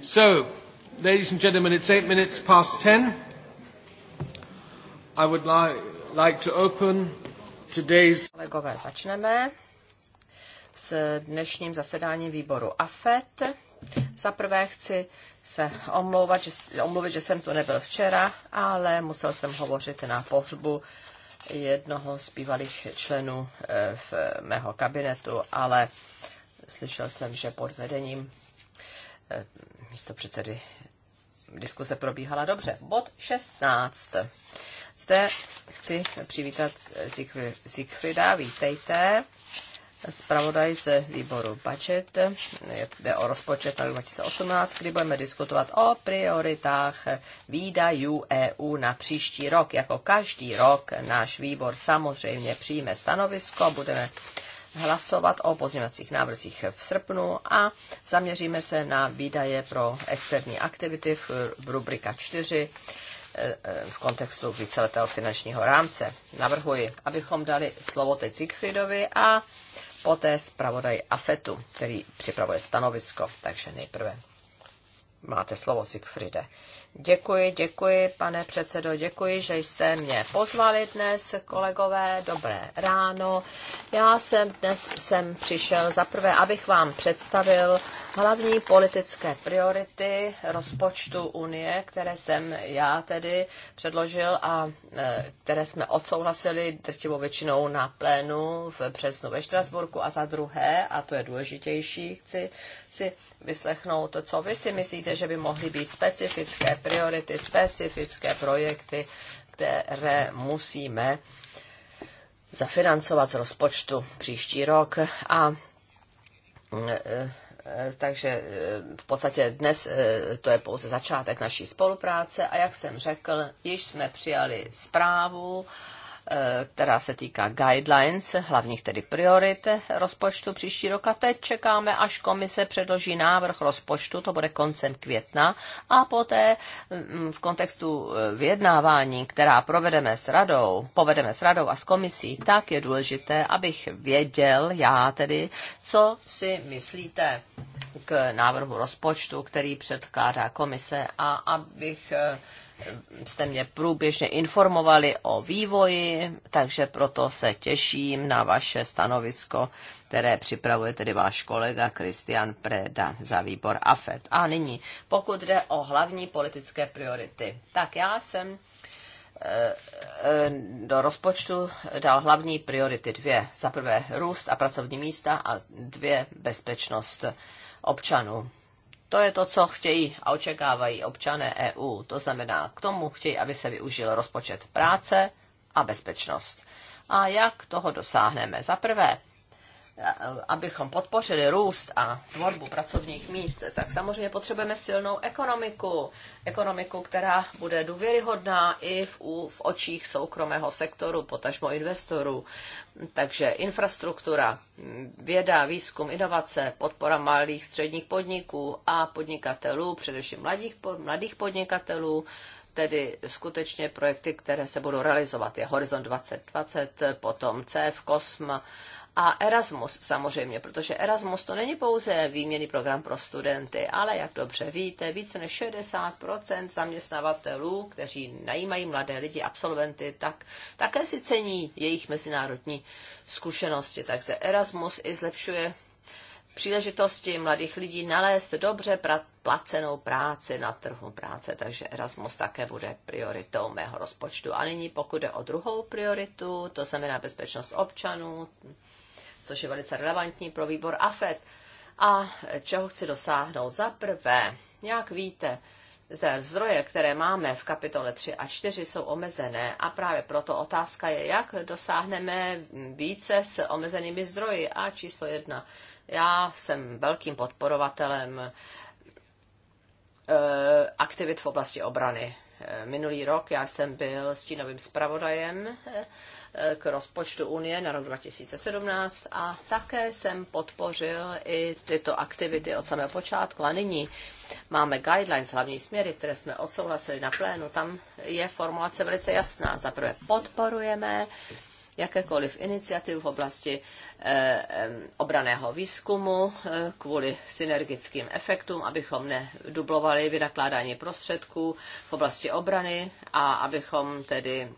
So, ladies and gentlemen, it's eight minutes past ten. I would li- like to open today's... Kolegové, začneme s dnešním zasedáním výboru AFET. Za prvé chci se omlouvat, že, omluvit, že jsem tu nebyl včera, ale musel jsem hovořit na pohřbu jednoho z bývalých členů eh, v mého kabinetu, ale slyšel jsem, že pod vedením Eh, místo předsedy diskuse probíhala dobře. Bod 16. Zde chci přivítat Siegfrieda, vítejte. Zpravodaj z výboru budget, jde o rozpočet na 2018, kdy budeme diskutovat o prioritách výdajů EU na příští rok. Jako každý rok náš výbor samozřejmě přijme stanovisko, budeme hlasovat o pozměňovacích návrzích v srpnu a zaměříme se na výdaje pro externí aktivity v rubrika 4 eh, eh, v kontextu víceletého finančního rámce. Navrhuji, abychom dali slovo teď Siegfriedovi a poté zpravodaj Afetu, který připravuje stanovisko. Takže nejprve máte slovo, Siegfriede. Děkuji, děkuji, pane předsedo, děkuji, že jste mě pozvali dnes, kolegové, dobré ráno. Já jsem dnes jsem přišel zaprvé, abych vám představil hlavní politické priority rozpočtu Unie, které jsem já tedy předložil a e, které jsme odsouhlasili drtivou většinou na plénu v březnu ve Štrasburku a za druhé, a to je důležitější, chci si vyslechnout, co vy si myslíte, že by mohly být specifické priority, specifické projekty, které musíme zafinancovat z rozpočtu příští rok a e, e, takže e, v podstatě dnes to je pouze začátek naší spolupráce a jak jsem řekl, již jsme přijali zprávu Eh, která se týká guidelines, hlavních tedy priorit rozpočtu příští rok. A teď čekáme, až komise předloží návrh rozpočtu, to bude koncem května. A poté mm, v kontextu eh, vyjednávání, která provedeme s radou, povedeme s radou a s komisí, tak je důležité, abych věděl já tedy, co si myslíte k návrhu rozpočtu, který předkládá komise a abych eh, jste mě průběžně informovali o vývoji, takže proto se těším na vaše stanovisko, které připravuje tedy váš kolega Kristian Preda za výbor AFET. A nyní, pokud jde o hlavní politické priority, tak já jsem eh, eh, do rozpočtu dal hlavní priority dvě. Za prvé růst a pracovní místa a dvě bezpečnost občanů. To je to, co chtějí a očekávají občané EU. To znamená, k tomu chtějí, aby se využil rozpočet práce a bezpečnost. A jak toho dosáhneme? Za prvé, abychom podpořili růst a tvorbu pracovních míst, tak samozřejmě potřebujeme silnou ekonomiku. Ekonomiku, která bude důvěryhodná i v, v očích soukromého sektoru, potažmo investorů. Takže infrastruktura, věda, výzkum, inovace, podpora malých středních podniků a podnikatelů, především mladých, mladých podnikatelů, tedy skutečně projekty, které se budou realizovat. Je Horizon 2020, potom CF, Kosma, a Erasmus samozřejmě, protože Erasmus to není pouze výměný program pro studenty, ale jak dobře víte, více než 60% zaměstnavatelů, kteří najímají mladé lidi, absolventy, tak také si cení jejich mezinárodní zkušenosti. Takže Erasmus i zlepšuje příležitosti mladých lidí nalézt dobře placenou práci na trhu práce, takže Erasmus také bude prioritou mého rozpočtu. A nyní pokud jde o druhou prioritu, to znamená bezpečnost občanů, což je velice relevantní pro výbor AFET. A čeho chci dosáhnout? Za prvé, jak víte, zde zdroje, které máme v kapitole 3 a 4, jsou omezené a právě proto otázka je, jak dosáhneme více s omezenými zdroji. A číslo jedna, já jsem velkým podporovatelem eh, aktivit v oblasti obrany minulý rok já jsem byl stínovým zpravodajem eh, k rozpočtu Unie na rok 2017 a také jsem podpořil i tyto aktivity od samého počátku. A nyní máme guidelines, hlavní směry, které jsme odsouhlasili na plénu. Tam je formulace velice jasná. Za prvé podporujeme jakékoliv iniciativy v oblasti eh, obraného výzkumu eh, kvůli synergickým efektům, abychom nedublovali vynakládání prostředků v oblasti obrany a abychom tedy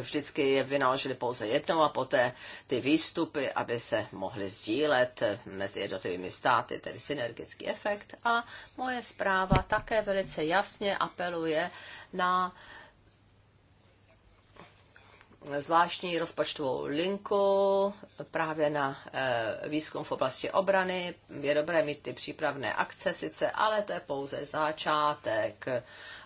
vždycky je vynaložili pouze jednou a poté ty výstupy, aby se mohly sdílet eh, mezi jednotlivými státy, tedy synergický efekt. A moje zpráva také velice jasně apeluje na uh, zvláštní rozpočtovou linku právě na eh, výzkum v oblasti obrany. Je dobré mít ty přípravné akce sice, ale to je pouze začátek.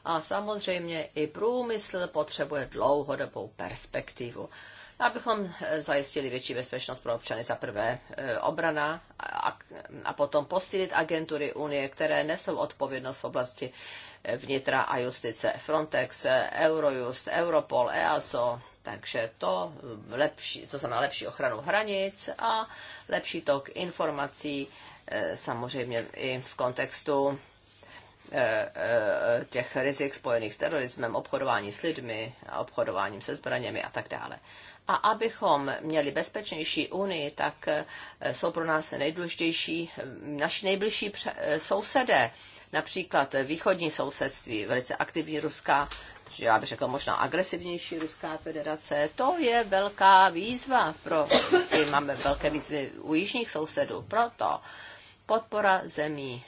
A samozřejmě i průmysl potřebuje dlouhodobou perspektivu. Abychom eh, zajistili větší bezpečnost pro občany, za prvé eh, obrana a, a potom posílit agentury Unie, které nesou odpovědnost v oblasti vnitra a justice. Frontex, Eurojust, Europol, EASO, takže to, lepší, to znamená lepší ochranu hranic a lepší tok informací, e, samozřejmě i v kontextu e, e, těch rizik spojených s terorismem, obchodování s lidmi, obchodováním se zbraněmi a tak dále. A abychom měli bezpečnější Unii, tak jsou pro nás nejdůležitější naši nejbližší sousedé, například východní sousedství, velice aktivní ruská že já bych řekl možná agresivnější Ruská federace. To je velká výzva pro, i máme velké výzvy u jižních sousedů, proto podpora zemí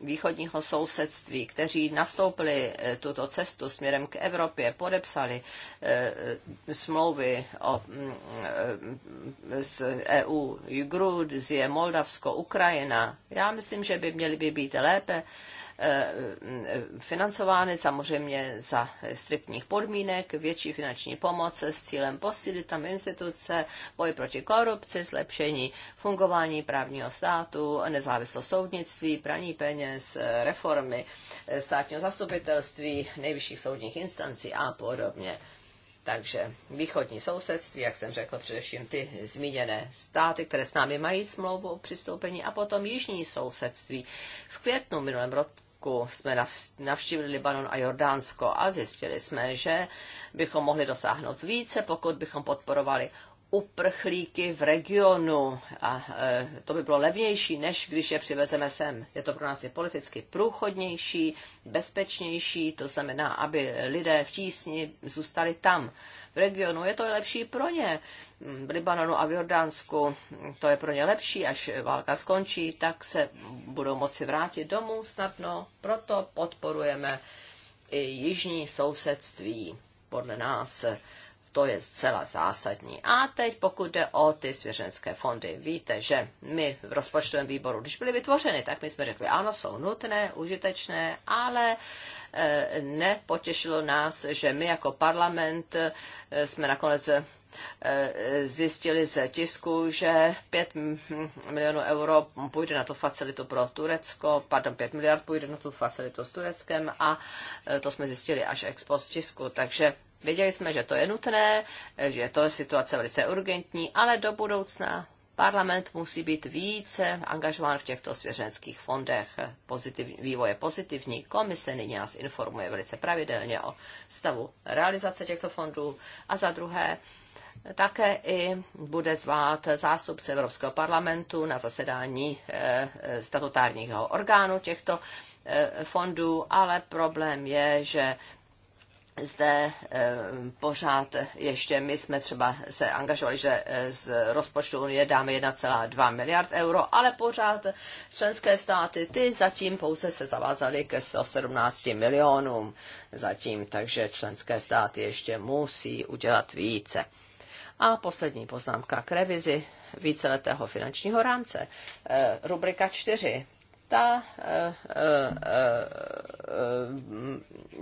východního sousedství, kteří nastoupili e, tuto cestu směrem k Evropě, podepsali e, e, smlouvy o, z mm, EU, Gruzie, Moldavsko, Ukrajina. Já myslím, že by měly by být lépe Eh, financovány samozřejmě za striktních podmínek, větší finanční pomoc s cílem posílit tam instituce, boj proti korupci, zlepšení fungování právního státu, nezávislost soudnictví, praní peněz, reformy státního zastupitelství, nejvyšších soudních instancí a podobně. Takže východní sousedství, jak jsem řekl, především ty zmíněné státy, které s námi mají smlouvu o přistoupení, a potom jižní sousedství. V květnu minulém roku jsme navštívili Libanon a Jordánsko a zjistili jsme, že bychom mohli dosáhnout více, pokud bychom podporovali uprchlíky v regionu a e, to by bylo levnější, než když je přivezeme sem. Je to pro nás i politicky průchodnější, bezpečnější, to znamená, aby lidé v tísni zůstali tam v regionu. Je to lepší pro ně v Libanonu a v Jordánsku, to je pro ně lepší, až válka skončí, tak se budou moci vrátit domů snadno. Proto podporujeme i jižní sousedství podle nás to je zcela zásadní. A teď pokud jde o ty svěřenské fondy, víte, že my v rozpočtovém výboru, když byly vytvořeny, tak my jsme řekli, ano, jsou nutné, užitečné, ale eh, nepotěšilo nás, že my jako parlament eh, jsme nakonec eh, zjistili ze tisku, že 5 milionů euro půjde na tu facilitu pro Turecko, pardon, 5 miliard půjde na tu facilitu s Tureckem a to jsme zjistili až ex post tisku, takže Věděli jsme, že to je nutné, že to je situace velice urgentní, ale do budoucna parlament musí být více angažován v těchto svěřenských fondech. Pozitiv, je pozitivní komise nyní nás informuje velice pravidelně o stavu realizace těchto fondů a za druhé také i bude zvát zástupce Evropského parlamentu na zasedání eh, statutárního orgánu těchto eh, fondů, ale problém je, že zde eh, pořád ještě my jsme třeba se angažovali, že eh, z rozpočtu Unie dáme 1,2 miliard euro, ale pořád členské státy ty zatím pouze se zavázaly ke 117 milionům zatím, takže členské státy ještě musí udělat více. A poslední poznámka k revizi víceletého finančního rámce. Eh, rubrika 4 ta, eh, eh, eh,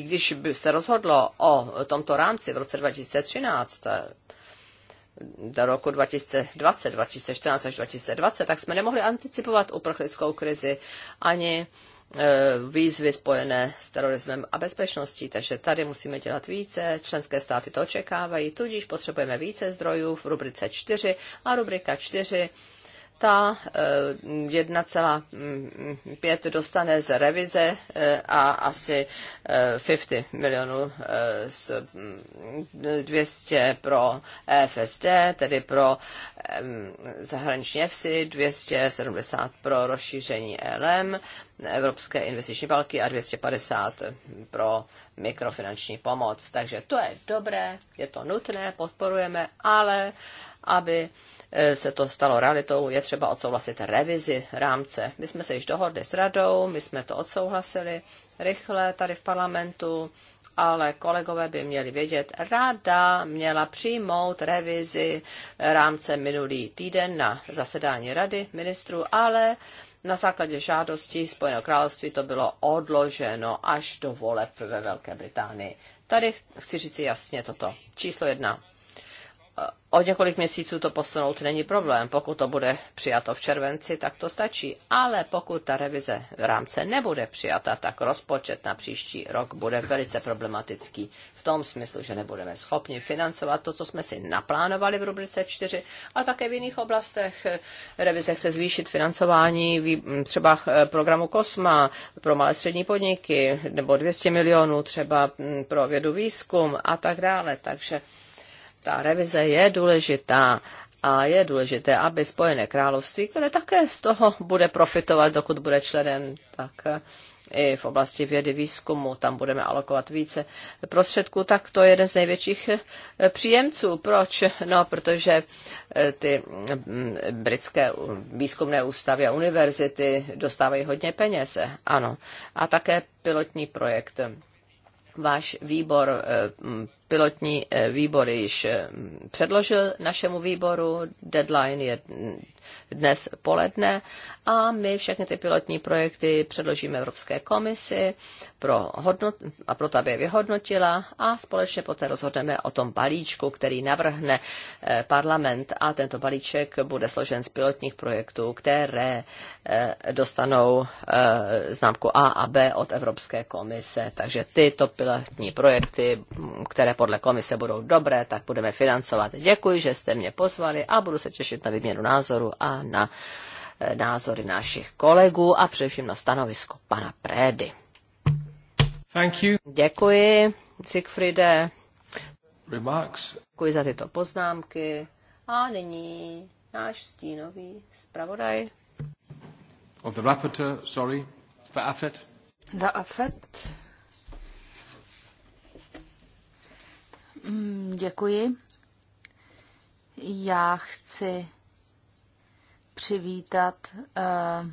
když by se rozhodlo o tomto rámci v roce 2013, do roku 2020, 2014 až 2020, tak jsme nemohli anticipovat uprchlickou krizi ani výzvy spojené s terorismem a bezpečností, takže tady musíme dělat více, členské státy to očekávají, tudíž potřebujeme více zdrojů v rubrice 4 a rubrika 4 ta 1,5 eh, dostane z revize eh, a asi 50 eh, milionů z 200 mm, pro e FSD tedy pro zahraniční EFSI, 270 pro rozšíření e LM, Evropské investiční balky a 250 pro mikrofinanční pomoc. Takže to je dobré, je to nutné, podporujeme, ale aby Eh, se to stalo realitou, je třeba odsouhlasit revizi rámce. My jsme se již dohodli s radou, my jsme to odsouhlasili rychle tady v parlamentu, ale kolegové by měli vědět, rada měla přijmout revizi rámce minulý týden na zasedání rady ministrů, ale na základě žádosti Spojeného království to bylo odloženo až do voleb ve Velké Británii. Tady chci říct jasně toto. Číslo jedna o několik měsíců to posunout není problém. Pokud to bude přijato v červenci, tak to stačí. Ale pokud ta revize v rámce nebude přijata, tak rozpočet na příští rok bude velice problematický. V tom smyslu, že nebudeme schopni financovat to, co jsme si naplánovali v rubrice 4, a také v jiných oblastech. Eh, revize chce zvýšit financování třeba eh, programu Kosma pro malé střední podniky, nebo 200 milionů třeba pro vědu výzkum a tak dále. Takže ta revize je důležitá a je důležité, aby Spojené království, které také z toho bude profitovat, dokud bude členem, tak eh, i v oblasti vědy výzkumu, tam budeme alokovat více prostředků, tak to je jeden z největších eh, příjemců. Proč? No, protože eh, ty mm, britské výzkumné ústavy a univerzity dostávají hodně peněz, ano. A také pilotní projekt. Váš výbor mm, pilotní eh, výbor již eh, předložil našemu výboru, deadline je dnes poledne a my všechny ty pilotní projekty předložíme Evropské komisi pro hodnot, a proto, aby je vyhodnotila a společně poté rozhodneme o tom balíčku, který navrhne eh, parlament a tento balíček bude složen z pilotních projektů, které dostanou známku A a B od Evropské komise. Takže tyto pilotní projekty, které podle komise budou dobré, tak budeme financovat. Děkuji, že jste mě pozvali a budu se těšit na výměnu názoru a na eh, názory našich kolegů a především na stanovisko pana Prédy. Thank you. Děkuji, Siegfriede. Remarks. Děkuji za tyto poznámky. A nyní náš stínový zpravodaj. Of the rapporteur, sorry, for AFET. Za AFET. Mm, děkuji. Já chci přivítat eh,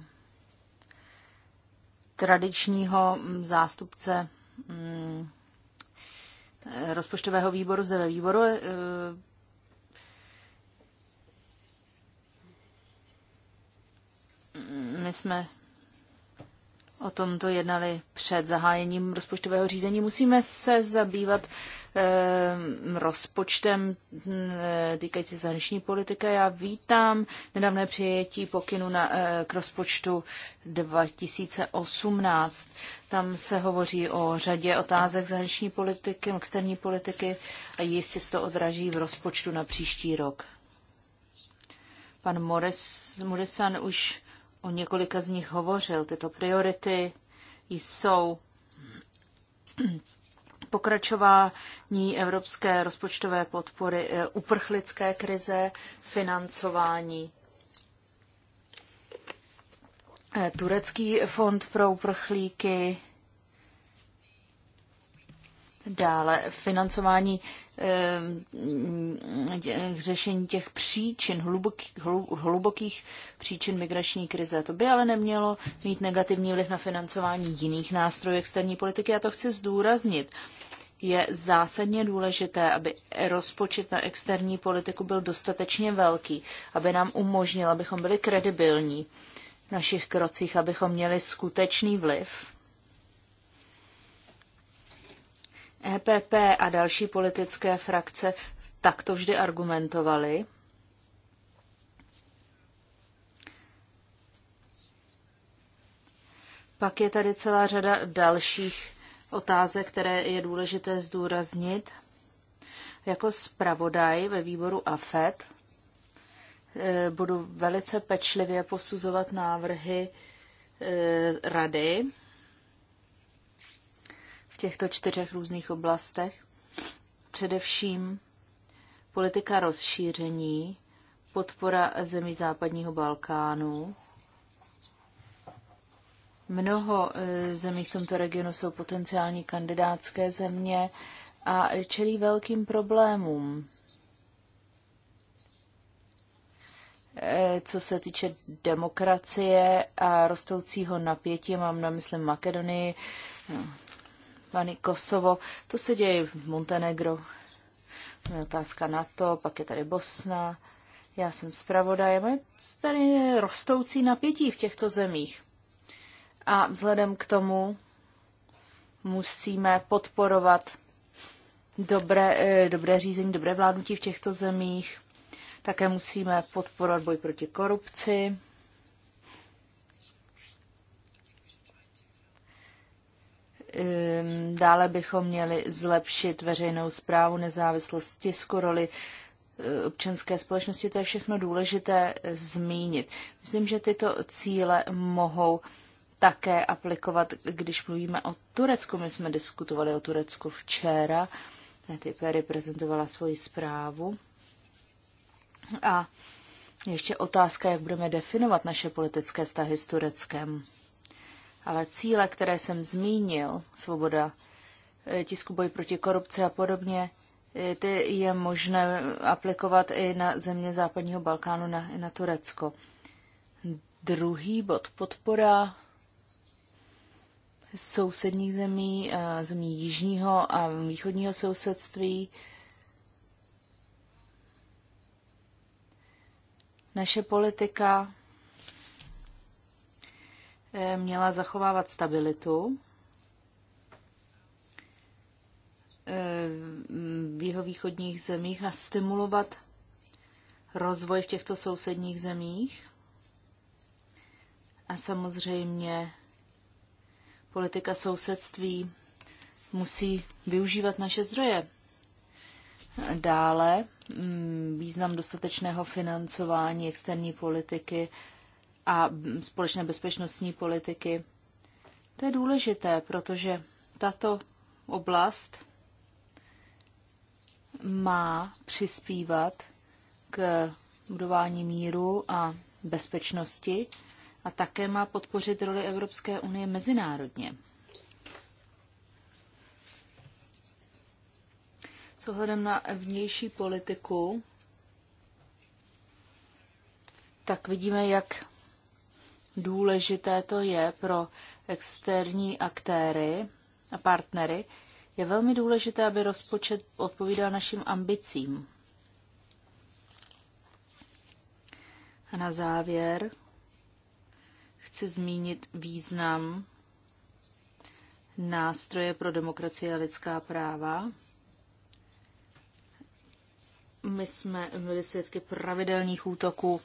tradičního mm, zástupce hm, rozpočtového výboru zde ve výboru. Eh, my jsme o tomto jednali před zahájením rozpočtového řízení. Musíme se zabývat eh, rozpočtem eh, týkající zahraniční politiky. Já vítám nedávné přijetí pokynu na, eh, k rozpočtu 2018. Tam se hovoří o řadě otázek zahraniční politiky, externí politiky a jistě se to odraží v rozpočtu na příští rok. Pan Mores, Muresan už o několika z nich hovořil. Tyto priority jsou pokračování evropské rozpočtové podpory eh, uprchlické krize, financování eh, Turecký fond pro uprchlíky, Dále financování eh, řešení těch příčin, hlubokých, hlubokých příčin migrační krize. To by ale nemělo mít negativní vliv na financování jiných nástrojů externí politiky. Já to chci zdůraznit. Je zásadně důležité, aby rozpočet na externí politiku byl dostatečně velký, aby nám umožnil, abychom byli kredibilní v našich krocích, abychom měli skutečný vliv EPP a další politické frakce takto vždy argumentovaly. Pak je tady celá řada dalších otázek, které je důležité zdůraznit. Jako zpravodaj ve výboru AFET e, budu velice pečlivě posuzovat návrhy e, rady těchto čtyřech různých oblastech. Především politika rozšíření, podpora zemí západního Balkánu. Mnoho e, zemí v tomto regionu jsou potenciální kandidátské země a čelí velkým problémům. E, co se týče demokracie a rostoucího napětí, mám na mysli Makedonii, no, Albany, Kosovo. To se děje v Montenegro. Je otázka na to, pak je tady Bosna. Já jsem zpravodaj, Je tady rostoucí napětí v těchto zemích. A vzhledem k tomu musíme podporovat dobré, eh, dobré řízení, dobré vládnutí v těchto zemích. Také musíme podporovat boj proti korupci. Ehm, dále bychom měli zlepšit veřejnou zprávu, nezávislost tisku, roli eh, občanské společnosti. To je všechno důležité eh, zmínit. Myslím, že tyto cíle mohou také aplikovat, když mluvíme o Turecku. My jsme diskutovali o Turecku včera. TTIP reprezentovala svoji zprávu. A ještě otázka, jak budeme definovat naše politické vztahy s Tureckem. Ale cíle, které jsem zmínil, svoboda e, tisku, boj proti korupci a podobně, e, ty je možné aplikovat i na země západního Balkánu, na, i na Turecko. Druhý bod podpora sousedních zemí, e, zemí jižního a východního sousedství. Naše politika měla zachovávat stabilitu. E, v jeho východních zemích a stimulovat rozvoj v těchto sousedních zemích. A samozřejmě politika sousedství musí využívat naše zdroje. Dále mm, význam dostatečného financování externí politiky a společné bezpečnostní politiky. To je důležité, protože tato oblast má přispívat k budování míru a bezpečnosti a také má podpořit roli Evropské unie mezinárodně. S ohledem na vnější politiku, tak vidíme, jak důležité to je pro externí aktéry a partnery, je velmi důležité, aby rozpočet odpovídal našim ambicím. A na závěr chci zmínit význam nástroje pro demokracii a lidská práva. My jsme byli svědky pravidelných útoků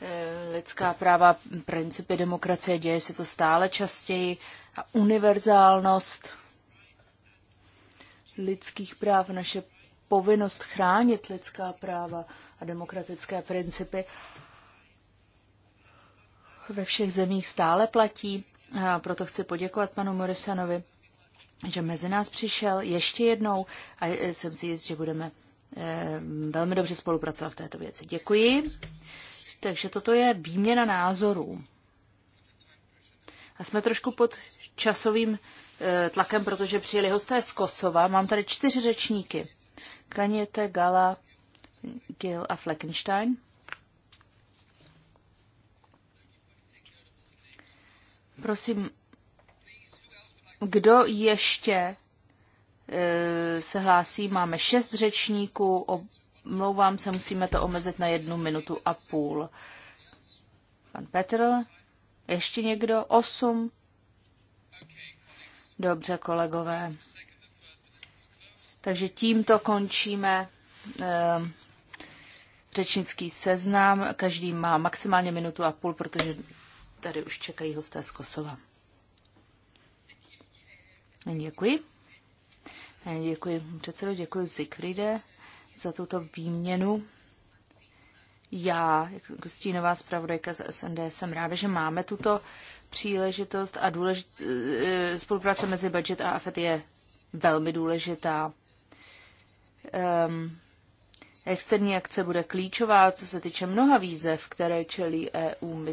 Eh, lidská práva, principy demokracie, děje se to stále častěji a univerzálnost lidských práv, naše povinnost chránit lidská práva a demokratické principy ve všech zemích stále platí. A proto chci poděkovat panu Morisanovi, že mezi nás přišel ještě jednou a jsem si jist, že budeme eh, velmi dobře spolupracovat v této věci. Děkuji. Takže toto je výměna názorů. A jsme trošku pod časovým eh, tlakem, protože přijeli hosté z Kosova. Mám tady čtyři řečníky. Kaněte, Gala, Gil a Fleckenstein. Prosím, kdo ještě eh, se hlásí? Máme šest řečníků, Mlouvám se, musíme to omezit na jednu minutu a půl. Pan Petr, ještě někdo? Osm? Dobře, kolegové. Takže tímto končíme eh, řečnický seznam. Každý má maximálně minutu a půl, protože tady už čekají hosté z Kosova. Děkuji. Eh, děkuji předsedo, děkuji Zikfride za tuto výměnu. Já, jako stínová zpravodajka z SND, jsem ráda, že máme tuto příležitost a důležit, eh, spolupráce mezi budget a AFET je velmi důležitá. Um, Externí akce bude klíčová, co se týče mnoha výzev, které čelí EU. My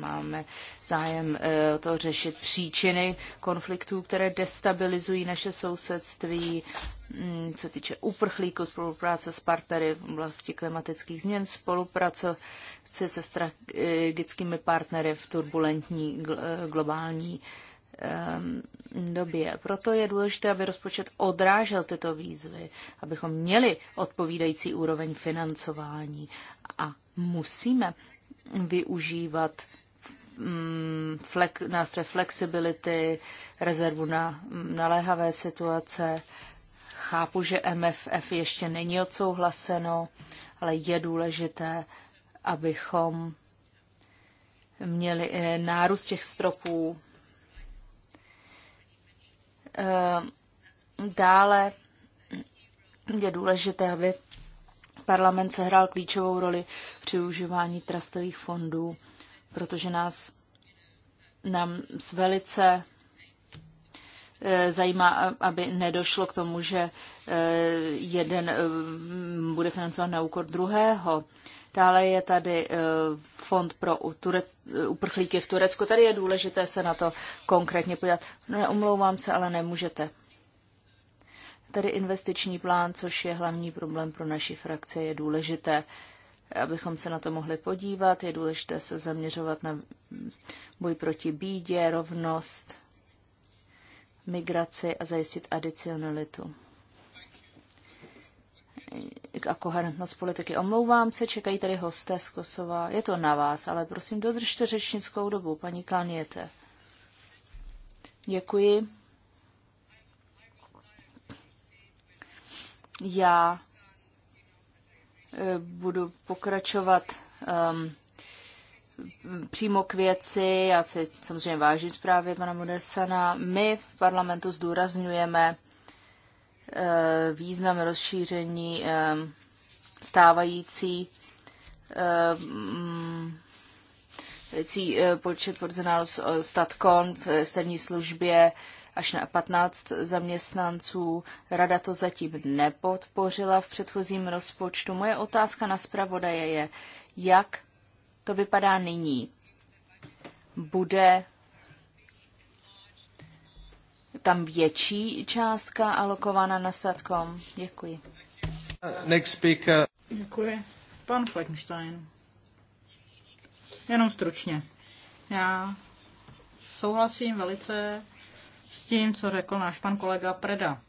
máme zájem e, to řešit příčiny konfliktů, které destabilizují naše sousedství, mm, co týče uprchlíků, spolupráce s partnery v oblasti klimatických změn, spolupráce se strategickými partnery v turbulentní globální Um, době. Proto je důležité, aby rozpočet odrážel tyto výzvy, abychom měli odpovídající úroveň financování a musíme využívat mm, flek, nástroj flexibility, rezervu na mm, naléhavé situace. Chápu, že MFF ještě není odsouhlaseno, ale je důležité, abychom měli eh, nárůst těch stropů Eh, dále je důležité, aby parlament sehrál klíčovou roli při užívání trastových fondů, protože nás nám s velice eh, zajímá, aby nedošlo k tomu, že eh, jeden bude financovat na úkor druhého. Dále je tady eh, fond pro Turec, eh, uprchlíky v Turecku. Tady je důležité se na to konkrétně podívat. No, Neumlouvám se, ale nemůžete. Tady investiční plán, což je hlavní problém pro naši frakce, je důležité abychom se na to mohli podívat. Je důležité se zaměřovat na boj proti bídě, rovnost, migraci a zajistit adicionalitu a koherentnost politiky. Omlouvám se, čekají tady hosté z Kosova. Je to na vás, ale prosím, dodržte řečnickou dobu, paní Kaněte. Děkuji. Já eh, budu pokračovat um, přímo k věci. Já si samozřejmě vážím zprávy pana Modersana. My v parlamentu zdůrazňujeme Eh, význam rozšíření eh, stávající eh, mm, věcí počet personálu Statkon v externí službě až na 15 zaměstnanců. Rada to zatím nepodpořila v předchozím rozpočtu. Moje otázka na zpravodaje je, jak to vypadá nyní. Bude tam větší částka alokována na statkom. Děkuji. Next speaker. Děkuji. Pan Fleckenstein. Jenom stručně. Já souhlasím velice s tím, co řekl náš pan kolega Preda.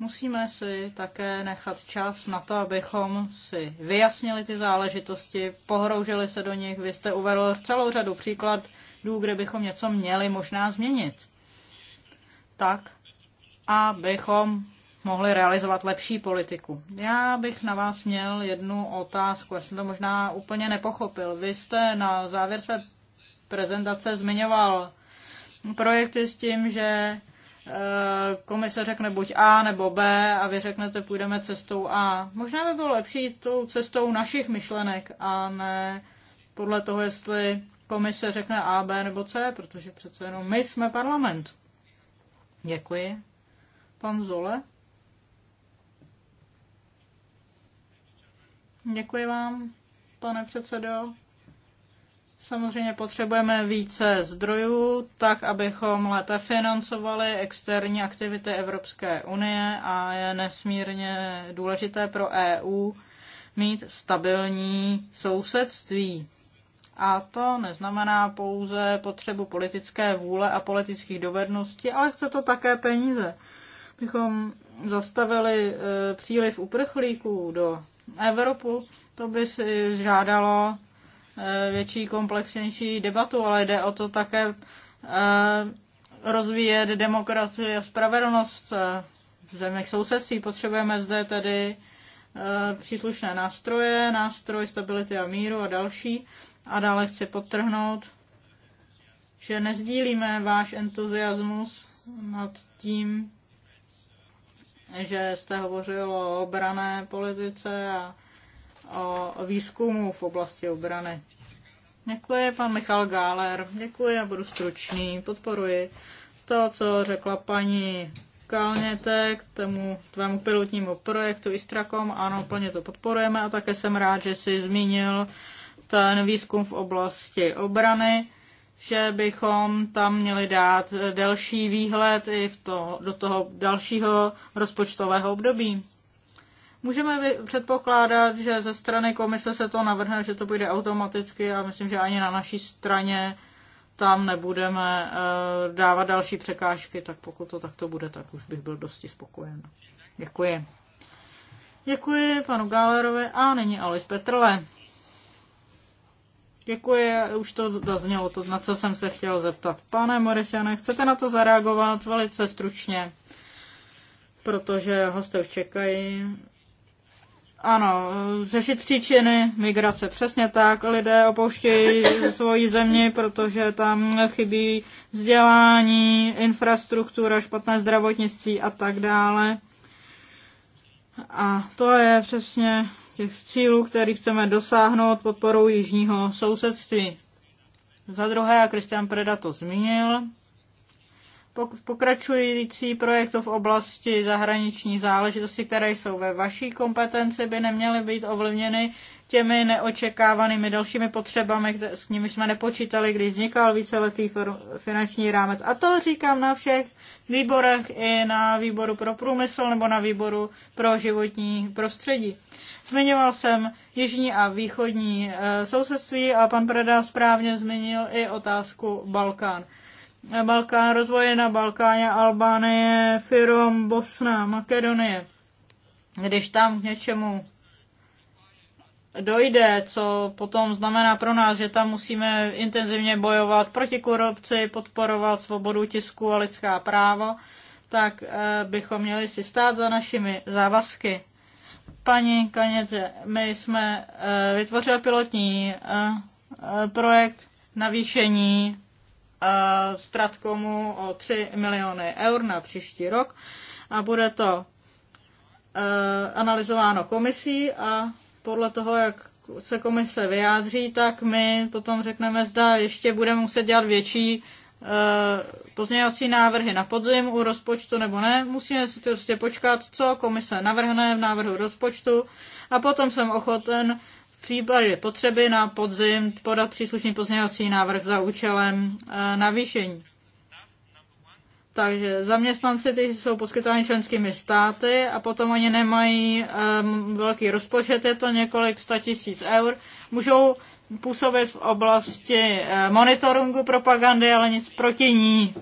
Musíme si také nechat čas na to, abychom si vyjasnili ty záležitosti, pohroužili se do nich. Vy jste uvedl celou řadu příkladů, kde bychom něco měli možná změnit. Tak, abychom mohli realizovat lepší politiku. Já bych na vás měl jednu otázku, já jsem to možná úplně nepochopil. Vy jste na závěr své prezentace zmiňoval projekty s tím, že Eh, komise řekne buď A nebo B a vy řeknete půjdeme cestou A. Možná by bylo lepší tou cestou našich myšlenek a ne podle toho, jestli komise řekne A, B nebo C, protože přece jenom my jsme parlament. Děkuji. Pan Zole? Děkuji vám, pane předsedo. Samozřejmě potřebujeme více zdrojů, tak abychom lépe financovali externí aktivity Evropské unie a je nesmírně důležité pro EU mít stabilní sousedství. A to neznamená pouze potřebu politické vůle a politických dovedností, ale chce to také peníze. Bychom zastavili e, příliv uprchlíků do Evropu, to by si žádalo Eh, větší, komplexnější debatu, ale jde o to také eh, rozvíjet demokracii a spravedlnost eh, v zemích sousedství. Potřebujeme zde tedy příslušné nástroje, nástroj stability a míru a další. A dále chci podtrhnout, že nezdílíme váš entuziasmus nad tím, že jste hovořil o obrané politice a o výzkumu v oblasti obrany. Děkuji, pan Michal Gáler. Děkuji, a budu stručný. Podporuji to, co řekla paní Kalněte k tomu tvému pilotnímu projektu Istrakom. Ano, plně to podporujeme a také jsem rád, že jsi zmínil ten výzkum v oblasti obrany, že bychom tam měli dát delší výhled i v to, do toho dalšího rozpočtového období. Můžeme předpokládat, že ze strany komise se to navrhne, že to bude automaticky a myslím, že ani na naší straně tam nebudeme eh, dávat další překážky, tak pokud to takto bude, tak už bych byl dosti spokojen. Děkuji. Děkuji panu Gálerovi a nyní Alice Petrle. Děkuji, už to zaznělo, to, na co jsem se chtěl zeptat. Pane Morisiane, chcete na to zareagovat velice stručně, protože hosté už čekají. Ano, řešit příčiny migrace. Přesně tak. Lidé opouštějí svoji zemi, protože tam chybí vzdělání, infrastruktura, špatné zdravotnictví a tak dále. A to je přesně těch cílů, který chceme dosáhnout podporou jižního sousedství. Za druhé, a Kristian Preda to zmínil, pokračující projektu v oblasti zahraniční záležitosti, které jsou ve vaší kompetenci, by neměly být ovlivněny těmi neočekávanými dalšími potřebami, s nimi jsme nepočítali, když vznikal víceletý finanční rámec. A to říkám na všech výborech i na výboru pro průmysl nebo na výboru pro životní prostředí. Zmiňoval jsem jižní a východní eh, sousedství a pan Preda správně zmínil i otázku Balkán. Balkán, rozvoje na Balkáně, Albánie, Firom, Bosna, Makedonie. Když tam k něčemu dojde, co potom znamená pro nás, že tam musíme intenzivně bojovat proti korupci, podporovat svobodu tisku a lidská práva, tak eh, bychom měli si stát za našimi závazky. Paní Kaněte, my jsme eh, vytvořili pilotní eh, projekt navýšení Stratkomu o 3 miliony eur na příští rok a bude to e, analyzováno komisí a podle toho, jak se komise vyjádří, tak my potom řekneme, zda ještě budeme muset dělat větší e, pozměňovací návrhy na podzim u rozpočtu nebo ne. Musíme si prostě počkat, co komise navrhne v návrhu rozpočtu a potom jsem ochoten případě potřeby na podzim podat příslušný pozměňovací návrh za účelem eh, navýšení. Takže zaměstnanci ty jsou poskytováni členskými státy a potom oni nemají um, velký rozpočet, je to několik sta tisíc eur. Můžou působit v oblasti eh, monitoringu propagandy, ale nic proti ní.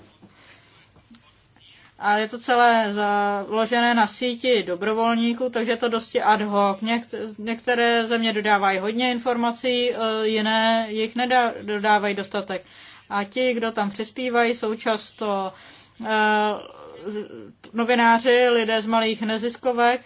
A je to celé založené na síti dobrovolníků, takže je to dosti ad hoc. Některé země dodávají hodně informací, e, jiné jich nedodávají dostatek. A ti, kdo tam přispívají, jsou často e, novináři, lidé z malých neziskovek.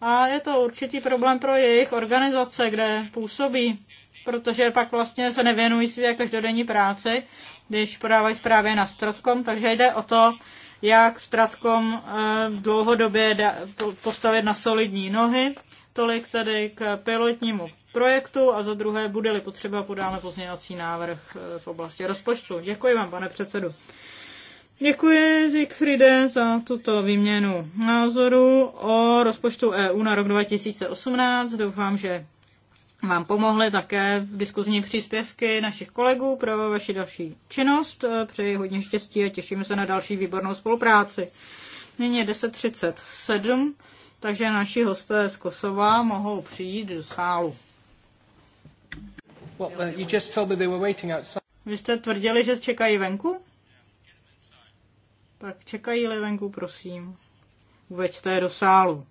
A je to určitý problém pro jejich organizace, kde působí, protože pak vlastně se nevěnují své každodenní práci, když podávají zprávy na Stratcom, takže jde o to, jak Stratkom eh, dlouhodobě postavit na solidní nohy. Tolik tedy k pilotnímu projektu a za druhé, bude-li potřeba, podáme pozměňovací návrh eh, v oblasti rozpočtu. Děkuji vám, pane předsedu. Děkuji Siegfriede za tuto výměnu názoru o rozpočtu EU na rok 2018. Doufám, že vám pomohly také diskuzní příspěvky našich kolegů pro vaši další činnost. Přeji hodně štěstí a těšíme se na další výbornou spolupráci. Nyní je 10.37, takže naši hosté z Kosova mohou přijít do sálu. Uh, Vy jste tvrdili, že čekají venku? Tak čekají-li venku, prosím, uveďte je do sálu.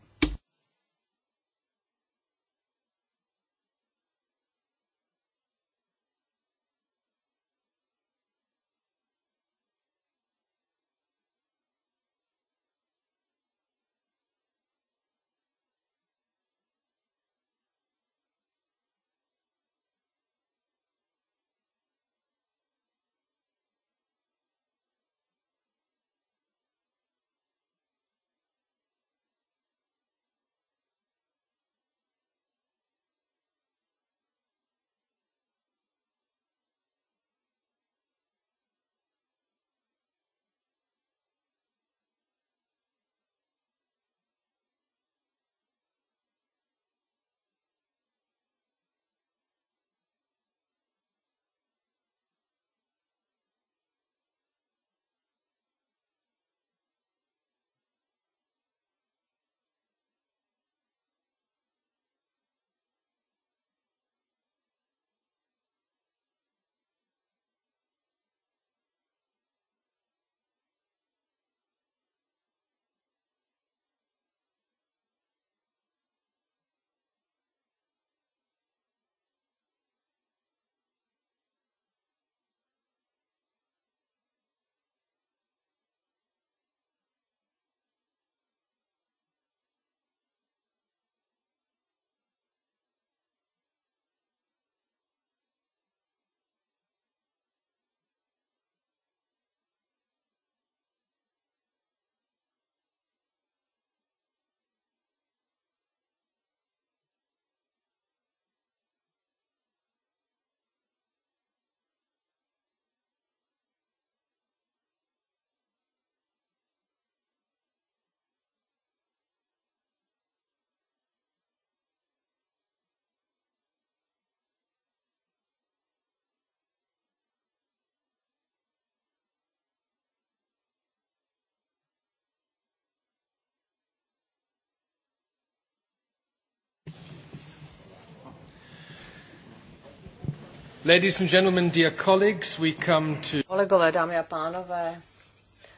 Ladies and gentlemen, dear colleagues, we come to... Kolegové, dámy a pánové,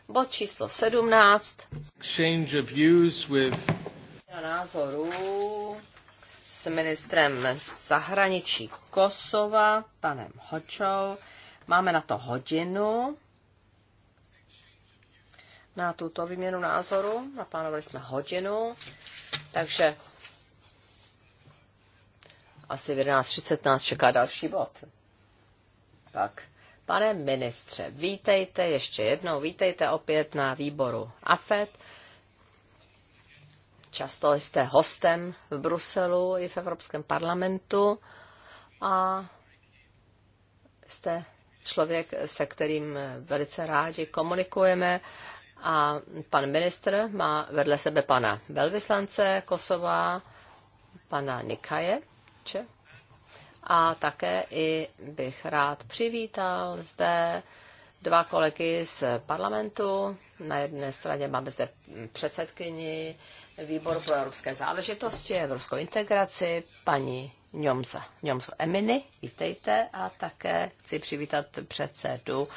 bod číslo 17. Exchange of views with... názorů s ministrem zahraničí Kosova, panem Hočou. Máme na to hodinu, na tuto výměnu názoru. Naplánovali jsme hodinu, takže asi v 11.30 nás čeká další bod. Tak, pane ministře, vítejte ještě jednou, vítejte opět na výboru AFET. Často jste hostem v Bruselu i v Evropském parlamentu a jste člověk, se kterým velice rádi komunikujeme a pan ministr má vedle sebe pana velvyslance Kosova, pana Nikaje Če. A také i bych rád přivítal zde dva kolegy z parlamentu. Na jedné straně máme zde předsedkyni výboru pro evropské záležitosti, evropskou integraci, paní Njomza, Njomzo Eminy, vítejte, a také chci přivítat předsedu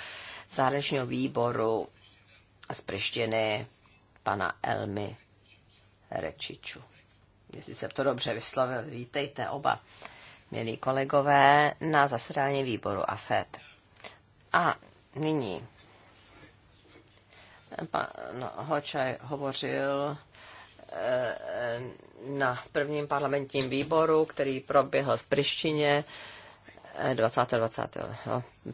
zahraničního výboru z Prištiny, pana Elmy Rečiču jestli se to dobře vyslovil, vítejte oba, milí kolegové, na zasedání výboru AFET. A nyní pan no, Hočaj hovořil eh, na prvním parlamentním výboru, který proběhl v Prištině 20. 20.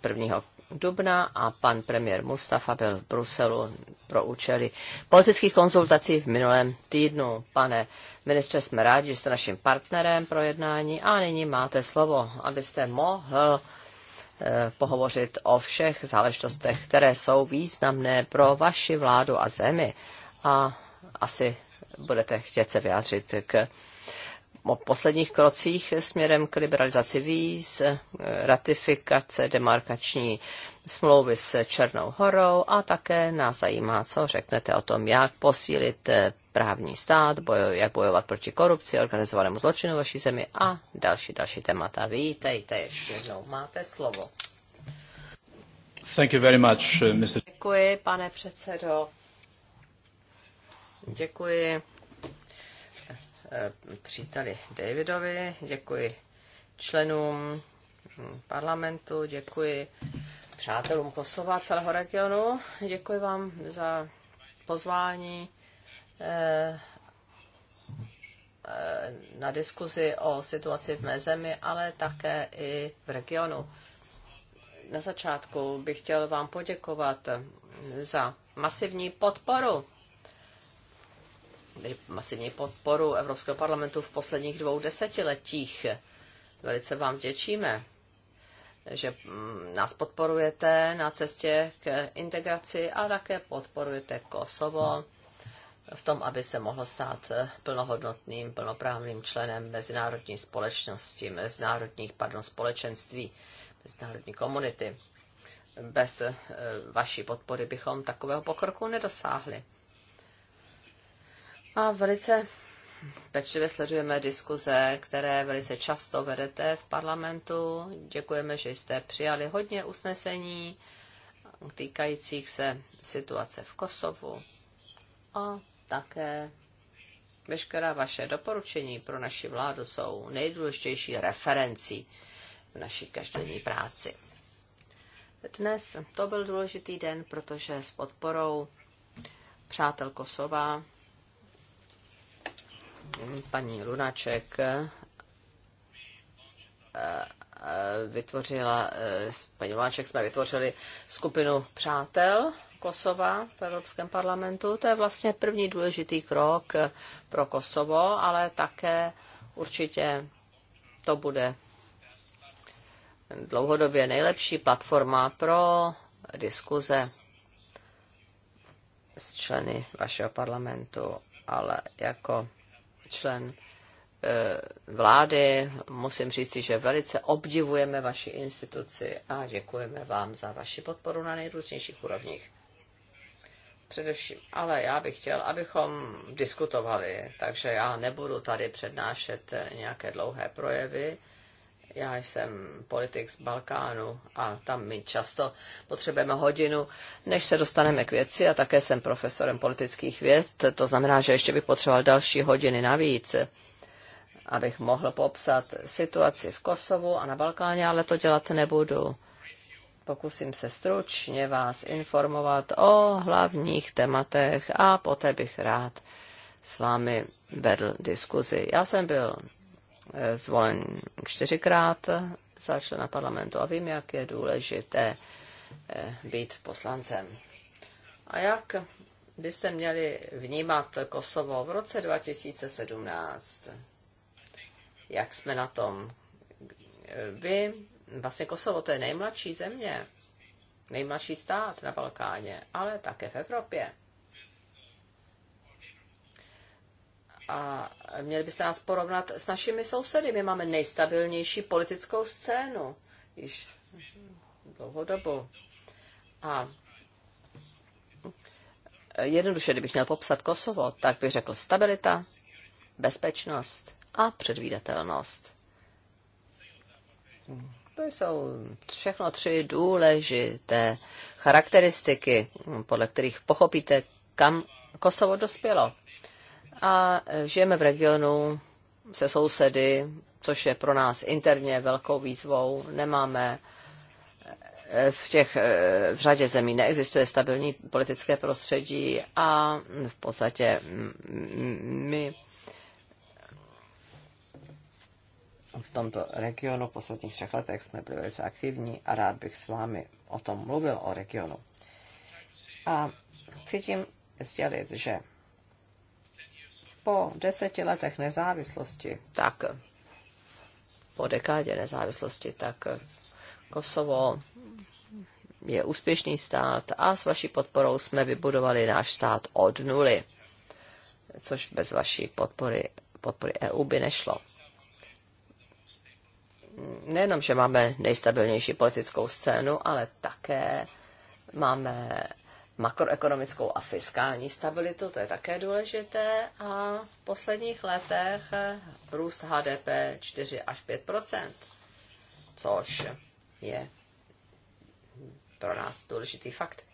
1 dubna a pan premiér Mustafa byl v Bruselu pro účely politických konzultací v minulém týdnu. Pane ministře, jsme rádi, že jste naším partnerem pro jednání a nyní máte slovo, abyste mohl eh, pohovořit o všech záležitostech, které jsou významné pro vaši vládu a zemi. A asi budete chtět se vyjádřit k o posledních krocích směrem k liberalizaci víz, eh, ratifikace demarkační smlouvy s Černou horou a také nás zajímá, co řeknete o tom, jak posílit eh, právní stát, bojo, jak bojovat proti korupci, organizovanému zločinu vaší zemi a další, další témata. Vítejte ještě jednou, máte slovo. Thank you very much, eh, Mr. Děkuji, pane předsedo. Děkuji Eh, příteli Davidovi, děkuji členům parlamentu, děkuji přátelům Kosova celého regionu, děkuji vám za pozvání eh, na diskuzi o situaci v mé zemi, ale také i v regionu. Na začátku bych chtěl vám poděkovat za masivní podporu masivní podporu Evropského parlamentu v posledních dvou desetiletích. Velice vám děčíme, že mm, nás podporujete na cestě k integraci a také podporujete Kosovo v tom, aby se mohlo stát plnohodnotným, plnoprávným členem mezinárodní společnosti, mezinárodních, pardon, společenství, mezinárodní komunity. Bez eh, vaší podpory bychom takového pokroku nedosáhli. A velice pečlivě sledujeme diskuze, které velice často vedete v parlamentu. Děkujeme, že jste přijali hodně usnesení týkajících se situace v Kosovu a také veškerá vaše doporučení pro naši vládu jsou nejdůležitější referencí v naší každodenní práci. Dnes to byl důležitý den, protože s podporou přátel Kosova paní Lunaček eh, eh, vytvořila, eh, s paní Lunaček jsme vytvořili skupinu přátel Kosova v Evropském parlamentu. To je vlastně první důležitý krok pro Kosovo, ale také určitě to bude dlouhodobě nejlepší platforma pro diskuze s členy vašeho parlamentu, ale jako člen eh, vlády. Musím říci, že velice obdivujeme vaši instituci a děkujeme vám za vaši podporu na nejrůznějších úrovních. Především, ale já bych chtěl, abychom diskutovali, takže já nebudu tady přednášet nějaké dlouhé projevy já jsem politik z Balkánu a tam my často potřebujeme hodinu, než se dostaneme k věci a také jsem profesorem politických věd, to znamená, že ještě bych potřeboval další hodiny navíc, abych mohl popsat situaci v Kosovu a na Balkáně, ale to dělat nebudu. Pokusím se stručně vás informovat o hlavních tématech a poté bych rád s vámi vedl diskuzi. Já jsem byl zvolen čtyřikrát za člena parlamentu a vím, jak je důležité eh, být poslancem. A jak byste měli vnímat Kosovo v roce 2017? Jak jsme na tom? Vy, vlastně Kosovo, to je nejmladší země, nejmladší stát na Balkáně, ale také v Evropě. A měli byste nás porovnat s našimi sousedy. My máme nejstabilnější politickou scénu již dlouho dobu. A jednoduše, kdybych měl popsat Kosovo, tak bych řekl stabilita, bezpečnost a předvídatelnost. To jsou všechno tři důležité charakteristiky, podle kterých pochopíte, kam Kosovo dospělo a žijeme v regionu se sousedy, což je pro nás interně velkou výzvou. Nemáme eh, v, těch, eh, v řadě zemí neexistuje stabilní politické prostředí a v podstatě my v tomto regionu v posledních třech letech jsme byli velice aktivní a rád bych s vámi o tom mluvil, o regionu. A chci tím sdělit, že po deseti letech nezávislosti. Tak, po dekádě nezávislosti, tak Kosovo je úspěšný stát a s vaší podporou jsme vybudovali náš stát od nuly, což bez vaší podpory, podpory EU by nešlo. Nejenom, že máme nejstabilnější politickou scénu, ale také máme makroekonomickou a fiskální stabilitu, to je také důležité. A v posledních letech růst HDP 4 až 5 což je pro nás důležitý fakt.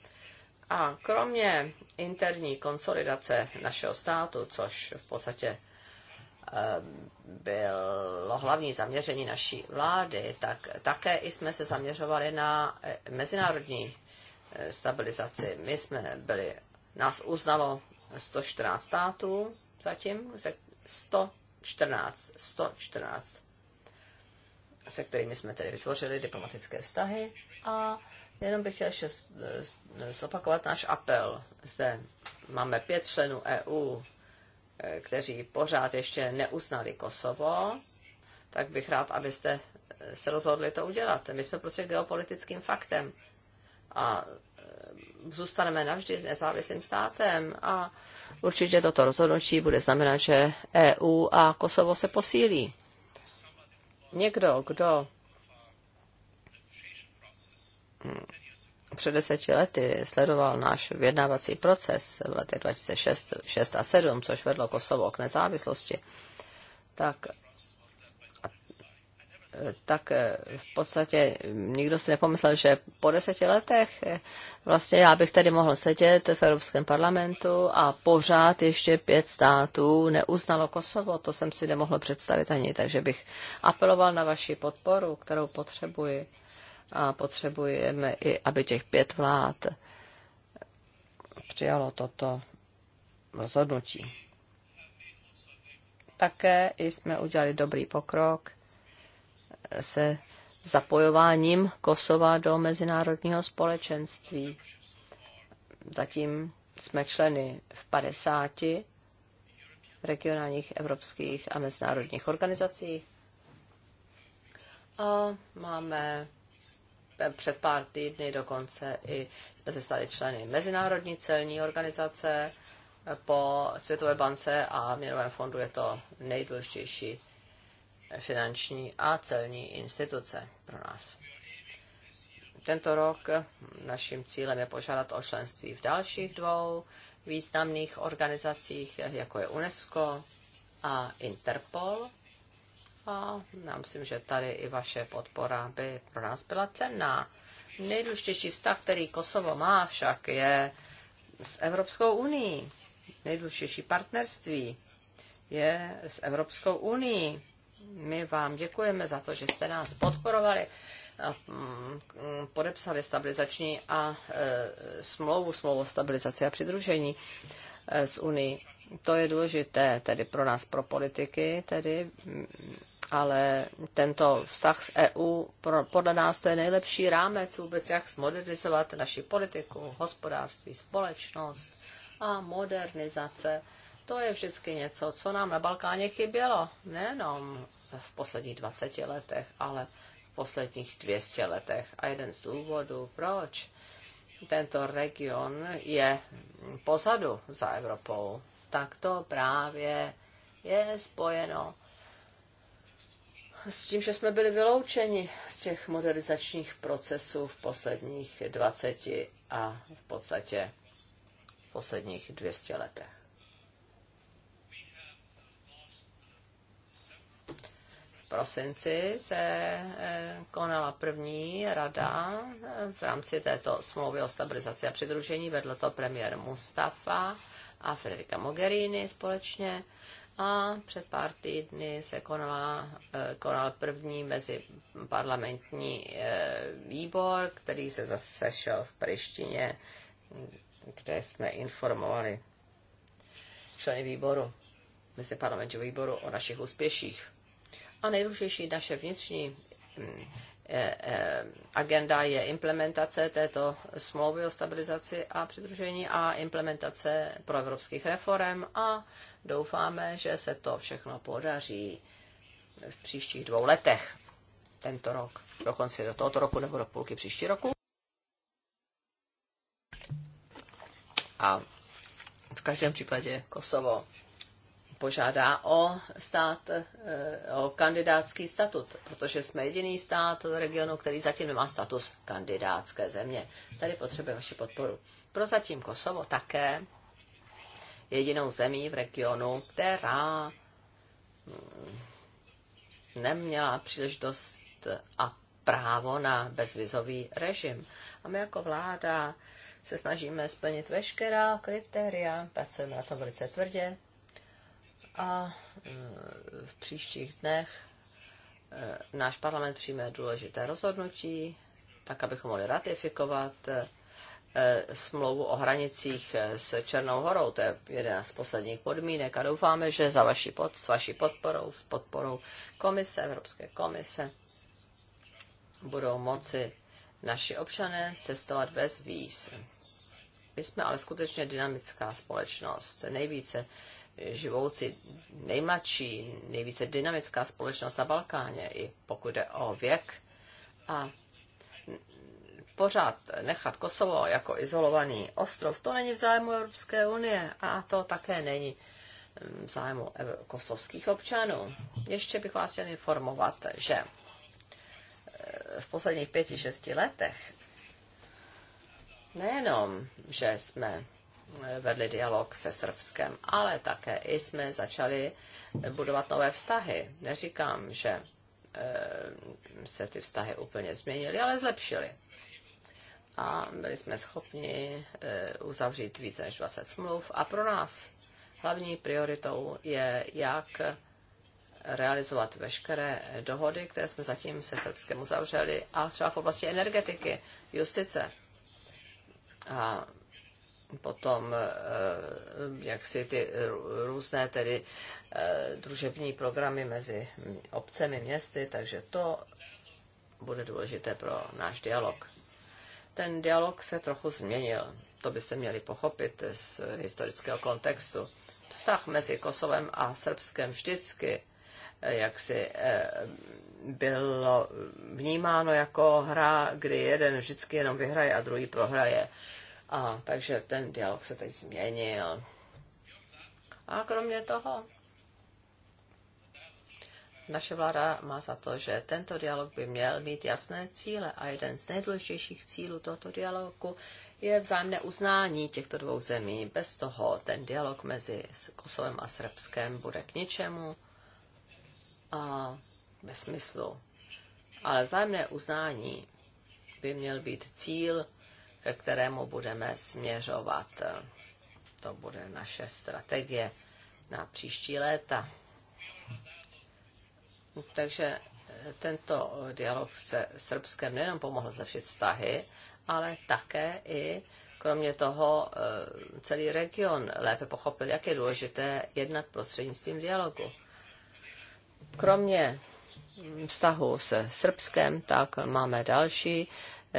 A kromě interní konsolidace našeho státu, což v podstatě eh, bylo hlavní zaměření naší vlády, tak také jsme se zaměřovali na eh, mezinárodní Eh, stabilizaci. My jsme byli, nás uznalo 114 států zatím, 114, 114, se kterými jsme tedy vytvořili diplomatické vztahy a jenom bych chtěl ještě zopakovat náš apel. Zde máme pět členů EU, eh, kteří pořád ještě neuznali Kosovo, tak bych rád, abyste se rozhodli to udělat. My jsme prostě geopolitickým faktem a eh, zůstaneme navždy nezávislým státem a určitě toto rozhodnutí bude znamenat, že EU a Kosovo se posílí. Někdo, kdo hm, před deseti lety sledoval náš vyjednávací proces v letech 2006 a 2007, což vedlo Kosovo k nezávislosti, tak tak eh, v podstatě nikdo si nepomyslel, že po deseti letech eh, vlastně já bych tady mohl sedět v Evropském parlamentu a pořád ještě pět států neuznalo Kosovo. To jsem si nemohl představit ani, takže bych apeloval na vaši podporu, kterou potřebuji. A potřebujeme i, aby těch pět vlád přijalo toto rozhodnutí. Také jsme udělali dobrý pokrok se zapojováním Kosova do mezinárodního společenství. Zatím jsme členy v 50 regionálních, evropských a mezinárodních organizacích. A máme před pár týdny dokonce i jsme se stali členy Mezinárodní celní organizace po Světové bance a Měnovém fondu je to nejdůležitější finanční a celní instituce pro nás. Tento rok naším cílem je požádat o členství v dalších dvou významných organizacích, jako je UNESCO a Interpol. A já myslím, že tady i vaše podpora by pro nás byla cenná. Nejdůležitější vztah, který Kosovo má však, je s Evropskou unii. Nejdůležitější partnerství je s Evropskou unii my vám děkujeme za to, že jste nás podporovali mm, podepsali stabilizační a e, smlouvu, smlouvu stabilizace a přidružení e, s Unii. To je důležité tedy pro nás, pro politiky, tedy, mm, ale tento vztah s EU, pro, podle nás to je nejlepší rámec vůbec, jak zmodernizovat naši politiku, hospodářství, společnost a modernizace to je vždycky něco, co nám na Balkáně chybělo. Nejenom v posledních 20 letech, ale v posledních 200 letech. A jeden z důvodů, proč tento region je pozadu za Evropou, tak to právě je spojeno s tím, že jsme byli vyloučeni z těch modernizačních procesů v posledních 20 a v podstatě v posledních 200 letech. prosinci se eh, konala první rada eh, v rámci této smlouvy o stabilizaci a přidružení. Vedl to premiér Mustafa a Federica Mogherini společně. A před pár týdny se konala, eh, konal první mezi parlamentní výbor, který se zase sešel v Prištině, kde jsme informovali členy výboru, parlamentní výboru o našich úspěších. A nejdůležitější naše vnitřní mm, eh, eh, agenda je implementace této smlouvy o stabilizaci a přidružení a implementace proevropských reform a doufáme, že se to všechno podaří v příštích dvou letech tento rok, dokonce do tohoto roku nebo do půlky příští roku. A v každém případě Kosovo požádá o stát, eh, o kandidátský statut, protože jsme jediný stát v regionu, který zatím nemá status kandidátské země. Tady potřebujeme vaši podporu. Prozatím Kosovo také jedinou zemí v regionu, která mm, neměla příležitost a právo na bezvizový režim. A my jako vláda se snažíme splnit veškerá kritéria, pracujeme na tom velice tvrdě, a e, v příštích dnech e, náš parlament přijme důležité rozhodnutí, tak abychom mohli ratifikovat e, smlouvu o hranicích s Černou horou. To je jedna z posledních podmínek a doufáme, že za vaši pod, s vaší podporou, s podporou komise, Evropské komise, budou moci naši občané cestovat bez víz. My jsme ale skutečně dynamická společnost. Nejvíce živoucí nejmladší, nejvíce dynamická společnost na Balkáně, i pokud jde o věk. A pořád nechat Kosovo jako izolovaný ostrov, to není v zájmu Evropské unie a to také není v zájmu kosovských občanů. Ještě bych vás chtěl informovat, že e, v posledních pěti, šesti letech nejenom, že jsme vedli dialog se Srbskem, ale také i jsme začali budovat nové vztahy. Neříkám, že eh, se ty vztahy úplně změnily, ale zlepšily. A byli jsme schopni eh, uzavřít více než 20 smluv. A pro nás hlavní prioritou je, jak realizovat veškeré dohody, které jsme zatím se Srbskem uzavřeli, a třeba v oblasti energetiky, justice. A potom eh, jak si ty různé tedy eh, družební programy mezi obcemi, městy, takže to bude důležité pro náš dialog. Ten dialog se trochu změnil. To byste měli pochopit z historického kontextu. Vztah mezi Kosovem a Srbskem vždycky eh, jak si bylo vnímáno jako hra, kdy jeden vždycky jenom vyhraje a druhý prohraje. A takže ten dialog se teď změnil. A kromě toho, naše vláda má za to, že tento dialog by měl mít jasné cíle a jeden z nejdůležitějších cílů tohoto dialogu je vzájemné uznání těchto dvou zemí. Bez toho ten dialog mezi Kosovem a Srbskem bude k ničemu a bez smyslu. Ale vzájemné uznání by měl být cíl kterému budeme směřovat. To bude naše strategie na příští léta. Takže tento dialog se Srbskem nejenom pomohl zlepšit vztahy, ale také i kromě toho eh, celý region lépe pochopil, jak je důležité jednat prostřednictvím dialogu. Kromě vztahu se Srbskem, tak máme další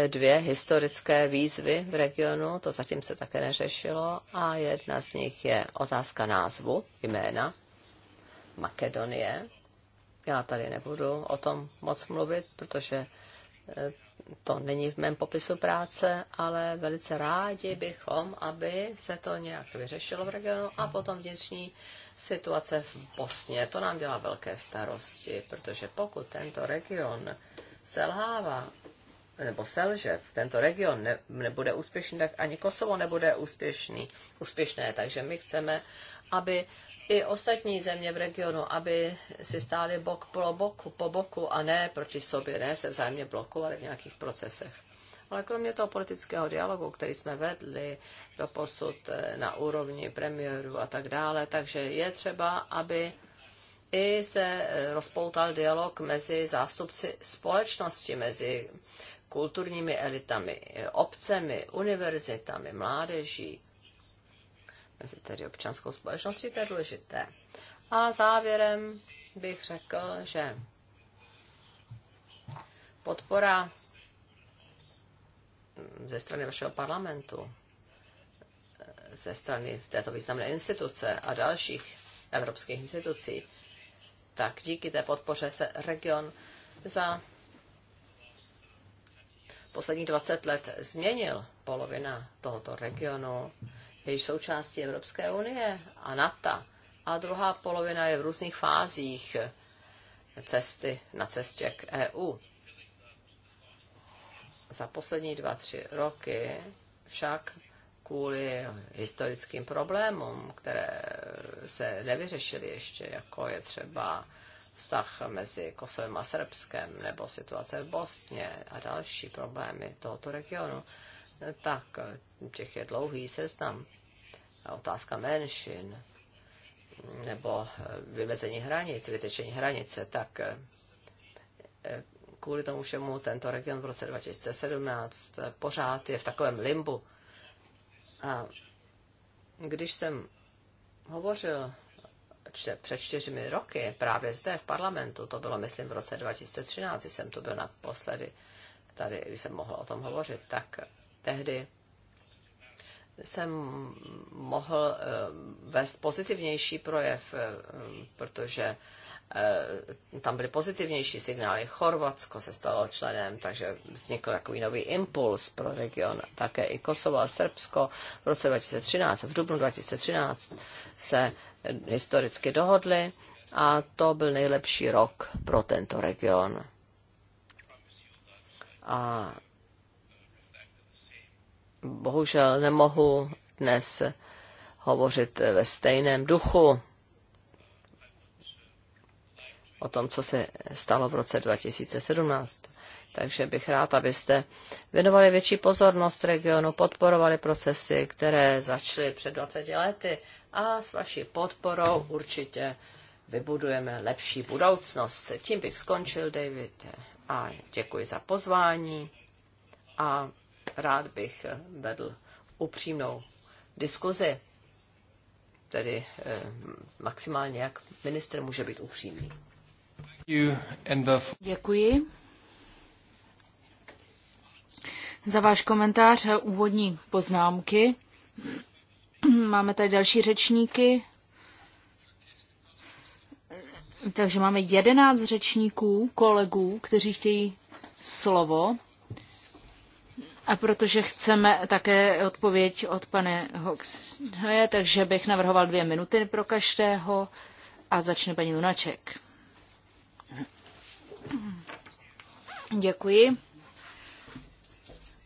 dvě historické výzvy v regionu, to zatím se také neřešilo, a jedna z nich je otázka názvu, jména Makedonie. Já tady nebudu o tom moc mluvit, protože eh, to není v mém popisu práce, ale velice rádi bychom, aby se to nějak vyřešilo v regionu a potom vnitřní situace v Bosně. To nám dělá velké starosti, protože pokud tento region selhává nebo selže, tento region ne, nebude úspěšný, tak ani Kosovo nebude úspěšný, úspěšné. Takže my chceme, aby i ostatní země v regionu, aby si stály bok po boku, po boku a ne proti sobě, ne se vzájemně blokovali v nějakých procesech. Ale kromě toho politického dialogu, který jsme vedli do posud eh, na úrovni premiéru a tak dále, takže je třeba, aby i se eh, rozpoutal dialog mezi zástupci společnosti, mezi kulturními elitami, obcemi, univerzitami, mládeží, mezi tedy občanskou společností, to je důležité. A závěrem bych řekl, že podpora ze strany vašeho parlamentu, ze strany této významné instituce a dalších evropských institucí, tak díky té podpoře se region za posledních 20 let změnil. Polovina tohoto regionu je již součástí Evropské unie a NATO. A druhá polovina je v různých fázích cesty na cestě k EU. Za poslední dva, tři roky však kvůli historickým problémům, které se nevyřešily ještě, jako je třeba vztah mezi Kosovem a Srbskem nebo situace v Bosně a další problémy tohoto regionu, tak těch je dlouhý seznam. A otázka menšin nebo vymezení hranic, vytečení hranice, tak eh, kvůli tomu všemu tento region v roce 2017 eh, pořád je v takovém limbu. A když jsem hovořil před čtyřmi roky právě zde v parlamentu, to bylo myslím v roce 2013, kdy jsem to byl naposledy tady, když jsem mohl o tom hovořit, tak tehdy jsem mohl eh, vést pozitivnější projev, eh, protože eh, tam byly pozitivnější signály. Chorvatsko se stalo členem, takže vznikl takový nový impuls pro region. Také i Kosovo a Srbsko v roce 2013, v dubnu 2013 se historicky dohodli a to byl nejlepší rok pro tento region. A bohužel nemohu dnes hovořit ve stejném duchu o tom, co se stalo v roce 2017. Takže bych rád, abyste věnovali větší pozornost regionu, podporovali procesy, které začaly před 20 lety a s vaší podporou určitě vybudujeme lepší budoucnost. Tím bych skončil, David, a děkuji za pozvání a rád bych vedl upřímnou diskuzi, tedy eh, maximálně jak minister může být upřímný. Děkuji za váš komentář a úvodní poznámky. Máme tady další řečníky. Takže máme jedenáct řečníků, kolegů, kteří chtějí slovo. A protože chceme také odpověď od pane Hoxhoje, takže bych navrhoval dvě minuty pro každého a začne paní Lunaček. Děkuji.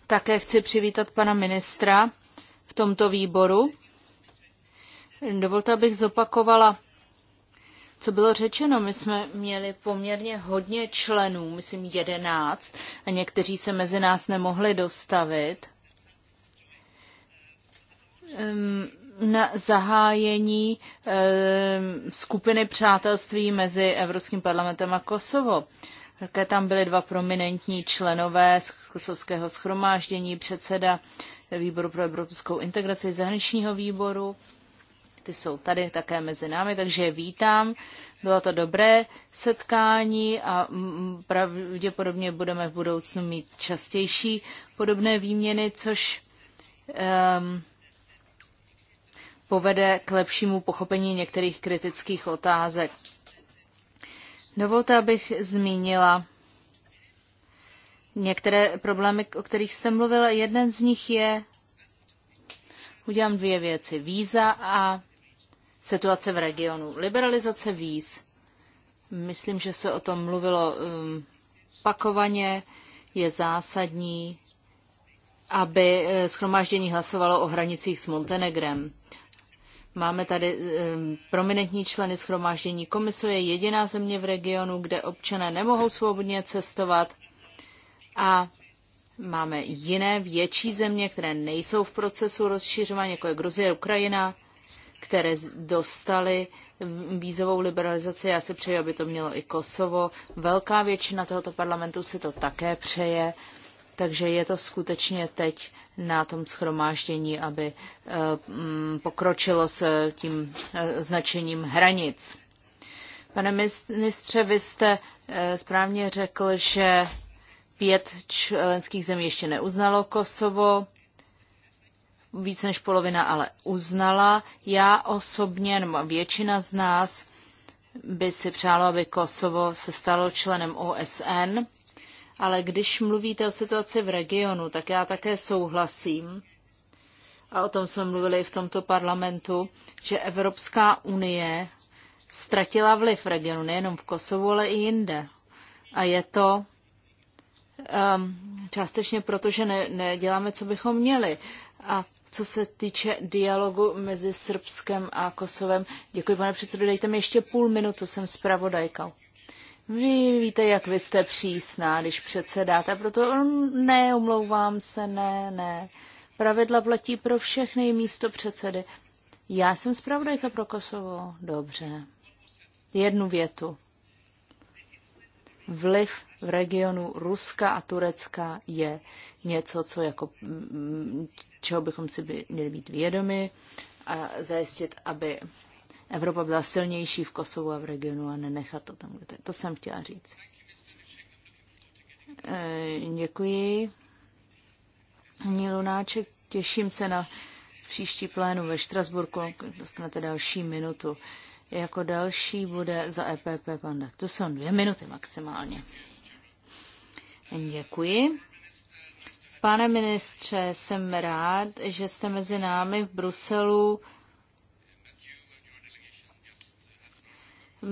Také chci přivítat pana ministra v tomto výboru. Dovolte, abych zopakovala, co bylo řečeno. My jsme měli poměrně hodně členů, myslím jedenáct, a někteří se mezi nás nemohli dostavit. Ehm, na zahájení ehm, skupiny přátelství mezi Evropským parlamentem a Kosovo. Také tam byli dva prominentní členové z kosovského schromáždění, předseda výboru pro evropskou integraci zahraničního výboru ty jsou tady také mezi námi, takže je vítám. Bylo to dobré setkání a pravděpodobně budeme v budoucnu mít častější podobné výměny, což um, povede k lepšímu pochopení některých kritických otázek. Dovolte, abych zmínila některé problémy, o kterých jste mluvila. Jeden z nich je, udělám dvě věci, víza a situace v regionu. Liberalizace víz. Myslím, že se o tom mluvilo um, pakovaně. Je zásadní, aby eh, schromáždění hlasovalo o hranicích s Montenegrem. Máme tady um, prominentní členy schromáždění. Komise je jediná země v regionu, kde občané nemohou svobodně cestovat a máme jiné větší země, které nejsou v procesu rozšiřování, jako je Gruzie, Ukrajina, které dostali vízovou liberalizaci. Já si přeji, aby to mělo i Kosovo. Velká většina tohoto parlamentu si to také přeje. Takže je to skutečně teď na tom schromáždění, aby eh, mm, pokročilo s tím eh, značením hranic. Pane ministře, vy jste eh, správně řekl, že pět členských zemí ještě neuznalo Kosovo víc než polovina ale uznala. Já osobně, nebo většina z nás, by si přálo, aby Kosovo se stalo členem OSN, ale když mluvíte o situaci v regionu, tak já také souhlasím, a o tom jsme mluvili v tomto parlamentu, že Evropská unie ztratila vliv v regionu, nejenom v Kosovu, ale i jinde. A je to um, částečně proto, že ne, neděláme, co bychom měli. A co se týče dialogu mezi Srbskem a Kosovem. Děkuji, pane předsedo, dejte mi ještě půl minutu, jsem zpravodajka. Vy víte, jak vy jste přísná, když předsedáte, proto mm, ne, omlouvám se, ne, ne. Pravidla platí pro všechny místo předsedy. Já jsem zpravodajka pro Kosovo. Dobře. Jednu větu. Vliv v regionu Ruska a Turecka je něco, co jako mm, čeho bychom si by měli být vědomi a zajistit, aby Evropa byla silnější v Kosovu a v regionu a nenechat to tam, kde to je. To jsem chtěla říct. E, děkuji. Mí Lunáček, těším se na příští plénu ve Štrasburku. Dostanete další minutu. Jako další bude za EPP Panda. To jsou dvě minuty maximálně. Děkuji. Pane ministře, jsem rád, že jste mezi námi v Bruselu.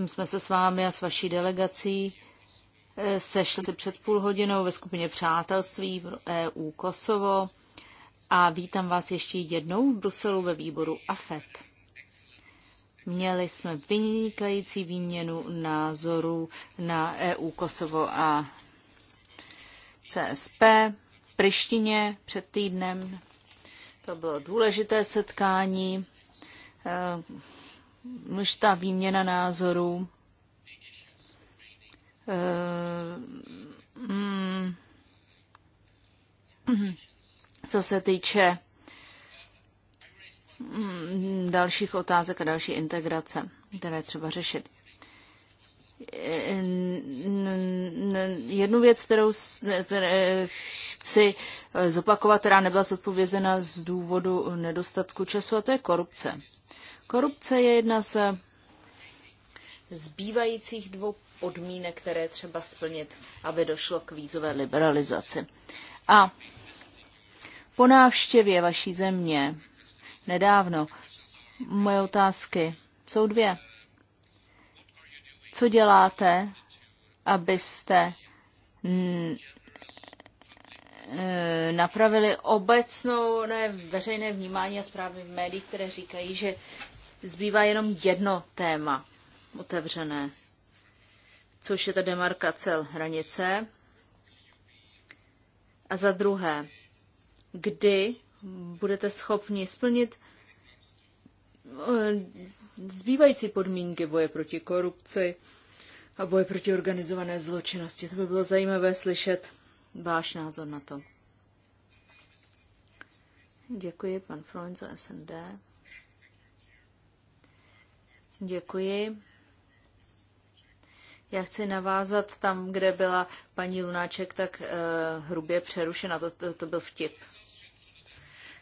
Jsme se s vámi a s vaší delegací eh, sešli se před půl hodinou ve skupině Přátelství EU Kosovo a vítám vás ještě jednou v Bruselu ve výboru AFET. Měli jsme vynikající výměnu názorů na EU Kosovo a CSP. Prištině před týdnem. To bylo důležité setkání, eh, množstá výměna názorů. Eh, mm. Co se týče mm, dalších otázek a další integrace, které třeba řešit. Eh, jednu věc, kterou chci eh, zopakovat, která nebyla zodpovězena z důvodu nedostatku času, a to je korupce. Korupce je jedna z zbývajících dvou podmínek, které třeba splnit, aby došlo k vízové liberalizaci. A po návštěvě vaší země nedávno moje otázky jsou dvě. Co děláte, abyste Eh, napravili obecnou ne, veřejné vnímání a zprávy v médiích, které říkají, že zbývá jenom jedno téma otevřené, což je ta demarkace hranice. A za druhé, kdy budete schopni splnit eh, zbývající podmínky boje proti korupci a boje proti organizované zločinnosti. To by bylo zajímavé slyšet váš názor na to. Děkuji, pan Freund za SND. Děkuji. Já chci navázat tam, kde byla paní Lunáček tak uh, hrubě přerušena. To, to, to byl vtip.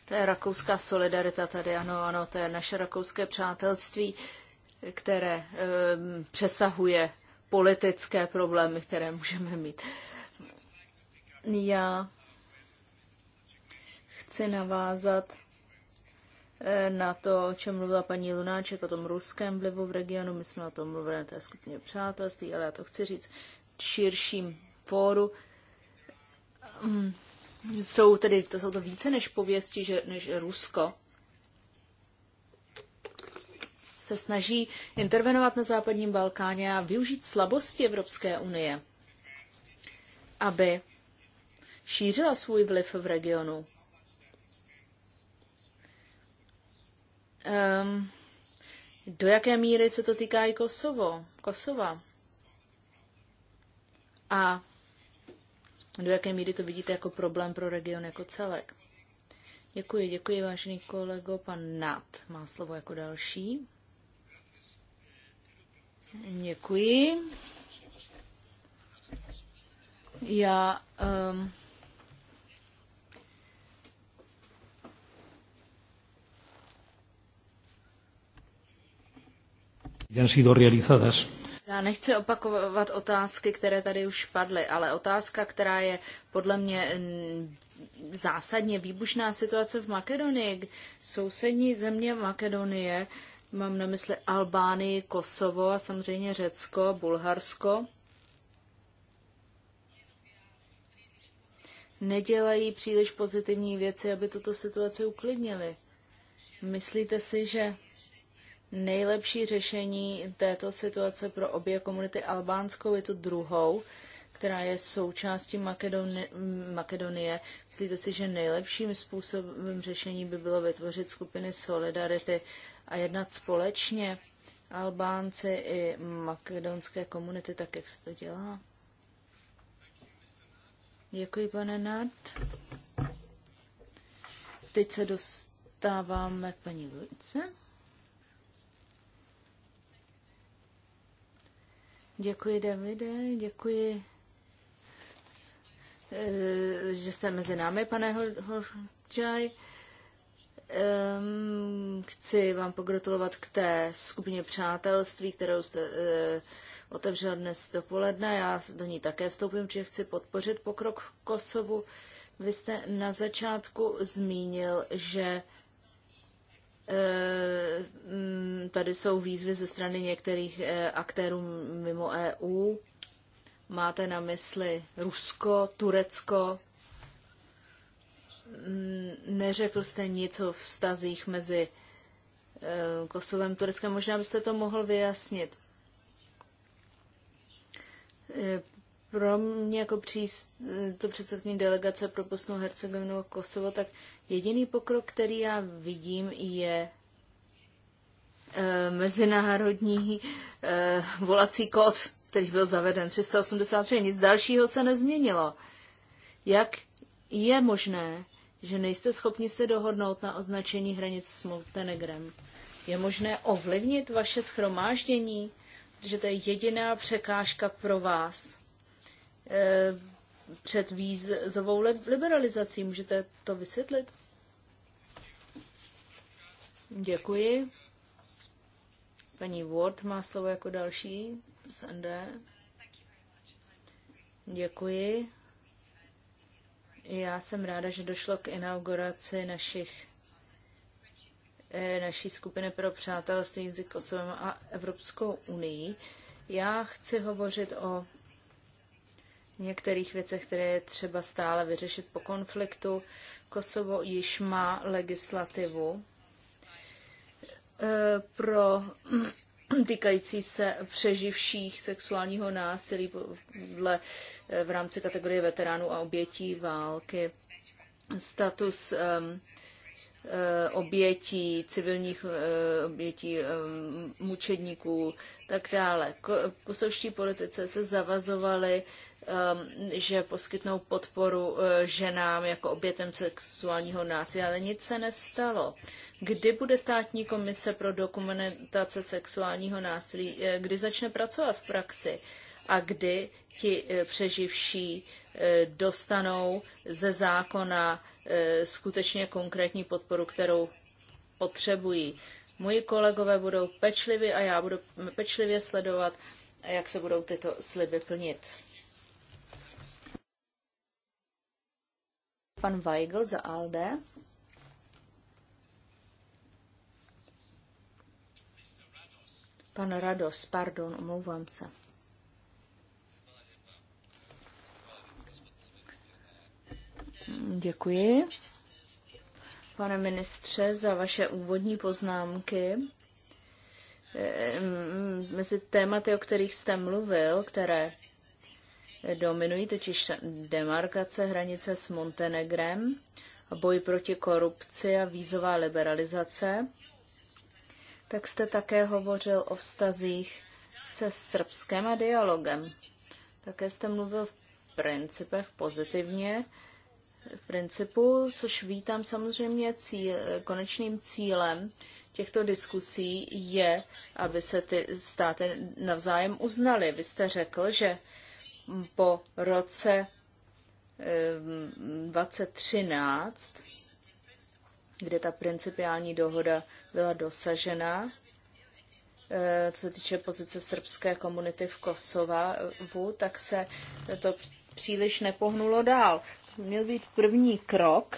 To je rakouská solidarita tady, ano, ano, to je naše rakouské přátelství, které um, přesahuje politické problémy, které můžeme mít. Uh, já chci navázat eh, na to, o čem mluvila paní Lunáček, o tom ruském vlivu v regionu. My jsme o tom mluvili na té skupině přátelství, ale já to chci říct širším fóru. Mm, jsou tedy, to jsou to více než pověsti, že, než Rusko se snaží intervenovat na západním Balkáně a využít slabosti Evropské unie, aby šířila svůj vliv v regionu. Um, do jaké míry se to týká i Kosovo, Kosova? A do jaké míry to vidíte jako problém pro region jako celek? Děkuji, děkuji, vážený kolego. Pan Nat má slovo jako další. Děkuji. Já um, han sido realizadas. Já nechci opakovat otázky, které tady už padly, ale otázka, která je podle mě zásadně výbušná situace v Makedonii. Sousední země Makedonie, mám na mysli Albánii, Kosovo a samozřejmě Řecko, Bulharsko, nedělají příliš pozitivní věci, aby tuto situaci uklidnili. Myslíte si, že nejlepší řešení této situace pro obě komunity albánskou je tu druhou, která je součástí Makedoni- Makedonie. Myslíte si, že nejlepším způsobem řešení by bylo vytvořit skupiny solidarity a jednat společně Albánci i makedonské komunity, tak jak se to dělá? Děkuji, pane Nard. Teď se dostáváme k paní Luce. Děkuji, Davide, děkuji, eh, že jste mezi námi, pane Horčaj. Ehm, chci vám pogratulovat k té skupině přátelství, kterou jste eh, otevřel dnes dopoledne. Já do ní také vstoupím, že chci podpořit pokrok v Kosovu. Vy jste na začátku zmínil, že Eh, mm, tady jsou výzvy ze strany některých eh, aktérů mimo EU. Máte na mysli Rusko, Turecko? Mm, neřekl jste nic o vztazích mezi eh, Kosovem, Tureckem. Možná byste to mohl vyjasnit pro mě jako příst, to předsedkyní delegace pro Bosnu, Hercegovinu a Kosovo, tak jediný pokrok, který já vidím, je e, mezinárodní e, volací kód, který byl zaveden 383. Nic dalšího se nezměnilo. Jak je možné, že nejste schopni se dohodnout na označení hranic s Montenegrem? Je možné ovlivnit vaše schromáždění, protože to je jediná překážka pro vás – Eh, před vízovou liberalizací. Můžete to vysvětlit? Děkuji. Paní Ward má slovo jako další z ND. Děkuji. Já jsem ráda, že došlo k inauguraci našich, eh, naší skupiny pro přátelství mezi Kosovem a Evropskou unii. Já chci hovořit o některých věcech, které je třeba stále vyřešit po konfliktu. Kosovo již má legislativu eh, pro týkající se přeživších sexuálního násilí eh, v rámci kategorie veteránů a obětí války. Status eh, obětí, civilních obětí, mučedníků, tak dále. Kosovští politice se zavazovali Um, že poskytnou podporu uh, ženám jako obětem sexuálního násilí, ale nic se nestalo. Kdy bude státní komise pro dokumentace sexuálního násilí, uh, kdy začne pracovat v praxi a kdy ti uh, přeživší dostanou ze zákona skutečně konkrétní podporu, kterou potřebují. Moji kolegové budou pečlivě a já budu pečlivě sledovat, jak se budou tyto sliby plnit. Pan Weigl za ALDE. Pan Rados, pardon, omlouvám se. Děkuji, pane ministře, za vaše úvodní poznámky. Ehm, mezi tématy, o kterých jste mluvil, které Dominují totiž demarkace hranice s Montenegrem, boj proti korupci a vízová liberalizace. Tak jste také hovořil o vztazích se srbským a dialogem. Také jste mluvil v principech pozitivně, v principu, což vítám samozřejmě cíl, konečným cílem těchto diskusí je, aby se ty státy navzájem uznaly. Vy jste řekl, že po roce 2013, eh, kde ta principiální dohoda byla dosažena, eh, co se týče pozice srbské komunity v Kosovu, tak se to příliš nepohnulo dál. Měl být první krok,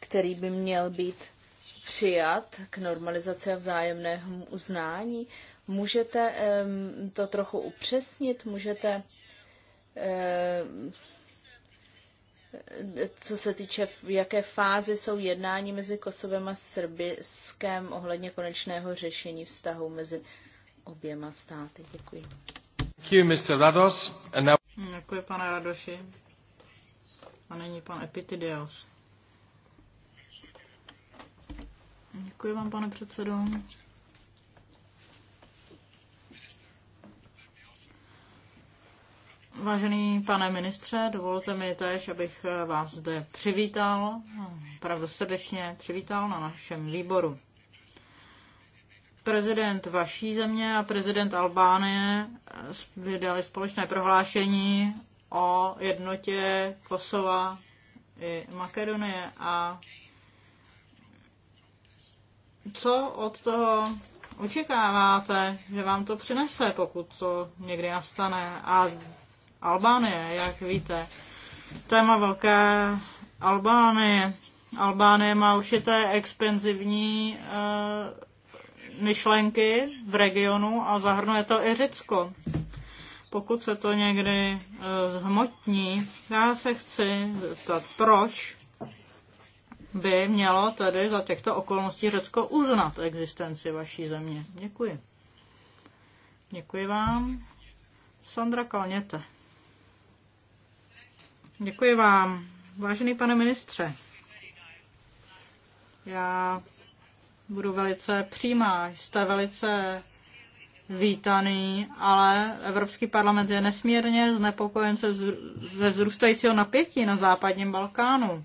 který by měl být přijat k normalizaci a vzájemnému uznání. Můžete to trochu upřesnit? Můžete Eh, co se týče, v jaké fázi jsou jednání mezi Kosovem a Srbiskem ohledně konečného řešení vztahu mezi oběma státy. Děkuji. Děkuji, Mr. Rados. Now... Děkuji, pane Radoši. A není pan Epitidios. Děkuji vám, pane předsedo. Vážený pane ministře, dovolte mi tež, abych vás zde přivítal, opravdu srdečně přivítal na našem výboru. Prezident vaší země a prezident Albánie vydali společné prohlášení o jednotě Kosova i Makedonie a co od toho očekáváte, že vám to přinese, pokud to někdy nastane a Albánie, jak víte. Téma velké Albánie. Albánie má určité expenzivní uh, myšlenky v regionu a zahrnuje to i Řecko. Pokud se to někdy uh, zhmotní, já se chci zeptat, proč by mělo tedy za těchto okolností Řecko uznat existenci vaší země. Děkuji. Děkuji vám. Sandra Kalněte. Děkuji vám. Vážený pane ministře, já budu velice přímá. Jste velice vítaný, ale Evropský parlament je nesmírně znepokojen se vzru, ze vzrůstajícího napětí na západním Balkánu.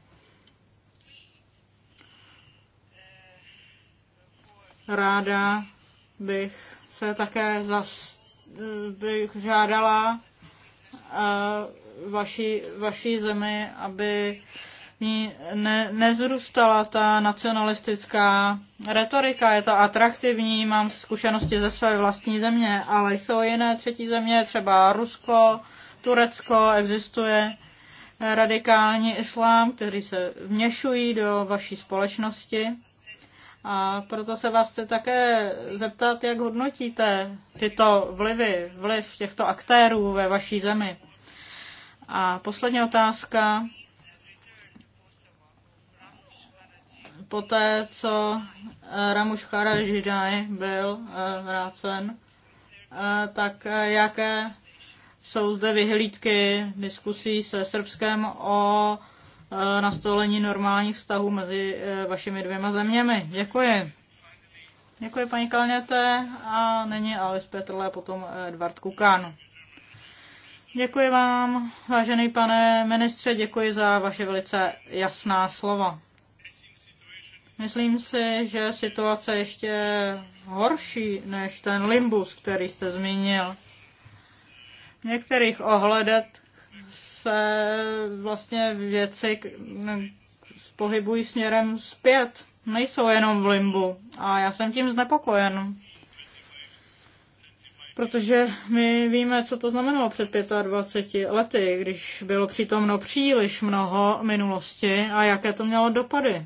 Ráda bych se také zas, bych žádala uh, vaší, vaší zemi, aby ní ne, nezrůstala ta nacionalistická retorika. Je to atraktivní, mám zkušenosti ze své vlastní země, ale jsou jiné třetí země, třeba Rusko, Turecko, existuje radikální islám, který se vněšují do vaší společnosti. A proto se vás chci také zeptat, jak hodnotíte tyto vlivy, vliv těchto aktérů ve vaší zemi. A poslední otázka. Poté, co eh, Ramuš Karažidaj byl eh, vrácen, eh, tak jaké jsou zde vyhlídky diskusí se Srbskem o nastolení normálních vztahů mezi vašimi dvěma zeměmi. Děkuji. Děkuji paní Kalněte a není Alice Petrle, potom Edward Kukán. Děkuji vám, vážený pane ministře, děkuji za vaše velice jasná slova. Myslím si, že situace ještě horší než ten limbus, který jste zmínil. V některých ohledech se vlastně věci pohybují směrem zpět. Nejsou jenom v limbu. A já jsem tím znepokojen. Protože my víme, co to znamenalo před 25 lety, když bylo přítomno příliš mnoho minulosti a jaké to mělo dopady.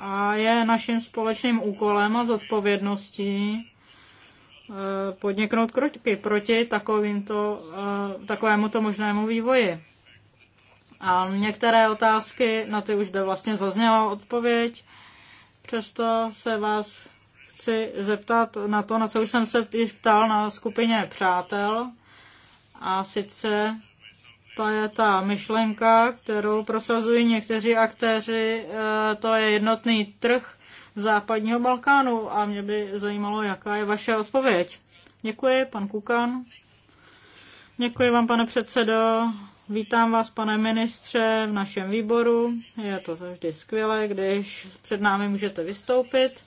A je naším společným úkolem a zodpovědností eh, podniknout kroky proti takovýmto, eh, takovému to možnému vývoji. A některé otázky, na ty už zde vlastně zazněla odpověď, přesto se vás chci zeptat na to, na co už jsem se již ptal na skupině přátel. A sice to je ta myšlenka, kterou prosazují někteří aktéři, e, to je jednotný trh západního Balkánu a mě by zajímalo, jaká je vaše odpověď. Děkuji, pan Kukan. Děkuji vám, pane předsedo. Vítám vás, pane ministře, v našem výboru. Je to vždy skvělé, když před námi můžete vystoupit.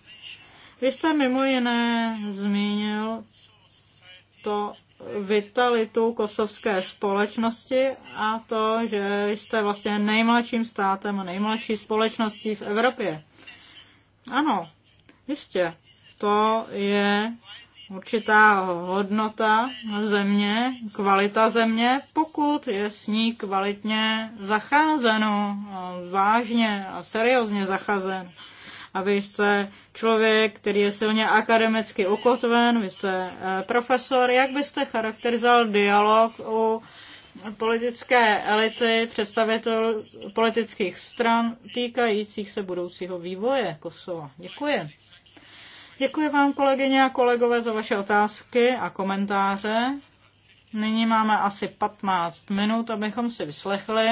Vy jste mimo jiné zmínil to vitalitu kosovské společnosti a to, že jste vlastně nejmladším státem a nejmladší společností v Evropě. Ano, jistě. To je určitá hodnota země, kvalita země, pokud je s ní kvalitně zacházeno, vážně a seriózně zacházeno a vy jste člověk, který je silně akademicky ukotven, vy jste eh, profesor. Jak byste charakterizoval dialog u politické elity, představitel politických stran týkajících se budoucího vývoje Kosova? Děkuji. Děkuji vám, kolegyně a kolegové, za vaše otázky a komentáře. Nyní máme asi 15 minut, abychom si vyslechli,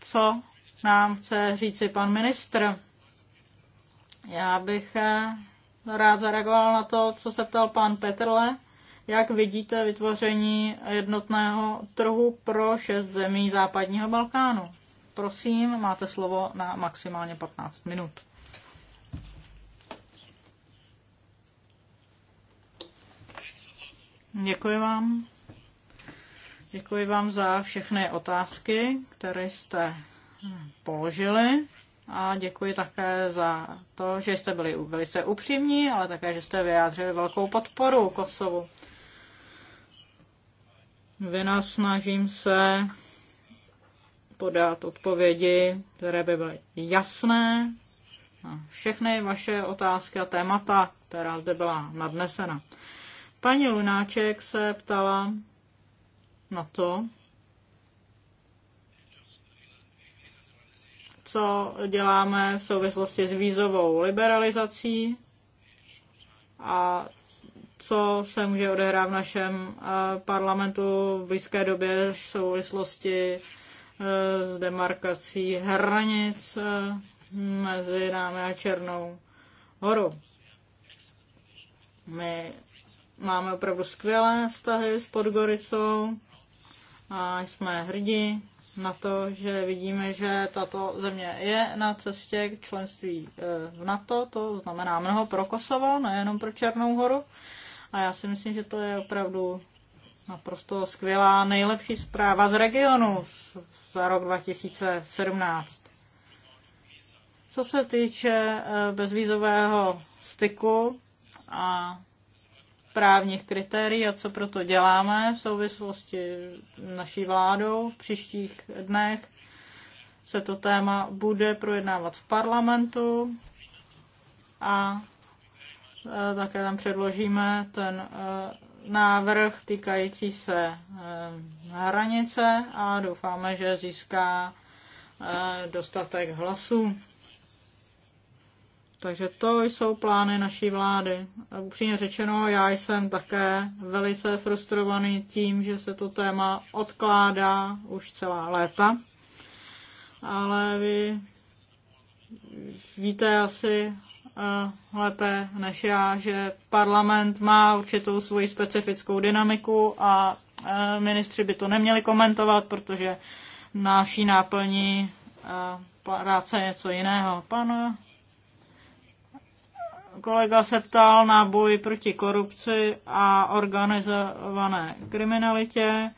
co nám chce říci pan ministr. Já bych eh, rád zareagoval na to, co se ptal pán Petrle. Jak vidíte vytvoření jednotného trhu pro šest zemí západního Balkánu? Prosím, máte slovo na maximálně 15 minut. Děkuji vám. Děkuji vám za všechny otázky, které jste položili a děkuji také za to, že jste byli velice upřímní, ale také, že jste vyjádřili velkou podporu Kosovu. snažím se podat odpovědi, které by byly jasné na všechny vaše otázky a témata, která zde byla nadnesena. Paní Lunáček se ptala na to, co děláme v souvislosti s vízovou liberalizací a co se může odehrát v našem eh, parlamentu v blízké době v souvislosti eh, s demarkací hranic eh, mezi námi a Černou horou. My máme opravdu skvělé vztahy s Podgoricou a jsme hrdí na to, že vidíme, že tato země je na cestě k členství eh, v NATO, to znamená mnoho pro Kosovo, nejenom pro Černou horu. A já si myslím, že to je opravdu naprosto skvělá, nejlepší zpráva z regionu za rok 2017. Co se týče eh, bezvízového styku a právních kritérií a co proto děláme v souvislosti naší vládou v příštích dnech. Se to téma bude projednávat v parlamentu a e, také tam předložíme ten e, návrh týkající se e, hranice a doufáme, že získá dostatek hlasů. Takže to jsou plány naší vlády. A upřímně řečeno, já jsem také velice frustrovaný tím, že se to téma odkládá už celá léta. Ale vy víte asi uh, lépe než já, že parlament má určitou svoji specifickou dynamiku a uh, ministři by to neměli komentovat, protože náší náplní uh, práce je něco jiného. Pan kolega se ptal na boj proti korupci a organizované kriminalitě.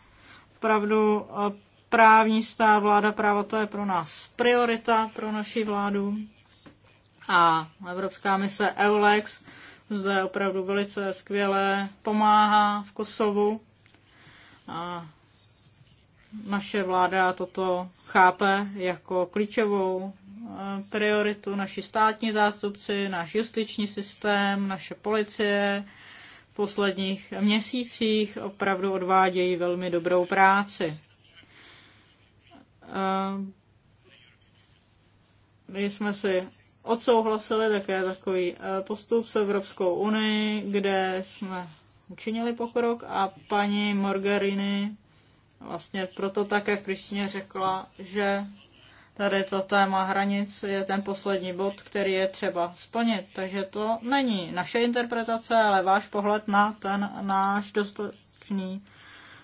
Pravdu eh, právní stát, vláda práva, to je pro nás priorita, pro naši vládu. A Evropská mise EULEX zde opravdu velice skvěle pomáhá v Kosovu. A naše vláda toto chápe jako klíčovou Eh, prioritu naši státní zástupci, náš justiční systém, naše policie. V posledních měsících opravdu odvádějí velmi dobrou práci. Eh, my jsme si odsouhlasili také takový eh, postup s Evropskou unii, kde jsme učinili pokrok a paní Morgarini vlastně proto také v Krištině řekla, že tady to téma hranic je ten poslední bod, který je třeba splnit. Takže to není naše interpretace, ale váš pohled na ten náš dostatečný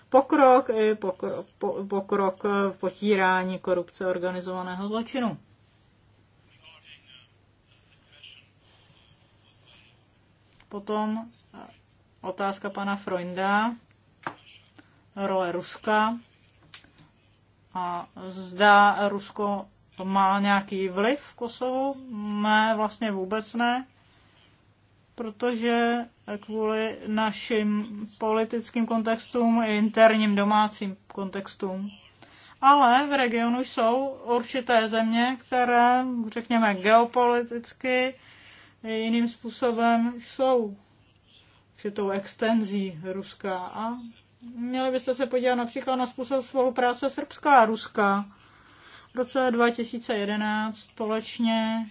pokrok i pokrok, pokrok v potírání korupce organizovaného zločinu. Potom otázka pana Freunda, role Ruska a zda Rusko má nějaký vliv v Kosovu? Ne, vlastně vůbec ne, protože kvůli našim politickým kontextům i interním domácím kontextům. Ale v regionu jsou určité země, které, řekněme, geopoliticky jiným způsobem jsou určitou extenzí Ruska a Měli byste se podívat například na způsob spolupráce Srbská a Ruska. V roce 2011 společně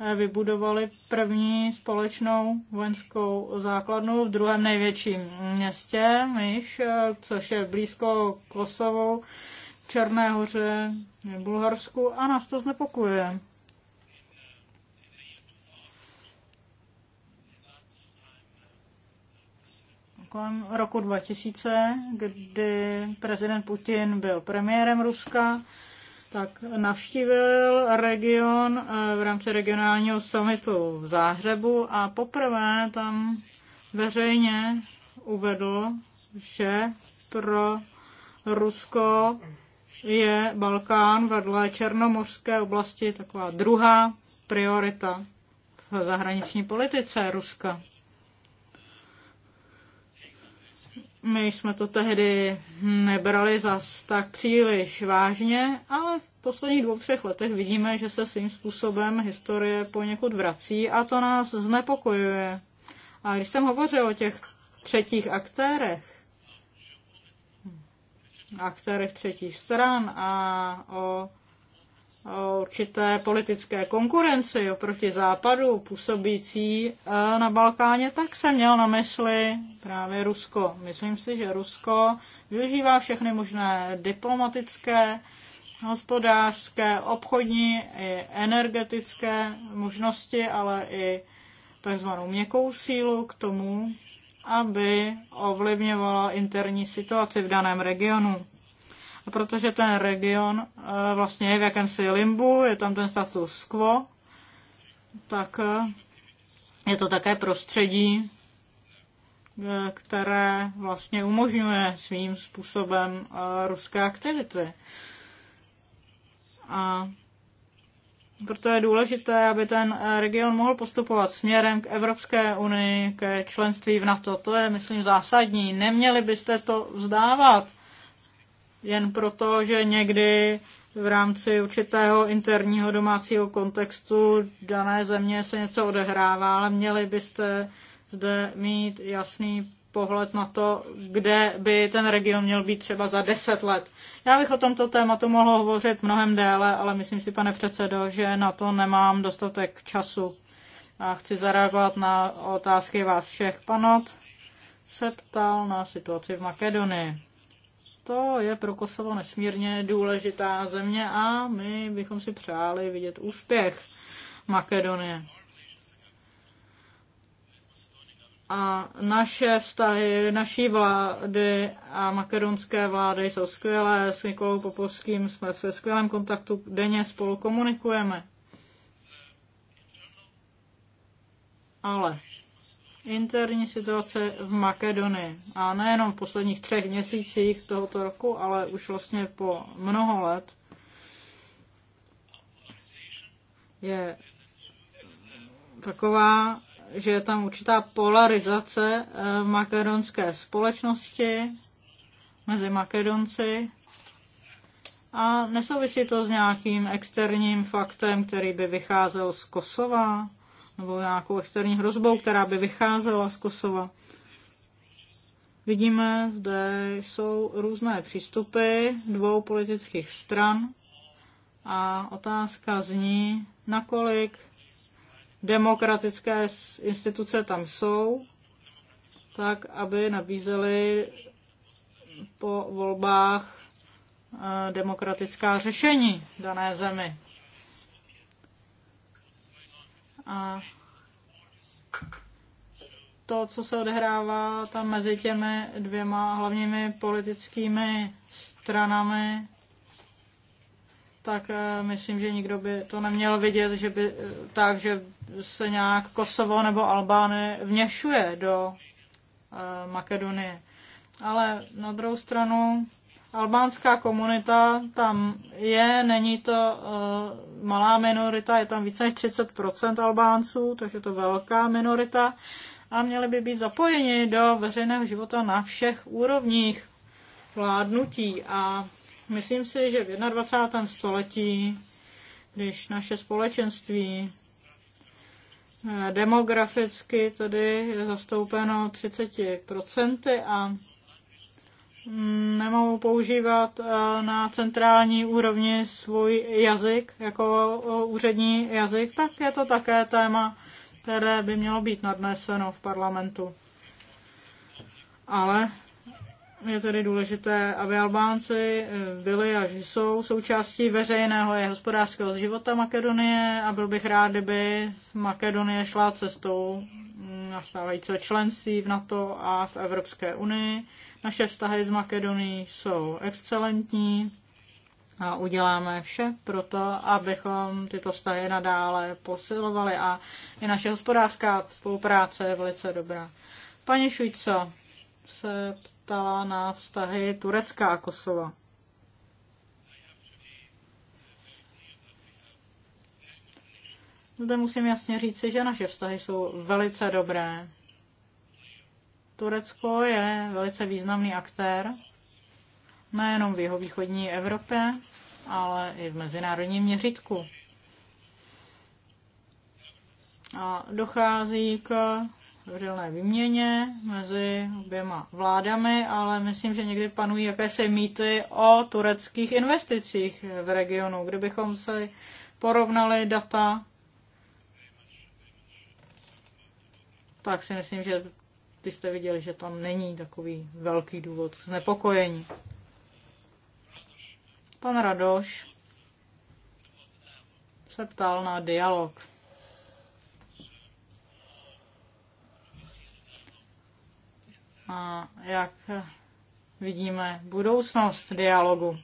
eh, vybudovali první společnou vojenskou základnu v druhém největším městě, Myš, eh, což je blízko Kosovu, Černé hoře, Bulharsku a nás to znepokuje. kolem roku 2000, kdy prezident Putin byl premiérem Ruska, tak navštívil region eh, v rámci regionálního summitu v Záhřebu a poprvé tam veřejně uvedl, že pro Rusko je Balkán vedle Černomorské oblasti taková druhá priorita v zahraniční politice Ruska. My jsme to tehdy nebrali zas tak příliš vážně, ale v posledních dvou, třech letech vidíme, že se svým způsobem historie poněkud vrací a to nás znepokojuje. A když jsem hovořil o těch třetích aktérech, aktérech třetích stran a o určité politické konkurenci oproti západu působící eh, na Balkáně, tak se měl na mysli právě Rusko. Myslím si, že Rusko využívá všechny možné diplomatické, hospodářské, obchodní i energetické možnosti, ale i takzvanou měkkou sílu k tomu, aby ovlivňovala interní situaci v daném regionu protože ten region eh, vlastně je v jakémsi limbu, je tam ten status quo, tak eh, je to také prostředí, eh, které vlastně umožňuje svým způsobem ruské aktivity. A proto je důležité, aby ten region mohl postupovat směrem k Evropské unii, ke členství v NATO. To je, myslím, zásadní. Neměli byste to vzdávat jen proto, že někdy v rámci určitého interního domácího kontextu dané země se něco odehrává, ale měli byste zde mít jasný pohled na to, kde by ten region měl být třeba za deset let. Já bych o tomto tématu mohl hovořit mnohem déle, ale myslím si, pane předsedo, že na to nemám dostatek času. A chci zareagovat na otázky vás všech. Panot se ptal na situaci v Makedonii to je pro Kosovo nesmírně důležitá země a my bychom si přáli vidět úspěch Makedonie. A naše vztahy, naší vlády a makedonské vlády jsou skvělé. S Nikolou Popovským jsme ve skvělém kontaktu, denně spolu komunikujeme. Ale interní situace v Makedonii. A nejenom v posledních třech měsících tohoto roku, ale už vlastně po mnoho let je taková, že je tam určitá polarizace eh, v makedonské společnosti mezi Makedonci a nesouvisí to s nějakým externím faktem, který by vycházel z Kosova nebo nějakou externí hrozbou, která by vycházela z Kosova. Vidíme, zde jsou různé přístupy dvou politických stran a otázka zní, nakolik demokratické instituce tam jsou, tak aby nabízely po volbách eh, demokratická řešení dané zemi. A to, co se odehrává tam mezi těmi dvěma hlavními politickými stranami, tak eh, myslím, že nikdo by to neměl vidět, že by, eh, tak, že se nějak Kosovo nebo Albány vněšuje do eh, Makedonie. Ale na druhou stranu albánská komunita tam je, není to uh, malá minorita, je tam více než 30% Albánců, takže je to velká minorita a měli by být zapojeni do veřejného života na všech úrovních vládnutí a myslím si, že v 21. století, když naše společenství eh, demograficky tedy je zastoupeno 30% a nemohou používat eh, na centrální úrovni svůj jazyk jako eh, úřední jazyk, tak je to také téma, které by mělo být nadneseno v parlamentu. Ale je tedy důležité, aby Albánci eh, byli a že jsou součástí veřejného a hospodářského života Makedonie a byl bych rád, kdyby Makedonie šla cestou nastávajícího členství v NATO a v Evropské unii. Naše vztahy s Makedonií jsou excelentní a uděláme vše pro to, abychom tyto vztahy nadále posilovali a i naše hospodářská spolupráce je velice dobrá. Paní Šujco se ptala na vztahy Turecka a Kosova. Zde musím jasně říci, že naše vztahy jsou velice dobré. Turecko je velice významný aktér, nejenom v jeho východní Evropě, ale i v mezinárodním měřitku. A dochází k vřelné výměně mezi oběma vládami, ale myslím, že někdy panují jakési mýty o tureckých investicích v regionu. Kdybychom se porovnali data tak si myslím, že vy jste viděli, že tam není takový velký důvod k znepokojení. Pan Radoš se ptal na dialog. A jak vidíme budoucnost dialogu.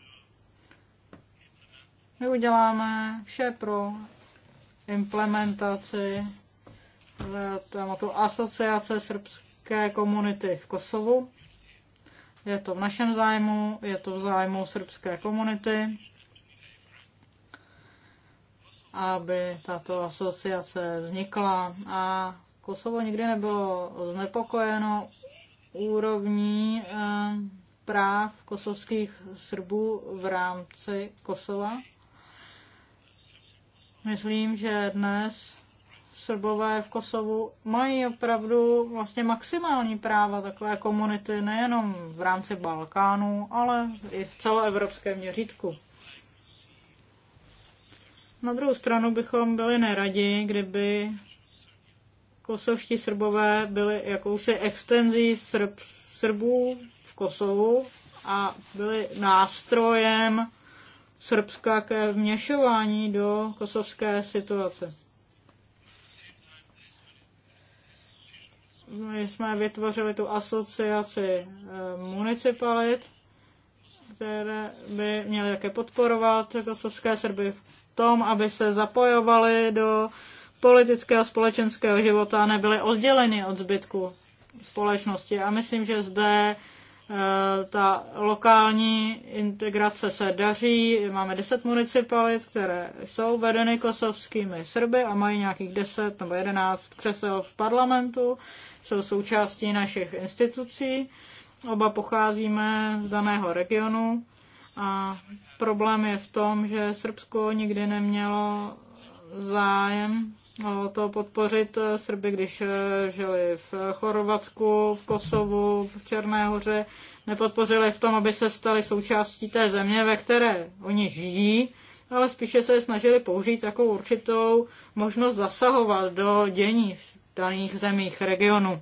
My uděláme vše pro implementaci Eh, tématu Asociace srbské komunity v Kosovu. Je to v našem zájmu, je to v zájmu srbské komunity, aby tato asociace vznikla. A Kosovo nikdy nebylo znepokojeno úrovní eh, práv kosovských Srbů v rámci Kosova. Myslím, že dnes Srbové v Kosovu mají opravdu vlastně maximální práva takové komunity nejenom v rámci Balkánu, ale i v celoevropském měřítku. Na druhou stranu bychom byli neradi, kdyby kosovští Srbové byli jakousi extenzí Srb, Srbů v Kosovu a byli nástrojem Srbska ke vměšování do kosovské situace. No, my jsme vytvořili tu asociaci eh, municipalit, které by měly také podporovat kosovské Srby v tom, aby se zapojovali do politického a společenského života a nebyly odděleny od zbytku společnosti. A myslím, že zde Eh, ta lokální integrace se daří. Máme 10 municipalit, které jsou vedeny kosovskými Srby a mají nějakých 10 nebo 11 křesel v parlamentu. Jsou součástí našich institucí. Oba pocházíme z daného regionu a problém je v tom, že Srbsko nikdy nemělo zájem No, to podpořit eh, Srby, když eh, žili v eh, Chorvatsku, v Kosovu, v Černé hoře, nepodpořili v tom, aby se stali součástí té země, ve které oni žijí, ale spíše se snažili použít jako určitou možnost zasahovat do dění v daných zemích regionu.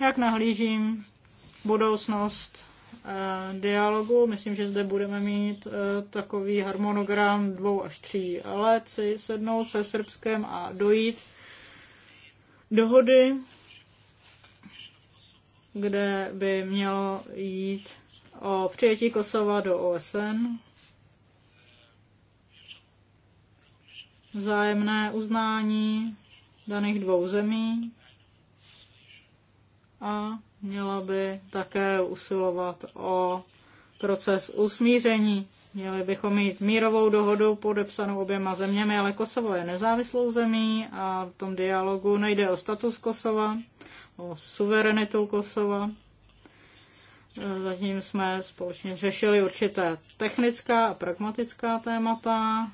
Jak nahlížím budoucnost Eh, dialogu. Myslím, že zde budeme mít eh, takový harmonogram dvou až tří let, si sednout se Srbskem a dojít dohody, kde by mělo jít o přijetí Kosova do OSN, vzájemné uznání daných dvou zemí a Měla by také usilovat o proces usmíření. Měli bychom mít mírovou dohodu podepsanou oběma zeměmi, ale Kosovo je nezávislou zemí a v tom dialogu nejde o status Kosova, o suverenitu Kosova. Zatím jsme společně řešili určité technická a pragmatická témata,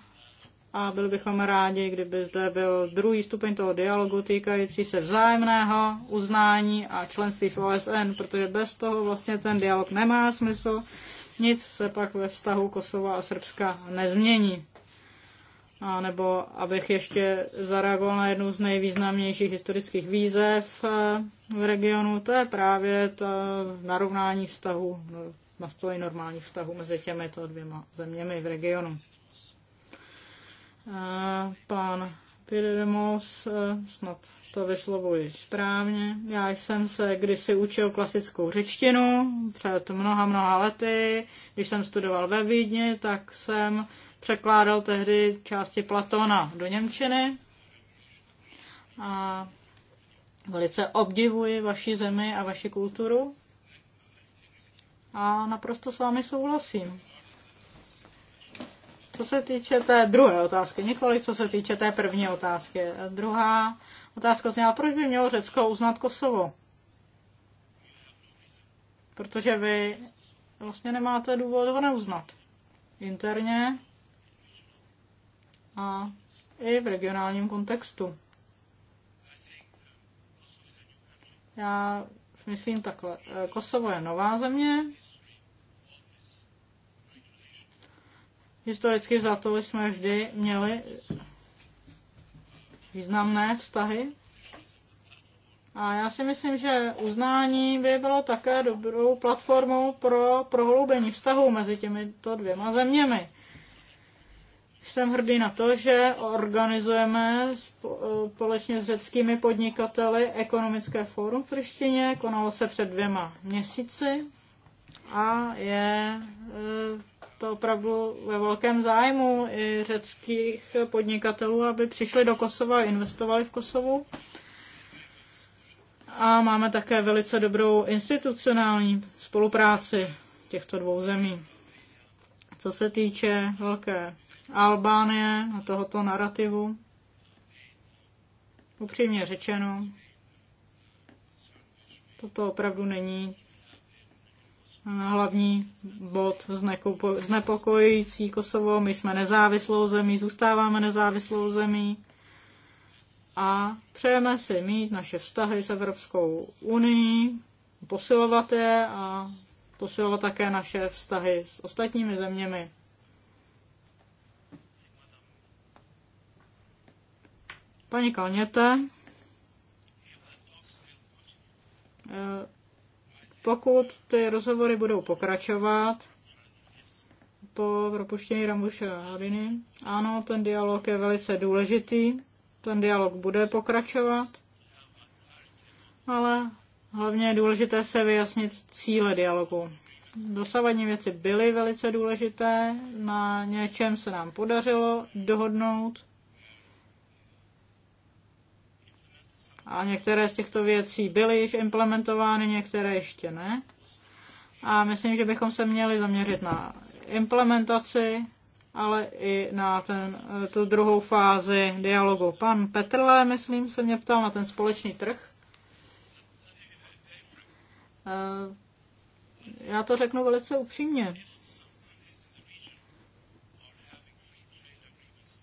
a byli bychom rádi, kdyby zde byl druhý stupeň toho dialogu týkající se vzájemného uznání a členství v OSN, protože bez toho vlastně ten dialog nemá smysl. Nic se pak ve vztahu Kosova a Srbska nezmění. A nebo abych ještě zareagoval na jednu z nejvýznamnějších historických výzev eh, v regionu, to je právě to narovnání vztahu, no, nastolení normálních vztahů mezi těmito dvěma zeměmi v regionu. Eh, pan Pyrrhemos, eh, snad to vyslovuji správně. Já jsem se kdysi učil klasickou řečtinu před mnoha, mnoha lety. Když jsem studoval ve Vídni, tak jsem překládal tehdy části Platona do Němčiny. A velice obdivuji vaši zemi a vaši kulturu. A naprosto s vámi souhlasím. Co se týče té druhé otázky, nikoli co se týče té první otázky. Druhá otázka zněla, proč by mělo Řecko uznat Kosovo? Protože vy vlastně nemáte důvod ho neuznat. Interně a i v regionálním kontextu. Já myslím takhle. Kosovo je nová země, historicky za to jsme vždy měli významné vztahy. A já si myslím, že uznání by bylo také dobrou platformou pro prohloubení vztahů mezi těmito dvěma zeměmi. Jsem hrdý na to, že organizujeme společně s řeckými podnikateli ekonomické fórum v Prištině. Konalo se před dvěma měsíci a je e, to opravdu ve velkém zájmu i řeckých podnikatelů, aby přišli do Kosova a investovali v Kosovu. A máme také velice dobrou institucionální spolupráci těchto dvou zemí. Co se týče velké Albánie a tohoto narrativu, upřímně řečeno, toto opravdu není hlavní bod znepokojící Kosovo. My jsme nezávislou zemí, zůstáváme nezávislou zemí a přejeme si mít naše vztahy s Evropskou unii, posilovat je a posilovat také naše vztahy s ostatními zeměmi. Paní Kalněte, eh, pokud ty rozhovory budou pokračovat po propuštění Ramuše Hariny, ano, ten dialog je velice důležitý, ten dialog bude pokračovat, ale hlavně je důležité se vyjasnit cíle dialogu. Dosavadní věci byly velice důležité, na něčem se nám podařilo dohodnout A některé z těchto věcí byly již implementovány, některé ještě ne. A myslím, že bychom se měli zaměřit na implementaci, ale i na ten, tu druhou fázi dialogu. Pan Petrle, myslím, se mě ptal na ten společný trh. Eh, já to řeknu velice upřímně.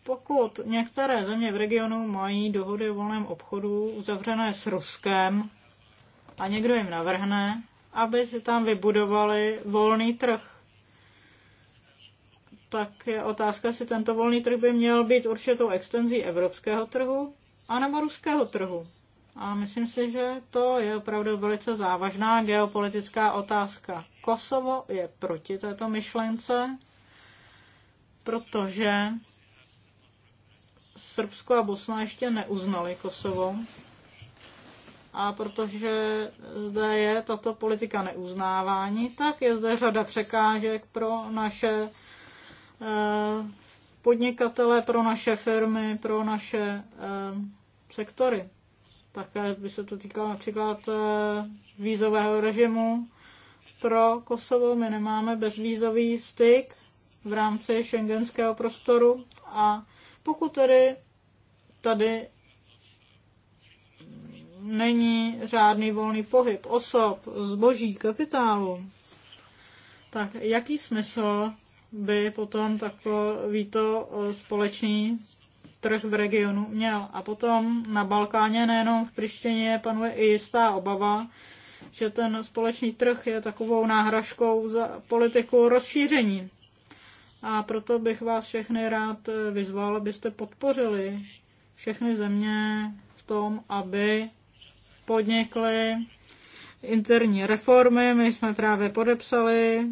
Pokud některé země v regionu mají dohody o volném obchodu uzavřené s Ruskem a někdo jim navrhne, aby si tam vybudovali volný trh, tak je otázka, jestli tento volný trh by měl být určitou extenzí evropského trhu anebo ruského trhu. A myslím si, že to je opravdu velice závažná geopolitická otázka. Kosovo je proti této myšlence, protože Srbsko a Bosna ještě neuznali Kosovo. A protože zde je tato politika neuznávání, tak je zde řada překážek pro naše eh, podnikatele, pro naše firmy, pro naše eh, sektory. Také by se to týkalo například eh, vízového režimu. Pro Kosovo my nemáme bezvízový styk v rámci šengenského prostoru a pokud tedy tady není žádný volný pohyb osob, zboží, kapitálu, tak jaký smysl by potom takový to eh, společný trh v regionu měl? A potom na Balkáně, nejenom v Prištěně, panuje i jistá obava, že ten společný trh je takovou náhražkou za politiku rozšíření. A proto bych vás všechny rád eh, vyzval, abyste podpořili všechny země v tom, aby podnikly interní reformy. My jsme právě podepsali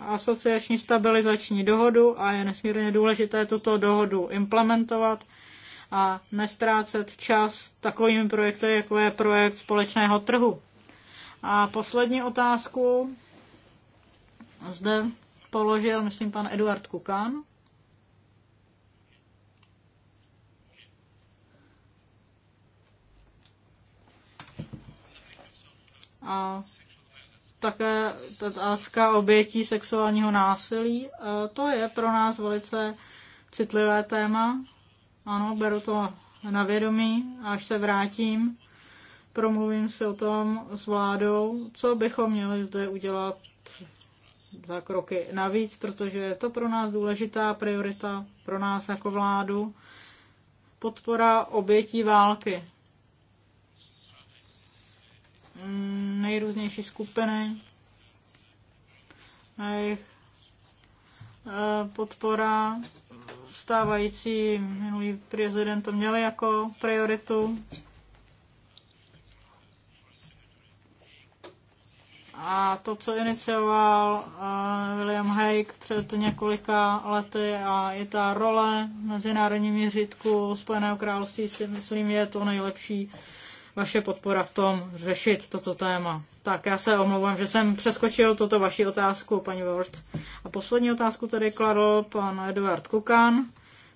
asociační stabilizační dohodu a je nesmírně důležité tuto dohodu implementovat a nestrácet čas takovými projekty, jako je projekt společného trhu. A poslední otázku zde položil, myslím, pan Eduard Kukan. a také otázka obětí sexuálního násilí. E, to je pro nás velice citlivé téma. Ano, beru to na vědomí, až se vrátím. Promluvím si o tom s vládou, co bychom měli zde udělat za kroky navíc, protože je to pro nás důležitá priorita, pro nás jako vládu. Podpora obětí války nejrůznější skupiny. A jejich e, podpora stávající minulý prezident to měli jako prioritu. A to, co inicioval e, William Hague před několika lety a i ta role v mezinárodním měřítku Spojeného království si myslím je to nejlepší vaše podpora v tom řešit toto téma. Tak já se omlouvám, že jsem přeskočil toto vaši otázku, paní Ward. A poslední otázku tady kladl pan Eduard Kukan,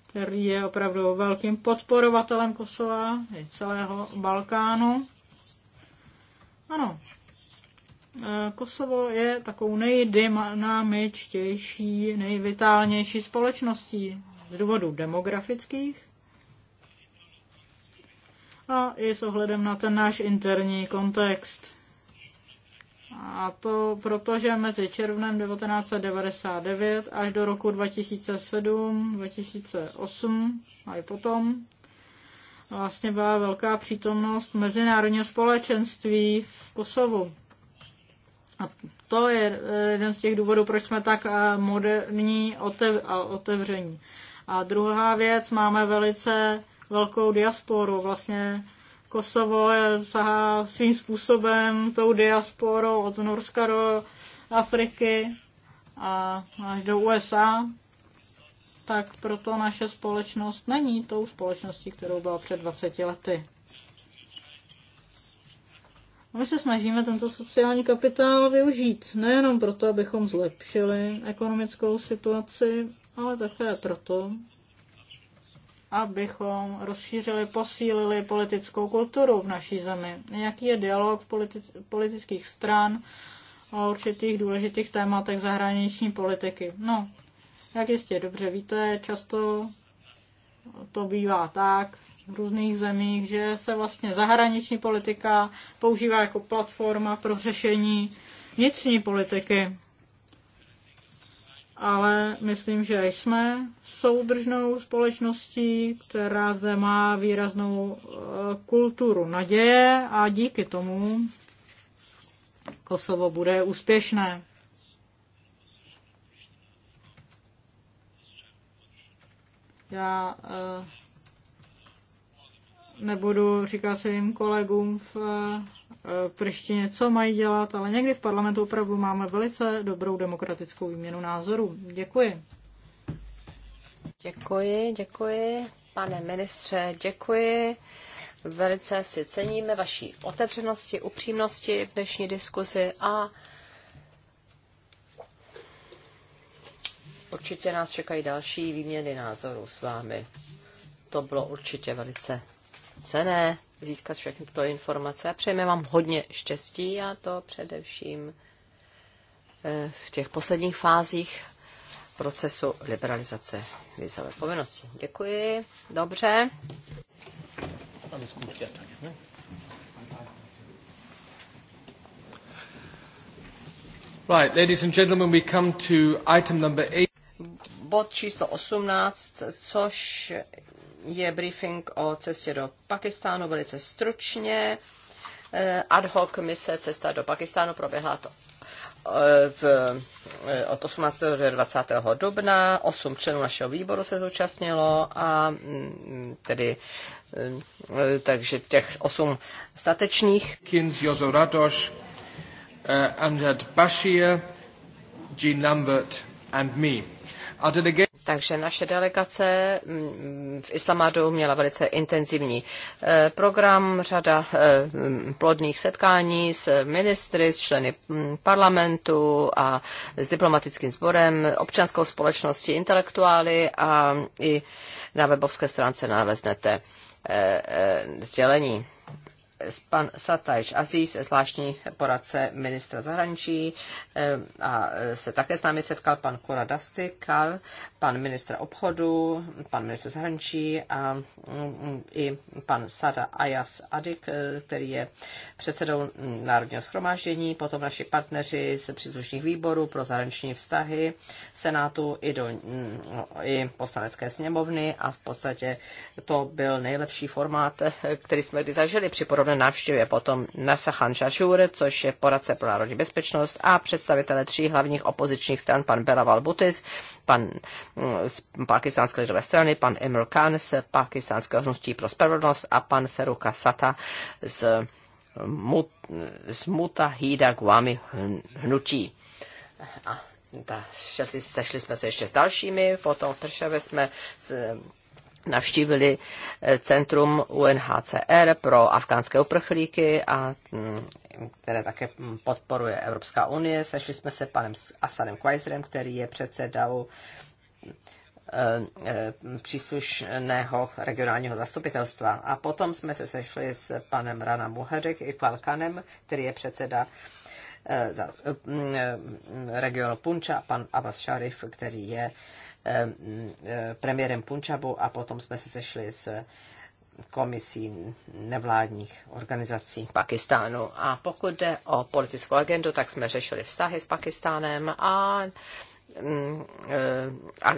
který je opravdu velkým podporovatelem Kosova i celého Balkánu. Ano, e, Kosovo je takovou nejdynamičtější, nejvitálnější společností z důvodů demografických, a i s ohledem na ten náš interní kontext. A to protože mezi červnem 1999 až do roku 2007, 2008 a i potom vlastně byla velká přítomnost mezinárodního společenství v Kosovu. A to je eh, jeden z těch důvodů, proč jsme tak eh, moderní a otevření. A druhá věc, máme velice velkou diasporu. Vlastně Kosovo je, sahá svým způsobem tou diasporou od Norska do Afriky a až do USA, tak proto naše společnost není tou společností, kterou byla před 20 lety. My se snažíme tento sociální kapitál využít nejenom proto, abychom zlepšili ekonomickou situaci, ale také proto, abychom rozšířili, posílili politickou kulturu v naší zemi. Jaký je dialog politi- politických stran o určitých důležitých tématech zahraniční politiky? No, jak jistě dobře víte, často to bývá tak v různých zemích, že se vlastně zahraniční politika používá jako platforma pro řešení vnitřní politiky ale myslím, že jsme soudržnou společností, která zde má výraznou eh, kulturu naděje a díky tomu Kosovo bude úspěšné. Já eh, nebudu říkat svým kolegům v eh, prostě něco mají dělat, ale někdy v parlamentu opravdu máme velice dobrou demokratickou výměnu názorů. Děkuji. Děkuji, děkuji. Pane ministře, děkuji. Velice si ceníme vaší otevřenosti, upřímnosti v dnešní diskuzi a určitě nás čekají další výměny názorů s vámi. To bylo určitě velice cené získat všechny tyto informace. A přejeme vám hodně štěstí a to především eh, v těch posledních fázích procesu liberalizace vízové povinnosti. Děkuji. Dobře. Right, ladies and gentlemen, we come to item number eight. Bod číslo 18, což je briefing o cestě do Pakistánu velice stručně. Eh, ad hoc mise cesta do Pakistánu proběhla to eh, v, eh, od 18. do 20. dubna. Osm členů našeho výboru se zúčastnilo a mm, tedy takže těch osm statečných. Kins, Jozo Radoš, Amjad Bashir, Jean Lambert and me. Our delegation takže naše delegace mm, mm, v Islamadu měla velice intenzivní eh, program, řada eh, plodných setkání s ministry, s členy mm, parlamentu a s diplomatickým sborem, občanskou společností, intelektuály a i na webovské stránce naleznete eh, sdělení. Pan Sataj, Aziz, zvláštní poradce ministra zahraničí, a se také s námi setkal pan Kura Dastikal, pan ministr obchodu, pan ministr zahraničí a mm, i pan Sada Ayas Adik, eh, který je předsedou Národního schromáždění, potom naši partneři z příslušných výborů pro zahraniční vztahy, Senátu i, do, mm, i poslanecké sněmovny a v podstatě to byl nejlepší formát, eh, který jsme kdy zažili při podobné návštěvě. Potom Nasa Khan což je poradce pro národní bezpečnost a představitele tří hlavních opozičních stran, pan Belaval Butis, pan Eh, z pakistánské lidové strany, pan Emil Khan z pakistánského hnutí pro spravedlnost a pan Feruka Sata z, Mut, z Mutahida Guami hnutí. A ta, šli, sešli jsme se ještě s dalšími, potom v Pršavě jsme s, navštívili eh, Centrum UNHCR pro afgánské uprchlíky, a, mm, které také podporuje Evropská unie. Sešli jsme se panem Asadem Kweiserem, který je předsedou Eh, příslušného regionálního zastupitelstva. A potom jsme se sešli s panem Rana Muhařek i Kvalkanem, který je předseda eh, eh, regionu Punča, pan Abbas Sharif, který je premiérem Punčabu a potom jsme se sešli s komisí nevládních organizací Pakistánu. A pokud jde o politickou agendu, tak jsme řešili vztahy s Pakistánem a Eh,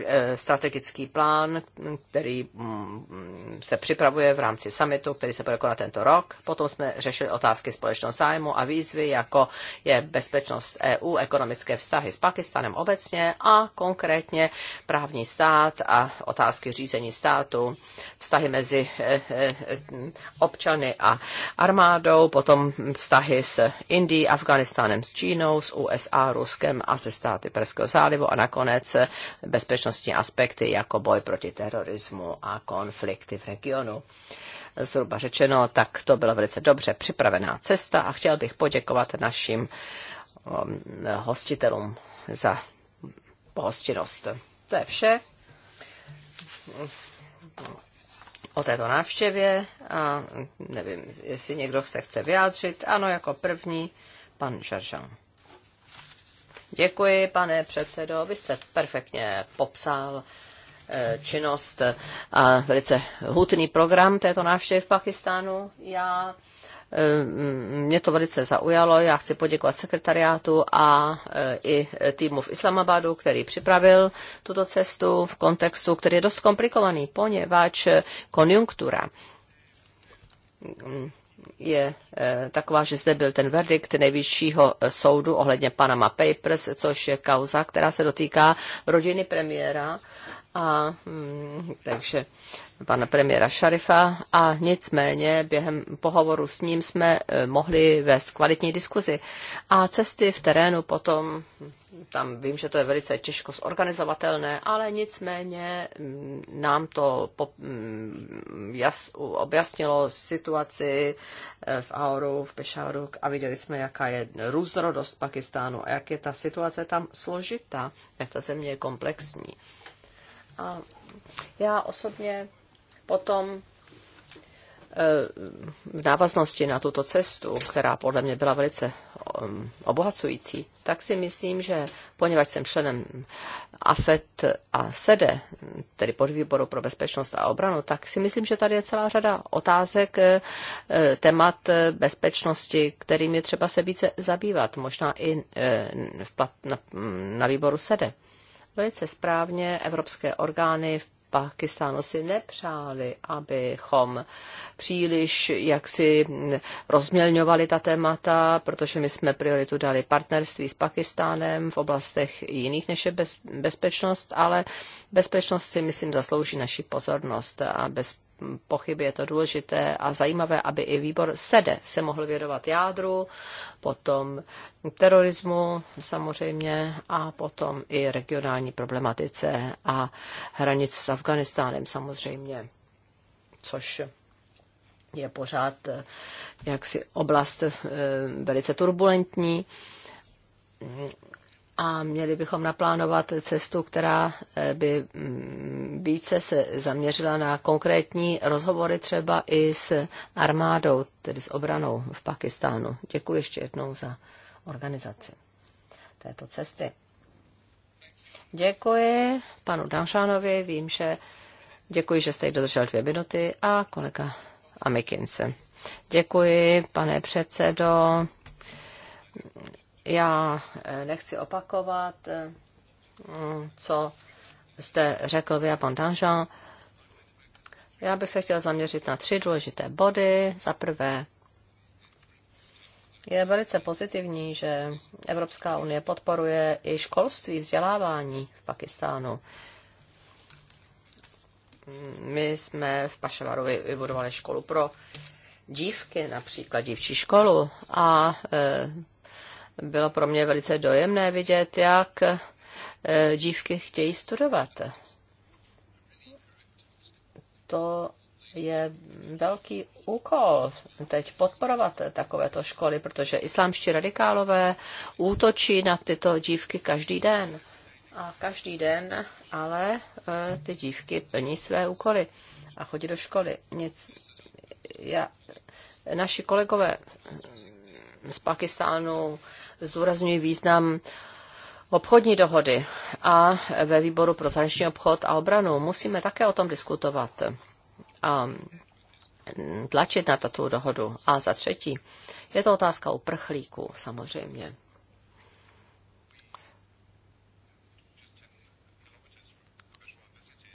eh, strategický plán, který mm, se připravuje v rámci summitu, který se bude konat tento rok. Potom jsme řešili otázky společného zájmu a výzvy, jako je bezpečnost EU, ekonomické vztahy s Pakistanem obecně a konkrétně právní stát a otázky řízení státu, vztahy mezi eh, občany a armádou, potom vztahy s Indií, Afganistánem, s Čínou, s USA, Ruskem a se státy Perského zálivu anebo a nakonec bezpečnostní aspekty jako boj proti terorismu a konflikty v regionu. Zhruba řečeno, tak to byla velice dobře připravená cesta a chtěl bych poděkovat našim um, hostitelům za hostinost. To je vše o této návštěvě a nevím, jestli někdo se chce vyjádřit. Ano, jako první pan Žaržan. Děkuji, pane předsedo. Vy jste perfektně popsal eh, činnost a velice hutný program této návštěvy v Pakistánu. Já eh, mě to velice zaujalo. Já chci poděkovat sekretariátu a eh, i týmu v Islamabadu, který připravil tuto cestu v kontextu, který je dost komplikovaný, poněvadž konjunktura je eh, taková, že zde byl ten verdikt nejvyššího eh, soudu ohledně Panama Papers, což je kauza, která se dotýká rodiny premiéra a mm, takže pana premiéra Šarifa a nicméně během pohovoru s ním jsme e, mohli vést kvalitní diskuzi. A cesty v terénu potom, tam vím, že to je velice těžko zorganizovatelné, ale nicméně mm, nám to mm, objasnilo situaci e, v Auru, v Pešáru a viděli jsme, jaká je různorodost Pakistánu a jak je ta situace tam složitá, jak ta země je komplexní. A já osobně potom eh, v návaznosti na tuto cestu, která podle mě byla velice mm, obohacující, tak si myslím, že poněvadž jsem členem AFET a SEDE, tedy podvýboru pro bezpečnost a obranu, tak si myslím, že tady je celá řada otázek, eh, témat eh, bezpečnosti, kterým je třeba se více zabývat, možná i mm, na výboru SEDE. Velice správně evropské orgány v Pakistánu si nepřáli, abychom příliš jaksi rozmělňovali ta témata, protože my jsme prioritu dali partnerství s Pakistánem v oblastech jiných než je bez, bezpečnost, ale bezpečnost si myslím zaslouží naši pozornost a bez, pochyby je to důležité a zajímavé, aby i výbor SEDE se mohl věnovat jádru, potom terorismu samozřejmě a potom i regionální problematice a hranic s Afganistánem samozřejmě, což je pořád eh, jaksi oblast eh, velice turbulentní a měli bychom naplánovat cestu, která eh, by mm, více se zaměřila na konkrétní rozhovory třeba i s armádou, tedy s obranou v Pakistánu. Děkuji ještě jednou za organizaci této cesty. Děkuji panu Danšánovi, vím, že děkuji, že jste jí dodržel dvě minuty a kolega Amikince. Děkuji, pane předsedo já eh, nechci opakovat, eh, mm, co jste řekl vy a pan Danžan. Já bych se chtěla zaměřit na tři důležité body. Za prvé, je velice pozitivní, že Evropská unie podporuje i školství, vzdělávání v Pakistánu. My jsme v Pašavaru vybudovali školu pro dívky, například dívčí školu a eh, bylo pro mě velice dojemné vidět, jak eh, dívky chtějí studovat. To je velký úkol teď podporovat takovéto školy, protože islámští radikálové útočí na tyto dívky každý den. A každý den ale eh, ty dívky plní své úkoly a chodí do školy. Nic, já, naši kolegové z Pakistánu, zdůrazňují význam obchodní dohody a ve výboru pro zahraniční obchod a obranu musíme také o tom diskutovat a tlačit na tato dohodu. A za třetí, je to otázka uprchlíků samozřejmě.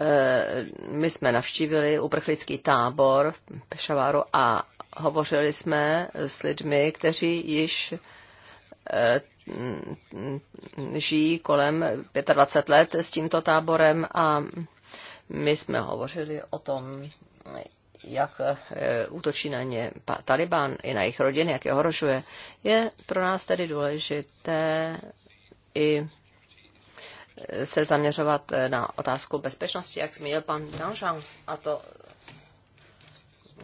Eh, my jsme navštívili uprchlický tábor v Pešaváru a hovořili jsme s lidmi, kteří již Eh, žijí kolem 25 let s tímto táborem a my jsme hovořili o tom, jak eh, útočí na ně Taliban i na jejich rodiny, jak je ohrožuje. Je pro nás tedy důležité i eh, se zaměřovat na otázku bezpečnosti, jak zmínil pan Danžan, a to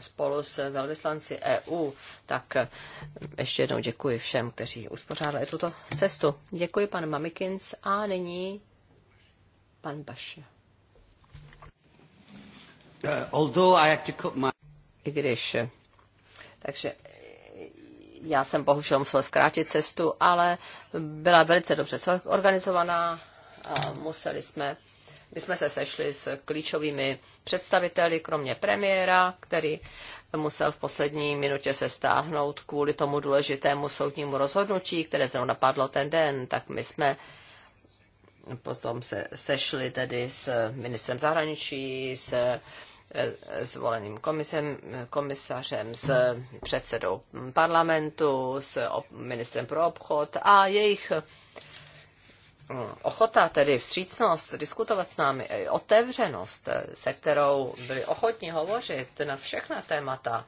spolu s velvyslanci EU, tak ještě jednou děkuji všem, kteří uspořádali tuto cestu. Děkuji pan Mamikins a nyní pan Baše. Uh, I když, takže já jsem bohužel musel zkrátit cestu, ale byla velice dobře organizovaná a museli jsme my jsme se sešli s klíčovými představiteli, kromě premiéra, který musel v poslední minutě se stáhnout kvůli tomu důležitému soudnímu rozhodnutí, které se napadlo ten den, tak my jsme potom se sešli tedy s ministrem zahraničí, s eh, zvoleným komisem, komisařem, s předsedou parlamentu, s ministrem pro obchod a jejich ochota, tedy vstřícnost, diskutovat s námi, otevřenost, se kterou byli ochotni hovořit na všechna témata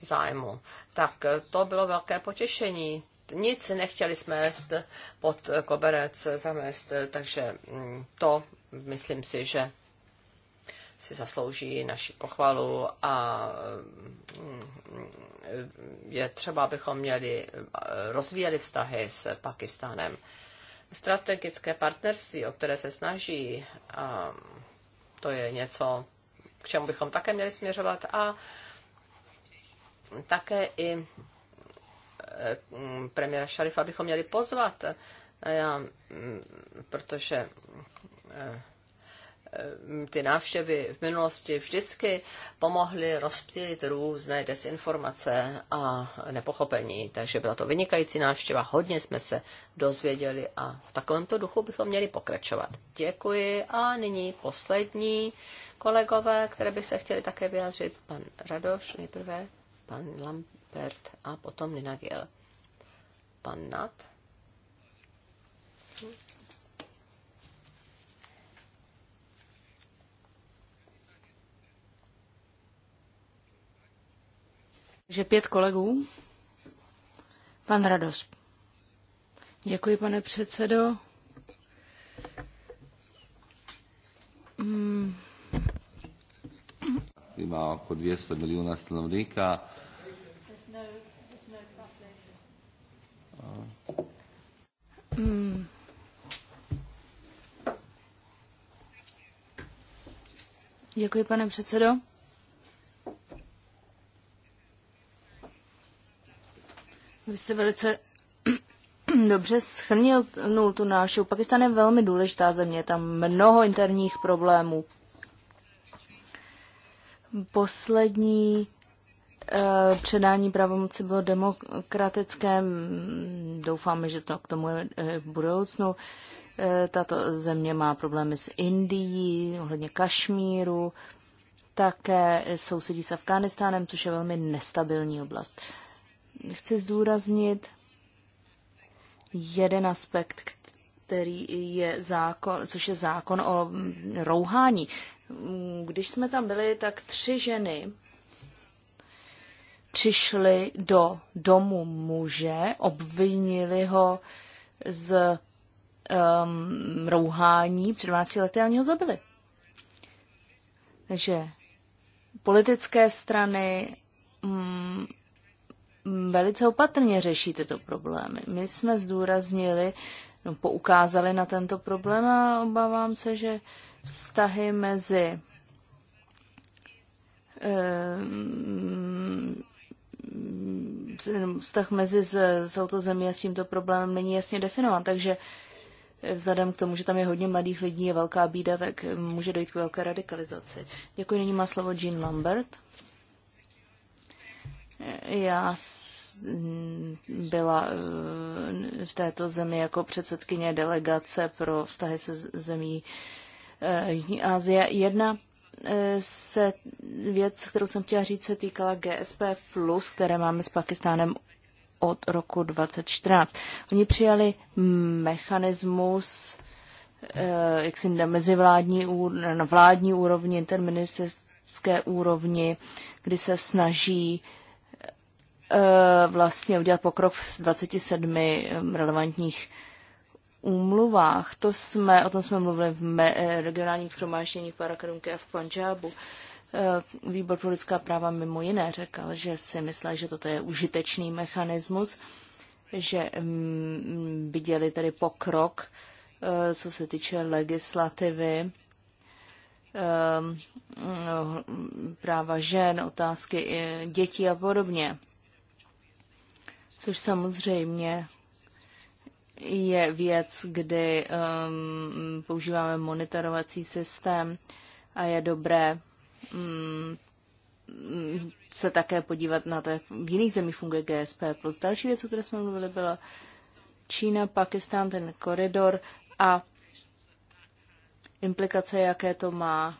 zájmu, tak to bylo velké potěšení. Nic nechtěli smést pod koberec, zamést, takže mm, to myslím si, že si zaslouží naši pochvalu a mm, je třeba, abychom měli eh, rozvíjeli vztahy s Pakistánem strategické partnerství, o které se snaží, a to je něco, k čemu bychom také měli směřovat a také i e, premiéra Šarifa bychom měli pozvat, e, já, protože e, Ehm, ty návštěvy v minulosti vždycky pomohly rozptýlit různé desinformace a nepochopení. Takže byla to vynikající návštěva, hodně jsme se dozvěděli a v takovémto duchu bychom měli pokračovat. Děkuji a nyní poslední kolegové, které by se chtěli také vyjádřit, pan Radoš nejprve, pan Lambert a potom Nina Gil. Pan Nat. že pět kolegů. Pan Rados. Děkuji, pane předsedo. Hmm. Má oko 200 milionů stanovníka. Hmm. Děkuji, pane předsedo. Vy jste velice dobře schrnil tu nášu. Pakistan je velmi důležitá země, tam mnoho interních problémů. Poslední eh, předání pravomoci bylo demokratické. Doufáme, že to k tomu je eh, v budoucnu. E, tato země má problémy s Indií, ohledně Kašmíru, také sousedí s Afghánistánem, což je velmi nestabilní oblast. Chci zdůraznit jeden aspekt, který je zákon, což je zákon o rouhání. Když jsme tam byli, tak tři ženy přišly do domu muže, obvinili ho z um, rouhání, před 12 lety a oni ho zabili. Takže politické strany, mm, velice opatrně řeší tyto problémy. My jsme zdůraznili, no, poukázali na tento problém a obávám se, že vztahy mezi eh, mm, vztah mezi s touto zemí a s tímto problémem není jasně definován, takže vzhledem k tomu, že tam je hodně mladých lidí, je velká bída, tak může dojít k velké radikalizaci. Děkuji, nyní má slovo Jean Lambert. Já byla eh, v této zemi jako předsedkyně delegace pro vztahy se zemí eh, Jižní Asie. Jedna eh, se věc, kterou jsem chtěla říct, se týkala GSP+, které máme s Pakistánem od roku 2014. Oni přijali mechanismus jak si na mezivládní, na vládní úrovni, interministerské úrovni, kdy se snaží uh, Eh, vlastně udělat pokrok z 27 relevantních úmluvách. To jsme, o tom jsme mluvili v eh, regionálním schromáždění v Parakarunke a v Panžábu. Eh, výbor pro lidská práva mimo jiné řekl, že si myslel, že toto je užitečný mechanismus, že mm, viděli tedy pokrok, co se týče legislativy, práva žen, otázky dětí a podobně což samozřejmě je věc, kdy um, používáme monitorovací systém a je dobré um, se také podívat na to, jak v jiných zemích funguje GSP+. Další věc, o které jsme mluvili, byla Čína, Pakistán, ten koridor a implikace, jaké to má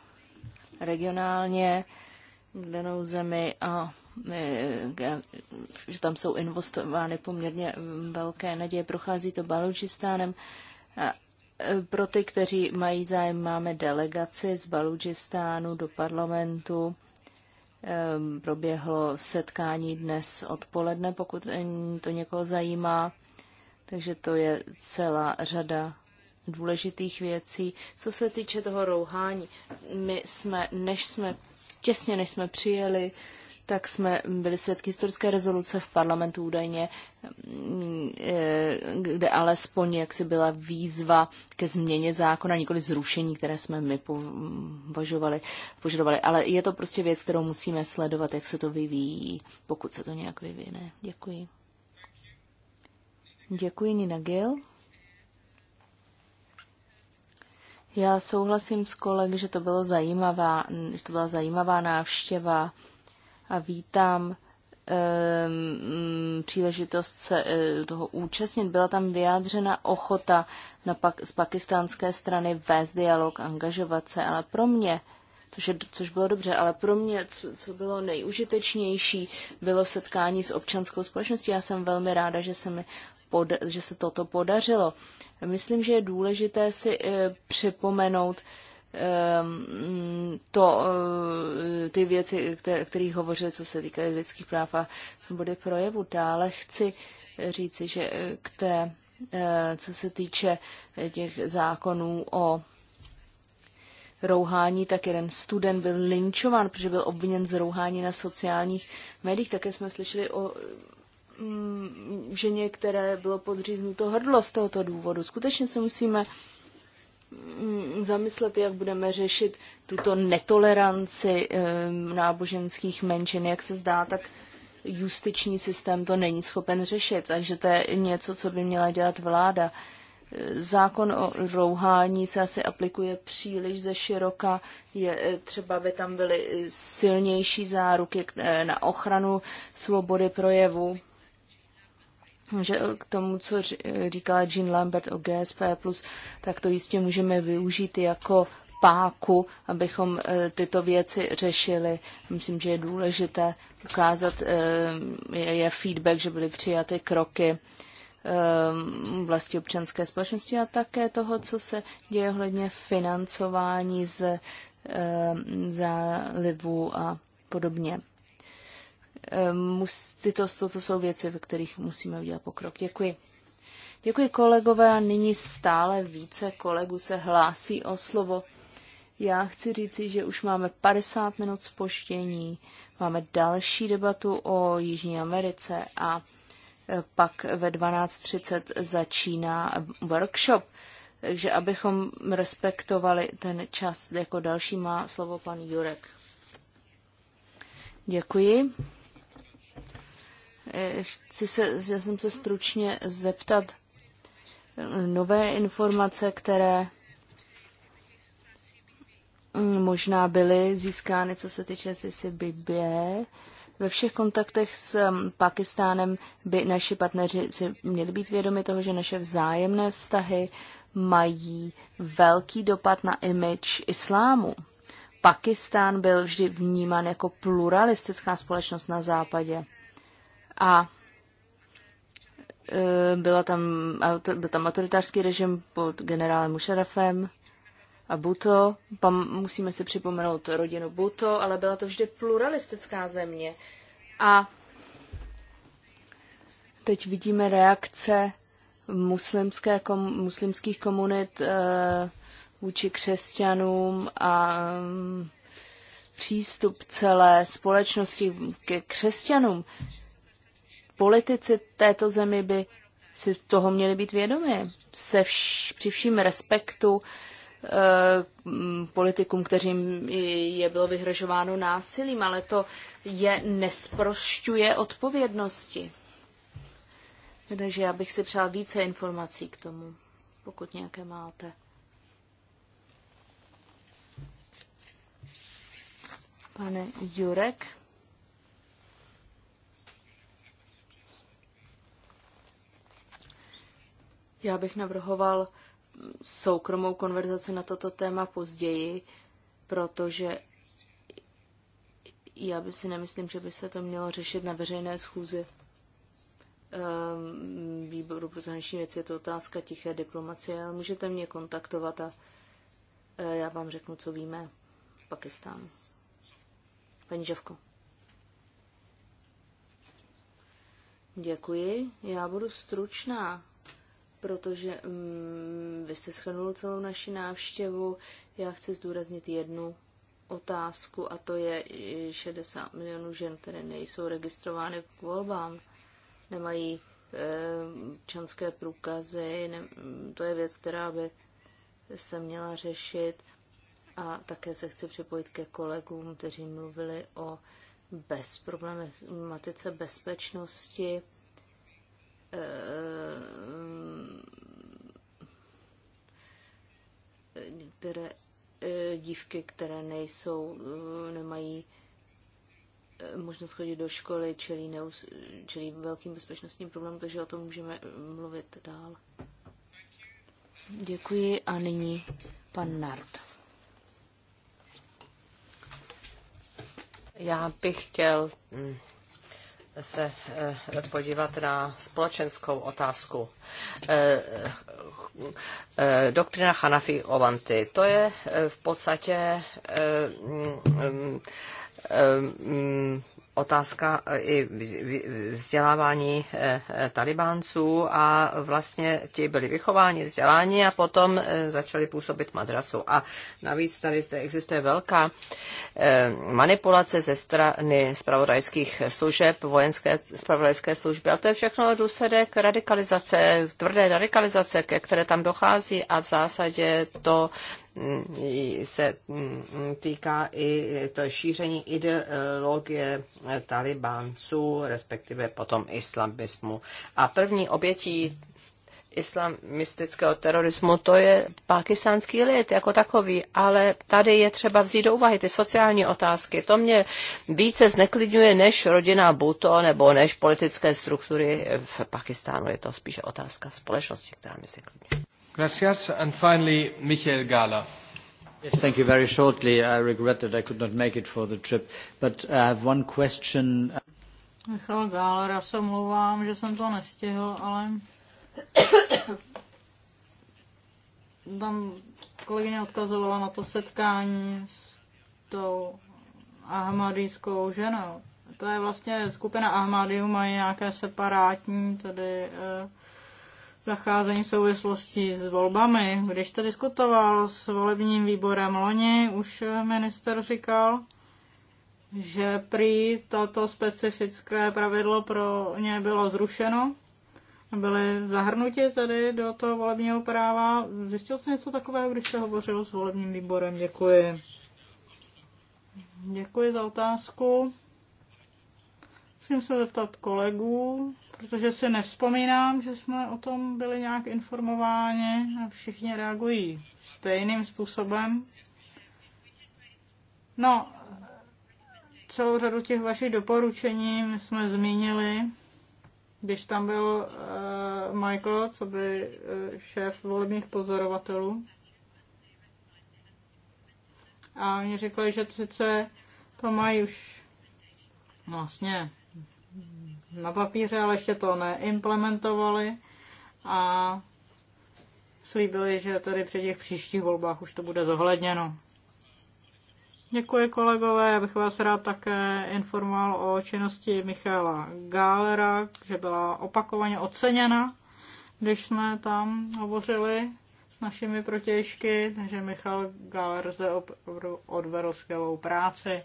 regionálně, danou zemi a Eh, eh, že tam jsou investovány poměrně velké naděje. Prochází to Balučistánem. Eh, pro ty, kteří mají zájem, máme delegaci z Balučistánu do parlamentu. Ehm, proběhlo setkání dnes odpoledne, pokud to někoho zajímá. Takže to je celá řada důležitých věcí. Co se týče toho rouhání, my jsme, než jsme, těsně než jsme přijeli, tak jsme byli svědky historické rezoluce v parlamentu údajně, eh, kde alespoň jaksi byla výzva ke změně zákona, nikoli zrušení, které jsme my považovali, požadovali. Ale je to prostě věc, kterou musíme sledovat, jak se to vyvíjí, pokud se to nějak vyvine. Děkuji. Děkuji, Nina Gil. Já souhlasím s kolegy, že to, bylo zajímavá, že to byla zajímavá návštěva a vítám ehm, mm, příležitost se e, toho účastnit. Byla tam vyjádřena ochota na pak, z pakistánské strany vést dialog, angažovat se, ale pro mě, což, je, což bylo dobře, ale pro mě, co, co bylo nejužitečnější, bylo setkání s občanskou společností. Já jsem velmi ráda, že se, mi poda, že se toto podařilo. Myslím, že je důležité si e, připomenout, Ehm, to, eh, ty věci, které, které hovořil, co se týká lidských práv a svobody projevu. Dále chci říci, že k té, eh, co se týče těch zákonů o rouhání, tak jeden student byl linčován, protože byl obviněn z rouhání na sociálních médiích. Také jsme slyšeli o mm, ženě, které bylo podříznuto hrdlo z tohoto důvodu. Skutečně se musíme Mm, zamyslet, jak budeme řešit tuto netoleranci náboženských menšin. Jak se zdá, tak justiční systém to není schopen řešit, takže to je něco, co by měla dělat vláda. E, zákon o rouhání se asi aplikuje příliš ze široka. Je e, třeba, by tam byly silnější záruky e, na ochranu svobody projevu že k tomu, co říkala Jean Lambert o GSP+, tak to jistě můžeme využít jako páku, abychom e, tyto věci řešili. Myslím, že je důležité ukázat, e, je feedback, že byly přijaty kroky e, vlasti občanské společnosti a také toho, co se děje ohledně financování z zálivu a podobně. Ehm, mus, tyto, toto jsou věci, ve kterých musíme udělat pokrok. Děkuji. Děkuji kolegové a nyní stále více kolegů se hlásí o slovo. Já chci říci, že už máme 50 minut spoštění, máme další debatu o Jižní Americe a e, pak ve 12.30 začíná workshop. Takže abychom respektovali ten čas, jako další má slovo pan Jurek. Děkuji. Eh, chci se, já jsem se stručně zeptat eh, nové informace, které mm, možná byly získány, co se týče CCBB. Ve všech kontaktech s mm, Pakistánem by naši partneři si měli být vědomi toho, že naše vzájemné vztahy mají velký dopad na image islámu. Pakistán byl vždy vnímán jako pluralistická společnost na západě a e, byla tam, byl tam autoritářský režim pod generálem Musharrafem a Buto. Pam, musíme si připomenout rodinu Buto, ale byla to vždy pluralistická země. A teď vidíme reakce muslimské kom, muslimských komunit e, vůči křesťanům a mm, přístup celé společnosti ke křesťanům politici této zemi by si toho měli být vědomi. Se vš, při vším respektu eh, politikům, kterým je bylo vyhrožováno násilím, ale to je nesprošťuje odpovědnosti. Takže já bych si přál více informací k tomu, pokud nějaké máte. Pane Jurek. Já bych navrhoval soukromou konverzaci na toto téma později, protože já by si nemyslím, že by se to mělo řešit na veřejné schůzi ehm, výboru pro zahraniční věci. Je to otázka tiché diplomacie, ale můžete mě kontaktovat a e, já vám řeknu, co víme v Pakistánu. Paní Žavko. Děkuji. Já budu stručná protože mm, vy jste schrnul celou naši návštěvu. Já chci zdůraznit jednu otázku a to je 60 eh, milionů žen, které nejsou registrovány k volbám, nemají eh, občanské průkazy, ne, to je věc, která by se měla řešit. A také se chci připojit ke kolegům, kteří mluvili o bezproblematice bezpečnosti některé eh, dívky, které nejsou, eh, nemají eh, možnost chodit do školy, čelí, neus, čelí velkým bezpečnostním problémům, takže o tom můžeme mluvit dál. Děkuji a nyní pan Nard. Já bych chtěl hm, se eh, podívat na společenskou otázku. Eh, eh, doktrina Hanafi Ovanty, to je v podstatě mm, mm, otázka e, i vzdělávání e, e, talibánců a vlastně ti byli vychováni, vzděláni a potom začali působit madrasu. A navíc tady zde existuje velká manipulace ze strany spravodajských služeb, vojenské spravodajské služby. A to je všechno důsledek radikalizace, tvrdé radikalizace, ke které tam dochází a v zásadě to se týká i to šíření ideologie talibánců, respektive potom islamismu. A první obětí islamistického terorismu, to je pakistánský lid jako takový, ale tady je třeba vzít do úvahy ty sociální otázky. To mě více zneklidňuje než rodina Buto nebo než politické struktury v Pakistánu. Je to spíše otázka společnosti, která mě zneklidňuje. Gracias. And finally, Michael Gala. Yes, thank you. Very shortly, I regret that I could not make it for the trip, but I have one question. Michal Gáler, já se omlouvám, že jsem to nestihl, ale tam kolegyně odkazovala na to setkání s tou ahmadijskou ženou. To je vlastně skupina Ahmadiů, mají nějaké separátní tady. eh, zacházení v souvislosti s volbami. Když to diskutoval s volebním výborem loni, už minister říkal, že prý toto specifické pravidlo pro ně bylo zrušeno. Byly zahrnuti tady do toho volebního práva. Zjistil jsem něco takového, když jste hovořil s volebním výborem? Děkuji. Děkuji za otázku. Musím se zeptat kolegů, protože si nevzpomínám, že jsme o tom byli nějak informováni a všichni reagují stejným způsobem. No, celou řadu těch vašich doporučení jsme zmínili, když tam byl uh, Michael, co by uh, šéf volebních pozorovatelů. A oni říkali, že sice to mají už vlastně na papíře, ale ještě to neimplementovali a slíbili, že tady při těch příštích volbách už to bude zohledněno. Děkuji kolegové, já bych vás rád také informoval o činnosti Michaela Gálera, že byla opakovaně oceněna, když jsme tam hovořili s našimi protěžky, takže Michal Gáler zde opravdu odvedl skvělou práci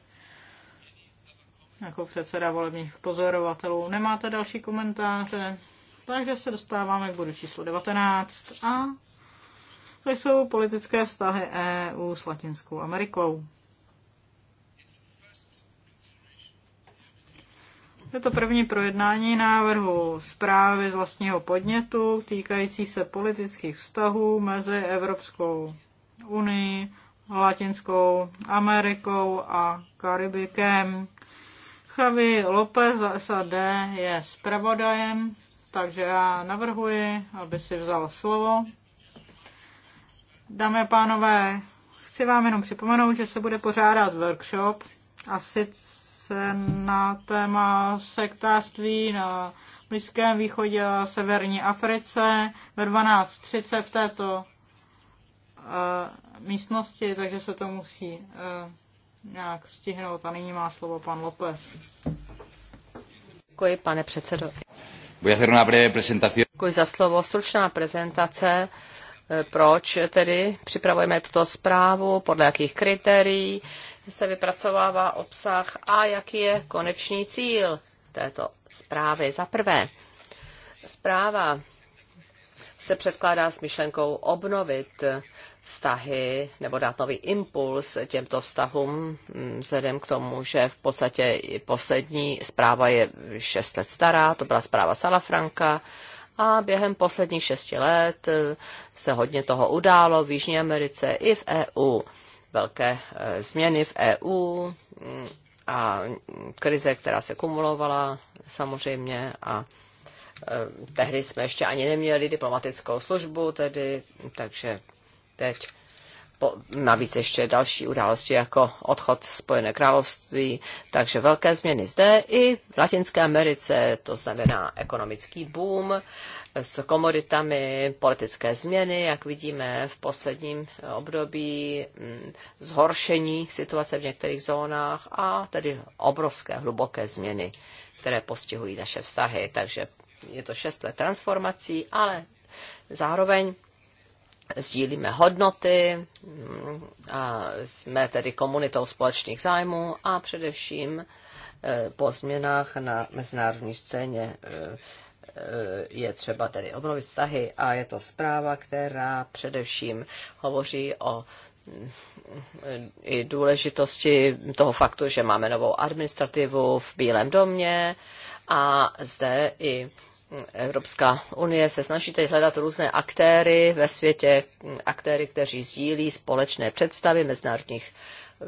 jako předseda volebních pozorovatelů. Nemáte další komentáře, takže se dostáváme k bodu číslo 19 a to jsou politické vztahy EU s Latinskou Amerikou. Je to první projednání návrhu zprávy z vlastního podnětu týkající se politických vztahů mezi Evropskou unii, Latinskou Amerikou a Karibikem. Javi López za SAD je zpravodajem, takže já navrhuji, aby si vzal slovo. Dámy a pánové, chci vám jenom připomenout, že se bude pořádat workshop a sice na téma sektářství na Blízkém východě a Severní Africe ve 12.30 v této uh, místnosti, takže se to musí uh, nějak stihnout. A nyní má slovo pan López. Děkuji, pane předsedo. Děkuji za slovo. Stručná prezentace eh, proč tedy připravujeme tuto zprávu, podle jakých kritérií se vypracovává obsah a jaký je konečný cíl této zprávy. Za prvé, zpráva se předkládá s myšlenkou obnovit vztahy nebo dát nový impuls těmto vztahům, mm, vzhledem k tomu, že v podstatě poslední zpráva je 6 let stará, to byla zpráva Salafranka, a během posledních šesti let eh, se hodně toho událo v Jižní Americe i v EU. Velké eh, změny v EU mm, a krize, která se kumulovala samozřejmě a eh, tehdy jsme ještě ani neměli diplomatickou službu, tedy, takže teď. Po, navíc ještě další události jako odchod Spojené království, takže velké změny zde i v Latinské Americe, to znamená ekonomický boom s komoditami, politické změny, jak vidíme v posledním období, mm, zhoršení situace v některých zónách a tedy obrovské hluboké změny, které postihují naše vztahy. Takže je to šest let transformací, ale zároveň sdílíme hodnoty, mm, a jsme tedy komunitou společných zájmů a především e, po změnách na mezinárodní scéně e, e, je třeba tedy obnovit vztahy a je to zpráva, která především hovoří o mm, i důležitosti toho faktu, že máme novou administrativu v Bílém domě a zde i Evropská unie se snaží teď hledat různé aktéry ve světě, aktéry, kteří sdílí společné představy mezinárodních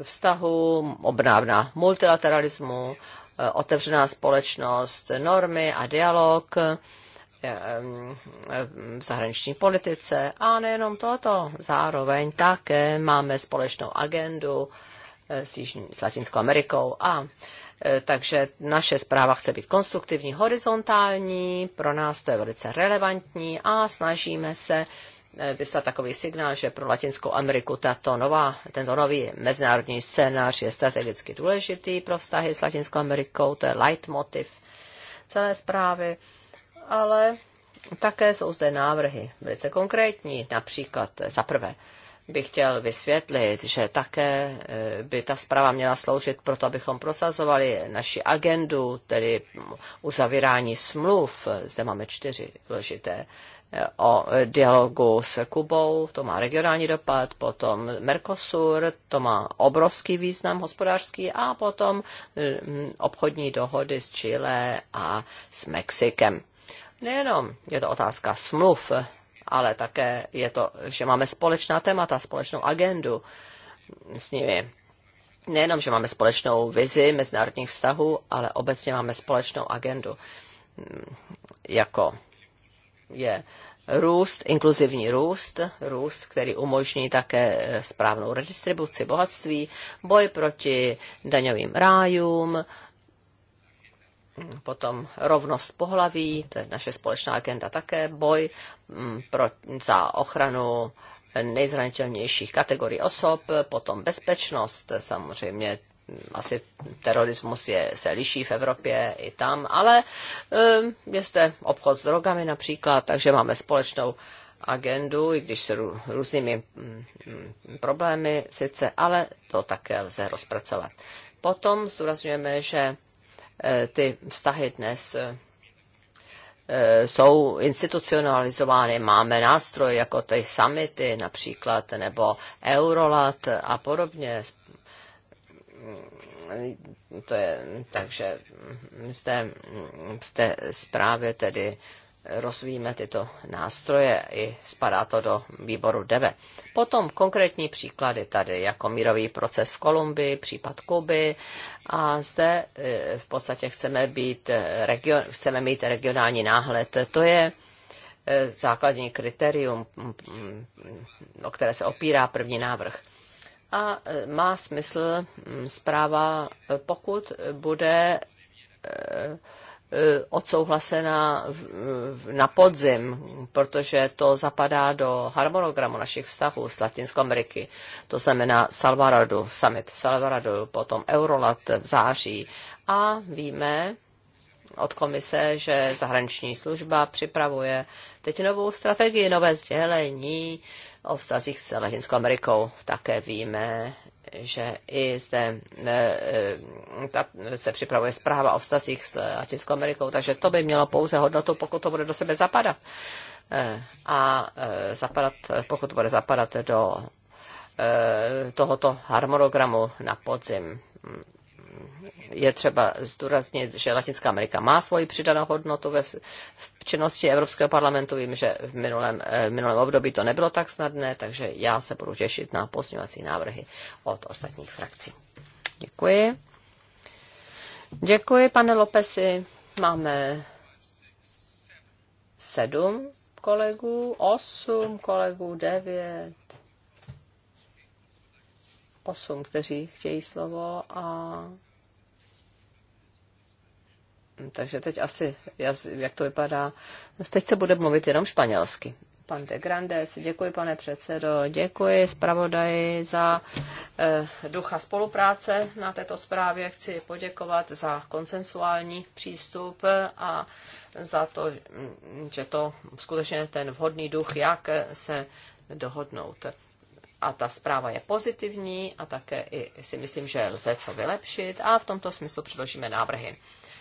vztahů, obnávna multilateralismu, eh, otevřená společnost, normy a dialog eh, eh, v zahraniční politice. A nejenom toto, zároveň také máme společnou agendu s, Jižní, s Latinskou Amerikou a Eh, takže naše zpráva chce být konstruktivní, horizontální, pro nás to je velice relevantní a snažíme se eh, vyslat takový signál, že pro Latinskou Ameriku tato nová, tento nový mezinárodní scénář je strategicky důležitý pro vztahy s Latinskou Amerikou, to je leitmotiv celé zprávy, ale také jsou zde návrhy, velice konkrétní, například za prvé bych chtěl vysvětlit, že také eh, by ta zpráva měla sloužit proto, abychom prosazovali naši agendu, tedy uzavírání smluv. Zde máme čtyři důležité eh, o dialogu s Kubou, to má regionální dopad, potom Mercosur, to má obrovský význam hospodářský a potom mm, obchodní dohody s Chile a s Mexikem. Nejenom je to otázka smluv, ale také je to, že máme společná témata, společnou agendu s nimi. Nejenom, že máme společnou vizi mezinárodních vztahů, ale obecně máme společnou agendu, mm, jako je růst, inkluzivní růst, růst, který umožní také eh, správnou redistribuci bohatství, boj proti daňovým rájům, potom rovnost pohlaví, to je naše společná agenda také, boj mm, pro, za ochranu nejzranitelnějších kategorií osob, potom bezpečnost, samozřejmě mm, asi terorismus je, se liší v Evropě i tam, ale mm, je zde obchod s drogami například, takže máme společnou agendu, i když se různými problémy sice, ale to také lze rozpracovat. Potom zdůrazňujeme, že Eh, ty vztahy dnes eh, eh, jsou institucionalizovány. Máme nástroje jako ty summity například, nebo Eurolat a podobně. Mm, to je, takže mm, zde mm, v té zprávě tedy rozvíjíme tyto nástroje i spadá to do výboru DEVE. Potom konkrétní příklady tady, jako mírový proces v Kolumbii, případ Kuby a zde eh, v podstatě chceme, být eh, region, chceme mít regionální náhled. To je eh, základní kritérium, mm, mm, o které se opírá první návrh. A má smysl mm, zpráva, pokud bude Eh, odsouhlasena na podzim, protože to zapadá do harmonogramu našich vztahů s Latinskou Ameriky. To znamená Salvaradu, summit v potom Eurolat v září. A víme od komise, že zahraniční služba připravuje teď novou strategii, nové sdělení o vztazích s Latinskou Amerikou. Také víme, že i zde e, e, ta, se připravuje zpráva o vztazích s Latinskou Amerikou, takže to by mělo pouze hodnotu, pokud to bude do sebe zapadat. E, a zapadat, pokud to bude zapadat do tohoto harmonogramu na podzim je třeba zdůraznit, že Latinská Amerika má svoji přidanou hodnotu ve v činnosti Evropského parlamentu. Vím, že v minulém, eh, v minulém období to nebylo tak snadné, takže já se budu těšit na pozměňovací návrhy od ostatních frakcí. Děkuji. Děkuji, pane Lopesi. Máme sedm kolegů, osm kolegů, devět, osm, kteří chtějí slovo a takže teď asi, jak to vypadá, teď se bude mluvit jenom španělsky. Pan de Grandes, děkuji pane předsedo, děkuji zpravodaji za eh, ducha spolupráce na této zprávě. Chci poděkovat za konsensuální přístup a za to, mm, že to skutečně ten vhodný duch, jak se dohodnout a ta zpráva je pozitivní a také i si myslím, že lze co vylepšit a v tomto smyslu předložíme návrhy.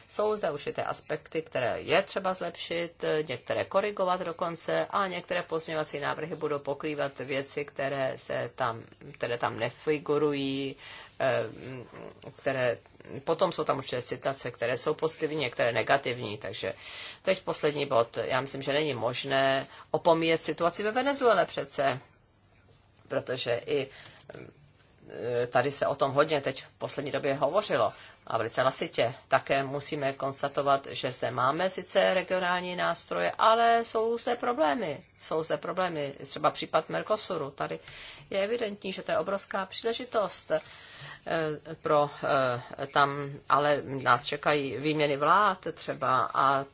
Jsou zde určité aspekty, které je třeba zlepšit, některé korigovat dokonce a některé pozměňovací návrhy budou pokrývat věci, které, se tam, které tam nefigurují, eh, které, potom jsou tam určité citace, které jsou pozitivní, některé negativní, takže teď poslední bod. Já myslím, že není možné opomíjet situaci ve Venezuele přece protože i e, tady se o tom hodně teď v poslední době hovořilo a velice hlasitě. Také musíme konstatovat, že zde máme sice regionální nástroje, ale jsou zde problémy. Jsou zde problémy. Třeba případ Mercosuru. Tady je evidentní, že to je obrovská příležitost e, pro e, tam, ale nás čekají výměny vlád třeba a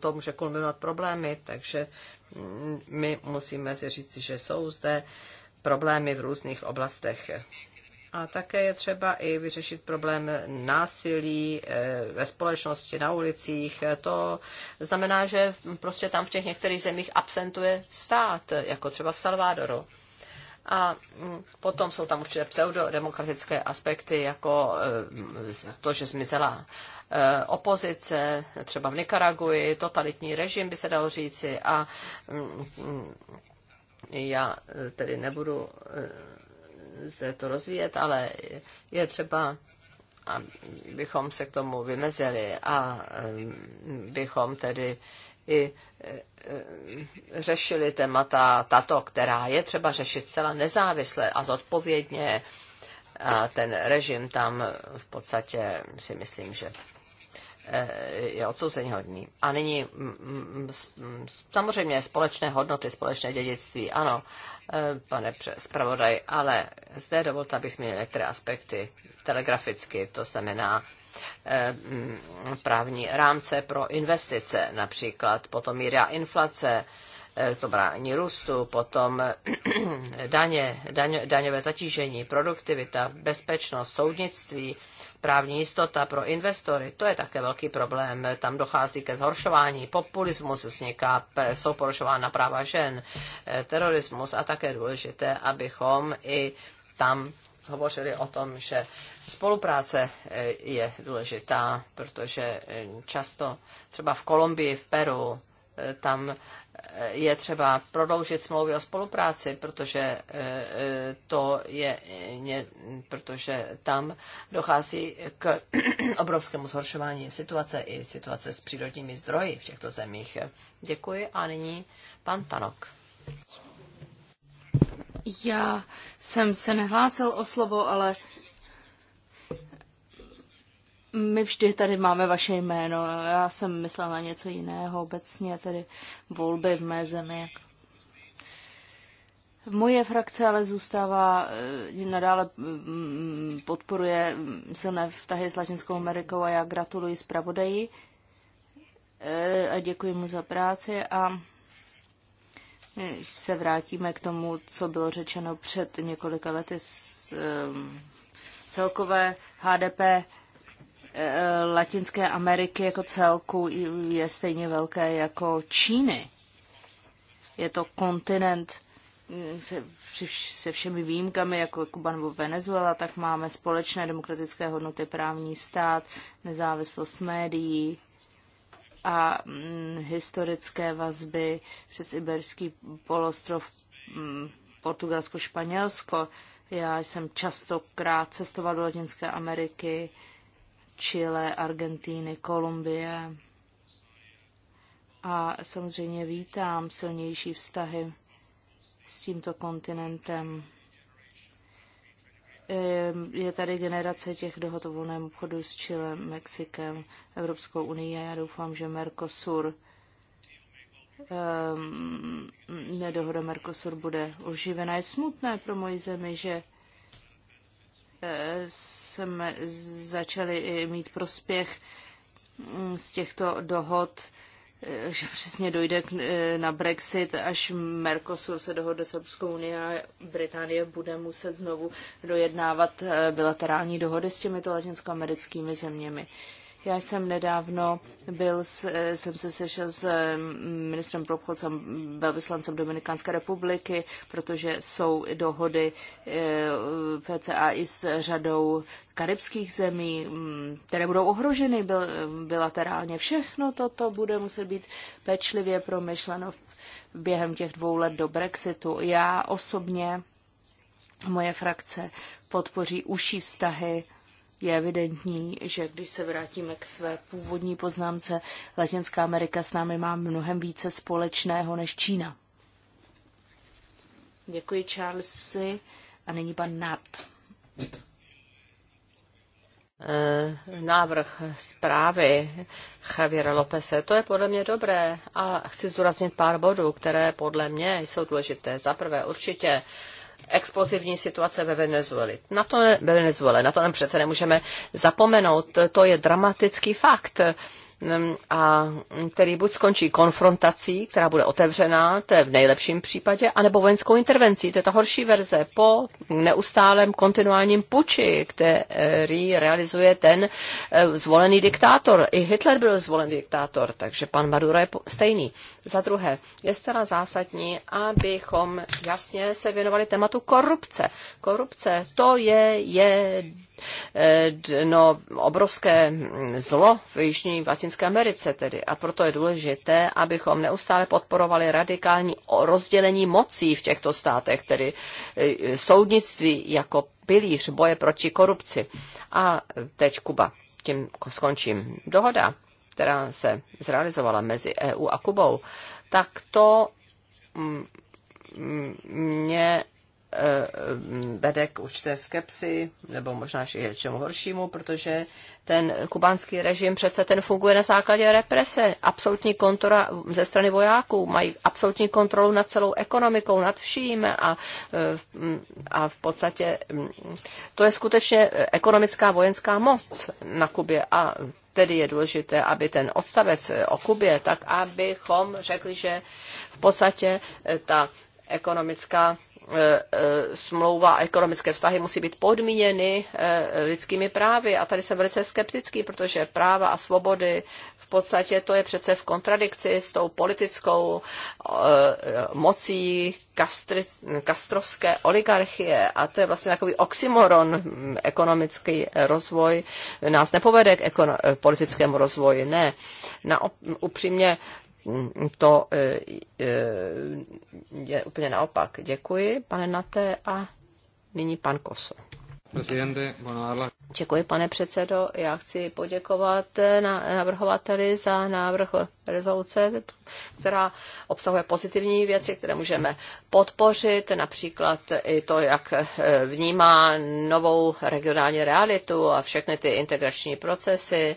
to může kulminovat problémy, takže mm, my musíme si říct, že jsou zde problémy v různých oblastech. A také je třeba i vyřešit problém násilí eh, ve společnosti, na ulicích. To znamená, že prostě tam v těch některých zemích absentuje stát, jako třeba v Salvadoru. A mm, potom jsou tam určité pseudodemokratické aspekty, jako eh, to, že zmizela eh, opozice, třeba v Nikaraguji, totalitní režim by se dalo říci. A mm, mm, já eh, tedy nebudu eh, zde to rozvíjet, ale je třeba, abychom se k tomu vymezili a eh, bychom tedy i řešili témata tato, která je třeba řešit zcela nezávisle a zodpovědně. A ten režim tam v podstatě si myslím, že Eh, je odsouzení hodný. A nyní mm, mm, mm, samozřejmě společné hodnoty, společné dědictví, ano, eh, pane zpravodaj, ale zde dovolte, abych zmínil některé aspekty telegraficky, to znamená eh, právní rámce pro investice, například potom míra inflace, Eh, to brání růstu, potom daně, daně, daňové zatížení, produktivita, bezpečnost, soudnictví, právní jistota pro investory, to je také velký problém. Tam dochází ke zhoršování, populismus vzniká, jsou porušována práva žen, eh, terorismus a také je důležité, abychom i tam hovořili o tom, že spolupráce eh, je důležitá, protože často třeba v Kolumbii, v Peru, tam je třeba prodloužit smlouvy o spolupráci, protože e, e, to je, protože tam dochází k obrovskému zhoršování situace i situace s přírodními zdroji v těchto zemích. Děkuji a nyní pan Tanok. Já jsem se nehlásil o slovo, ale my vždy tady máme vaše jméno. Já jsem myslela na něco jiného obecně, tedy volby v mé zemi. Moje frakce ale zůstává, eh, nadále mm, podporuje silné vztahy s Latinskou Amerikou a já gratuluji zpravodaji eh, a děkuji mu za práci a eh, se vrátíme k tomu, co bylo řečeno před několika lety s celkové HDP Eh, Latinské Ameriky jako celku je stejně velké jako Číny. Je to kontinent eh, se, se všemi výjimkami, jako Kuba nebo Venezuela, tak máme společné demokratické hodnoty, právní stát, nezávislost médií a hm, historické vazby přes Iberský polostrov, hm, Portugalsko, Španělsko. Já jsem častokrát cestoval do Latinské Ameriky, Chile, Argentíny, Kolumbie. A samozřejmě vítám silnější vztahy s tímto kontinentem. Ehm, je tady generace těch dohod o volném obchodu s Chile, Mexikem, Evropskou unii a já doufám, že Mercosur, ehm, nedohoda Mercosur bude oživena. Je smutné pro moji zemi, že jsme začali mít prospěch mm, z těchto dohod, eh, že přesně dojde eh, na Brexit, až Mercosur se dohodne s Evropskou unii a Británie bude muset znovu dojednávat eh, bilaterální dohody s těmito latinskoamerickými zeměmi. Uh, já jsem nedávno byl, s, jsem se sešel s mm, ministrem pro obchod, jsem velvyslancem Dominikánské republiky, protože jsou dohody e, PCA i s řadou karibských zemí, mm, které budou ohroženy bilaterálně. Všechno toto bude muset být pečlivě promyšleno během těch dvou let do Brexitu. Já osobně, moje frakce podpoří užší vztahy je evidentní, že když se vrátíme k své původní poznámce, Latinská Amerika s námi má mnohem více společného než Čína. Děkuji Charlesi a nyní pan Nart. Eh, návrh zprávy Javiera Lopese, to je podle mě dobré a chci zdůraznit pár bodů, které podle mě jsou důležité. Za prvé určitě uh, explozivní situace ve Venezueli. Na to, ve Venezuele, na to nám přece nemůžeme zapomenout, to je dramatický fakt a který buď skončí konfrontací, která bude otevřená, to je v nejlepším případě, anebo vojenskou intervencí, to je ta horší verze, po neustálém kontinuálním puči, který realizuje ten eh, zvolený diktátor. I Hitler byl zvolený diktátor, takže pan Maduro je stejný. Za druhé, je zcela zásadní, abychom jasně se věnovali tématu korupce. Korupce, to je, je no, obrovské hm, zlo v Jižní Latinské Americe tedy. A proto je důležité, abychom neustále podporovali radikální rozdělení mocí v těchto státech, tedy eh, soudnictví jako pilíř boje proti korupci. A teď Kuba. Tím skončím. Dohoda, která se zrealizovala mezi EU a Kubou, tak to hm, hm, mě Eh, vede k určité skepsi, nebo možná i čemu horšímu, protože ten kubánský režim přece ten funguje na základě represe, absolutní kontora ze strany vojáků, mají absolutní kontrolu nad celou ekonomikou, nad vším a, eh, a v podstatě mm, to je skutečně ekonomická vojenská moc na Kubě a tedy je důležité, aby ten odstavec o Kubě, tak abychom řekli, že v podstatě ta ekonomická E, e, smlouva a ekonomické vztahy musí být podmíněny e, lidskými právy. A tady jsem velice skeptický, protože práva a svobody v podstatě to je přece v kontradikci s tou politickou mocí kastry, kastrovské oligarchie. A to je vlastně takový oxymoron. Ekonomický rozvoj nás nepovede k ekono- politickému rozvoji. Ne. Na, upřímně to e, e, je úplně naopak. Děkuji, pane Nate, a nyní pan Koso. Děkuji, pane předsedo. Já chci poděkovat e, navrhovateli za návrh rezoluce, která obsahuje pozitivní věci, které můžeme podpořit, například i to, jak vnímá novou regionální realitu a všechny ty integrační procesy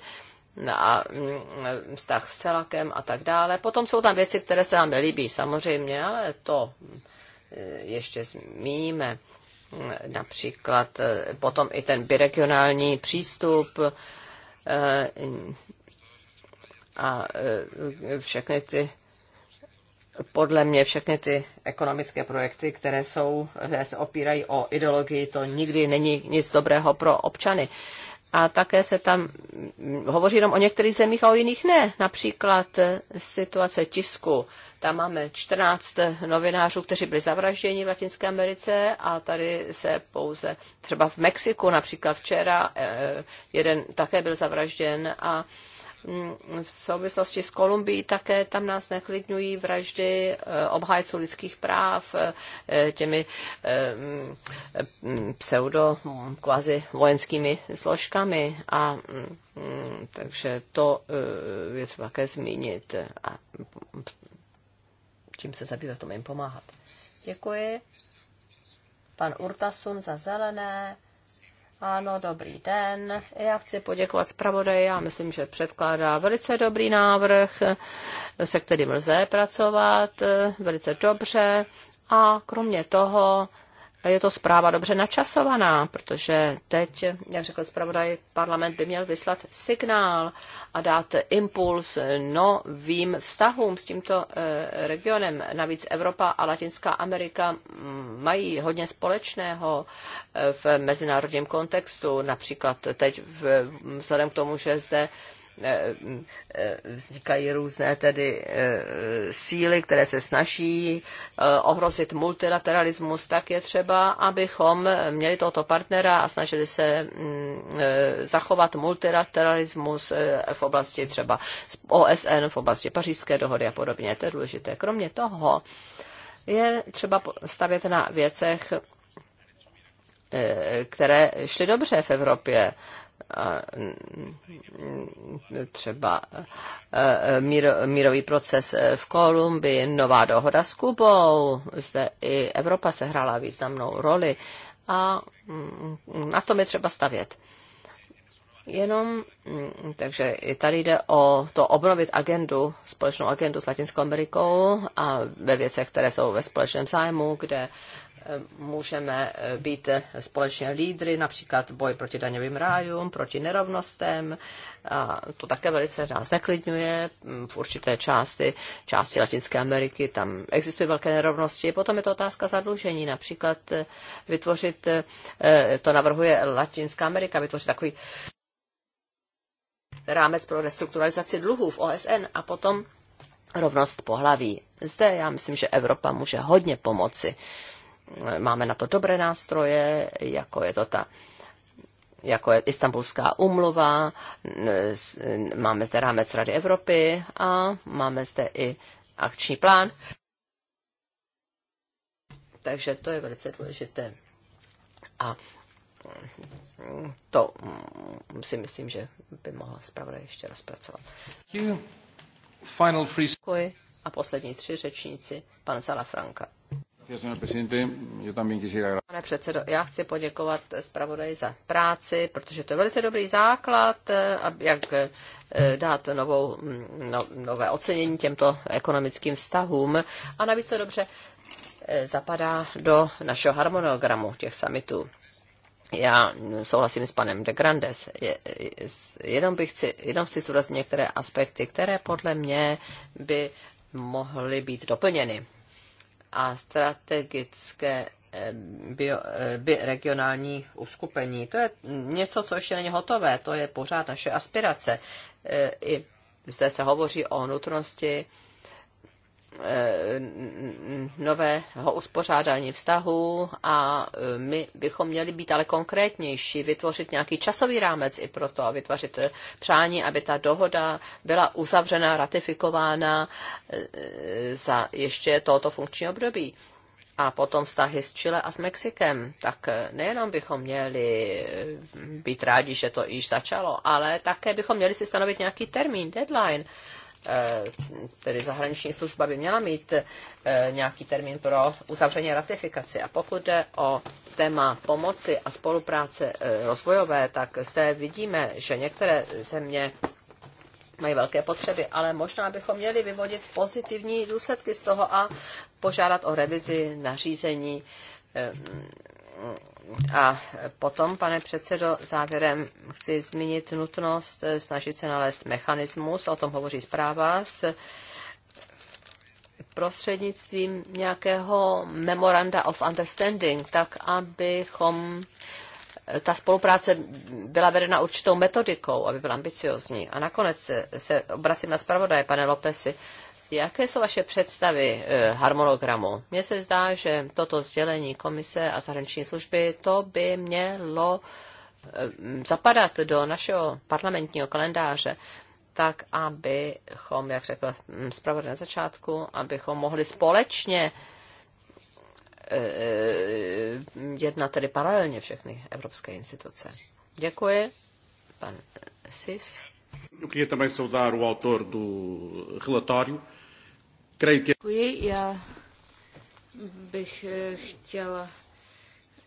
a vztah s celakem a tak dále. Potom jsou tam věci, které se nám nelíbí, samozřejmě, ale to e, ještě zmíníme. Například e, potom i ten biregionální přístup e, a všechny ty podle mě všechny ty ekonomické projekty, které, jsou, které se opírají o ideologii, to nikdy není nic dobrého pro občany. A také se tam hovoří jenom o některých zemích a o jiných ne. Například situace tisku. Tam máme 14 novinářů, kteří byli zavražděni v Latinské Americe a tady se pouze třeba v Mexiku, například včera, eh, jeden také byl zavražděn a Mm, v souvislosti s Kolumbií také tam nás neklidňují vraždy eh, obhájců lidských práv eh, těmi eh, mm, pseudo mm, kvazi vojenskými složkami a takže to je třeba také zmínit a čím se zabývat, tomu jim pomáhat. Děkuji. Pan Urtasun za zelené ano, dobrý den. Já chci poděkovat zpravodaji. Já myslím, že předkládá velice dobrý návrh, se kterým lze pracovat eh, velice dobře. A kromě toho je to zpráva dobře načasovaná, protože teď, jak řekl zpravodaj, parlament by měl vyslat signál a dát impuls novým vztahům s tímto eh, regionem. Navíc Evropa a Latinská Amerika mm, mají hodně společného eh, v mezinárodním kontextu, například teď vzhledem k tomu, že zde Eh, eh, vznikají různé tedy eh, síly, které se snaží ohrozit multilateralismus, tak je třeba, abychom měli tohoto partnera a snažili se mm, zachovat multilateralismus v oblasti třeba OSN, v oblasti pařížské dohody a podobně. To je důležité. Kromě toho je třeba stavět na věcech, které šly dobře v Evropě třeba e, e, mír, mírový proces e, v Kolumbii, nová dohoda s Kubou, zde i Evropa se hrála významnou roli a mm, na tom je třeba stavět. Jenom, mm, takže i tady jde o to obnovit agendu, společnou agendu s Latinskou Amerikou a ve věcech, které jsou ve společném zájmu, kde uh, můžeme eh, být eh, společně lídry, například boj proti daňovým rájům, proti nerovnostem. A to také velice nás neklidňuje. Mm, v určité části, části Latinské Ameriky tam existují velké nerovnosti. Potom je to otázka zadlužení. Například eh, vytvořit, to navrhuje Latinská Amerika, vytvořit takový rámec pro restrukturalizaci dluhů v OSN a potom rovnost pohlaví. Zde já myslím, že Evropa může hodně pomoci máme na to dobré nástroje, jako je to ta jako je Istanbulská umluva, máme zde rámec Rady Evropy a máme zde i akční plán. Takže to je velice důležité. A to si myslím, že by mohla zpravodaj ještě rozpracovat. Final free... Děkuji. A poslední tři řečníci, pan Salafranka. Pane předsedo, já chci poděkovat zpravodaji za práci, protože to je velice dobrý základ, eh, jak eh, dát novou, mm, no, nové ocenění těmto ekonomickým vztahům. A navíc to dobře eh, zapadá do našeho harmonogramu těch summitů. Já souhlasím s panem de Grandes. Jenom, bych chci, jenom chci zdůraznit některé aspekty, které podle mě by mohly být doplněny a strategické eh, bio, eh, bi, regionální uskupení. To je něco, co ještě není hotové, to je pořád naše aspirace. Eh, I zde se hovoří o nutnosti Eh, nového uspořádání vztahu a eh, my bychom měli být ale konkrétnější, vytvořit nějaký časový rámec i proto a vytvořit eh, přání, aby ta dohoda byla uzavřena, ratifikována za ještě tohoto funkční období. A potom vztahy s Chile a s Mexikem. Tak nejenom bychom měli být rádi, že to již začalo, ale také bychom měli si stanovit nějaký termín, deadline Eh, tedy zahraniční služba by měla mít eh, nějaký termín pro uzavření ratifikace A pokud jde o téma pomoci a spolupráce eh, rozvojové, tak zde vidíme, že některé země mají velké potřeby, ale možná bychom měli vyvodit pozitivní důsledky z toho a požádat o revizi nařízení a potom, pane předsedo, závěrem chci zmínit nutnost eh, snažit se nalézt mechanismus, o tom hovoří zpráva, s prostřednictvím nějakého memoranda of understanding, tak abychom eh, ta spolupráce byla vedena určitou metodikou, aby byla ambiciozní. A nakonec eh, se obracím na zpravodaje, pane Lopesi. Jaké jsou vaše představy eh, harmonogramu? Mně se zdá, že toto sdělení komise a zahraniční služby, to by mělo eh, zapadat do našeho parlamentního kalendáře, tak abychom, jak řekl hm, zpravodaj na začátku, abychom mohli společně eh, jednat tedy paralelně všechny evropské instituce. Děkuji. Pan Sis. Eu queria também saudar o autor do relatório. Děkuji, já bych eh, chtěla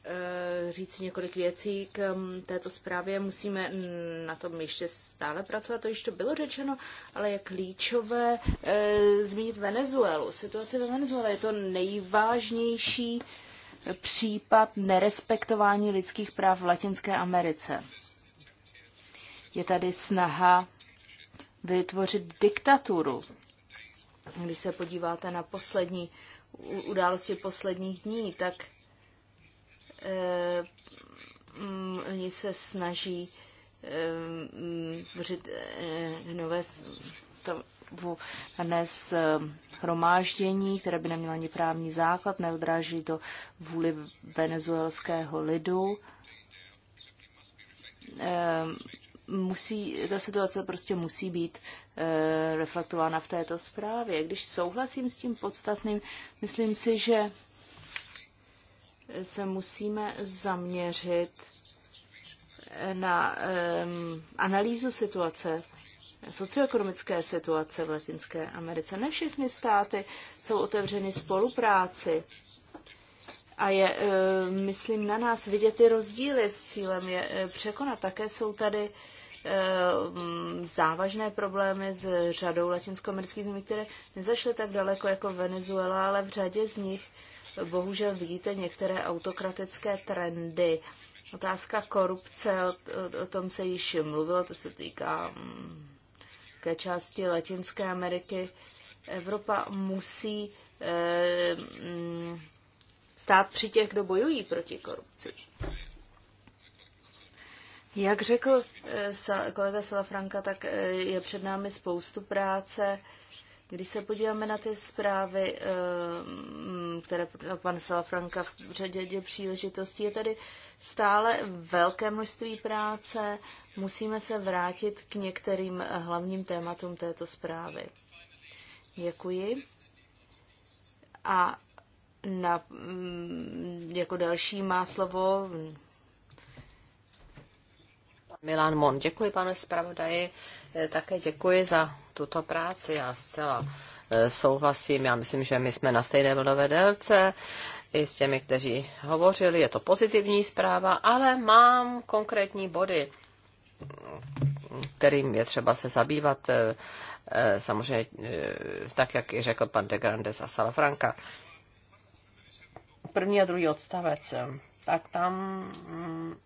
eh, říct několik věcí k mm, této zprávě. Musíme mm, na tom ještě stále pracovat, to již to bylo řečeno, ale je klíčové eh, zmínit Venezuelu. Situace ve Venezuele je to nejvážnější případ nerespektování lidských práv v Latinské Americe. Je tady snaha vytvořit diktaturu když se podíváte na poslední události posledních dní, tak eh, mm, oni se snaží eh, vyřit eh, nové dnes eh, hromáždění, které by nemělo ani právní základ, neodráží to vůli venezuelského lidu. Eh, musí, ta situace prostě musí být e, reflektována v této zprávě. Když souhlasím s tím podstatným, myslím si, že se musíme zaměřit eh, na e, analýzu situace, socioekonomické situace v Latinské Americe. Ne všechny státy jsou otevřeny spolupráci. A je, eh, myslím, na nás vidět ty rozdíly s cílem je překonat. Také jsou tady Eh, závažné problémy s řadou latinskoamerických zemí, které nezašly tak daleko jako Venezuela, ale v řadě z nich bohužel vidíte některé autokratické trendy. Otázka korupce, o, tom se již mluvilo, to se týká mm, té části Latinské Ameriky. Evropa musí eh, mm, stát při těch, kdo bojují proti korupci. Jak řekl eh, kolega Salafranka, tak eh, je před námi spoustu práce. Když se podíváme na ty zprávy, eh, mm, které pan Salafranka v řadě příležitostí, je tady stále velké množství práce. Musíme se vrátit k některým hlavním tématům této zprávy. Děkuji. A na, mm, jako další má slovo Milan Mon. Děkuji, pane zpravodaji. Eh, také děkuji za tuto práci. Já zcela eh, souhlasím. Já myslím, že my jsme na stejné vlnové délce i s těmi, kteří hovořili. Je to pozitivní zpráva, ale mám konkrétní body, kterým je třeba se zabývat. Eh, samozřejmě, tak jak i řekl pan de Grandes a Salafranca. První a druhý odstavec. Tak tam mm,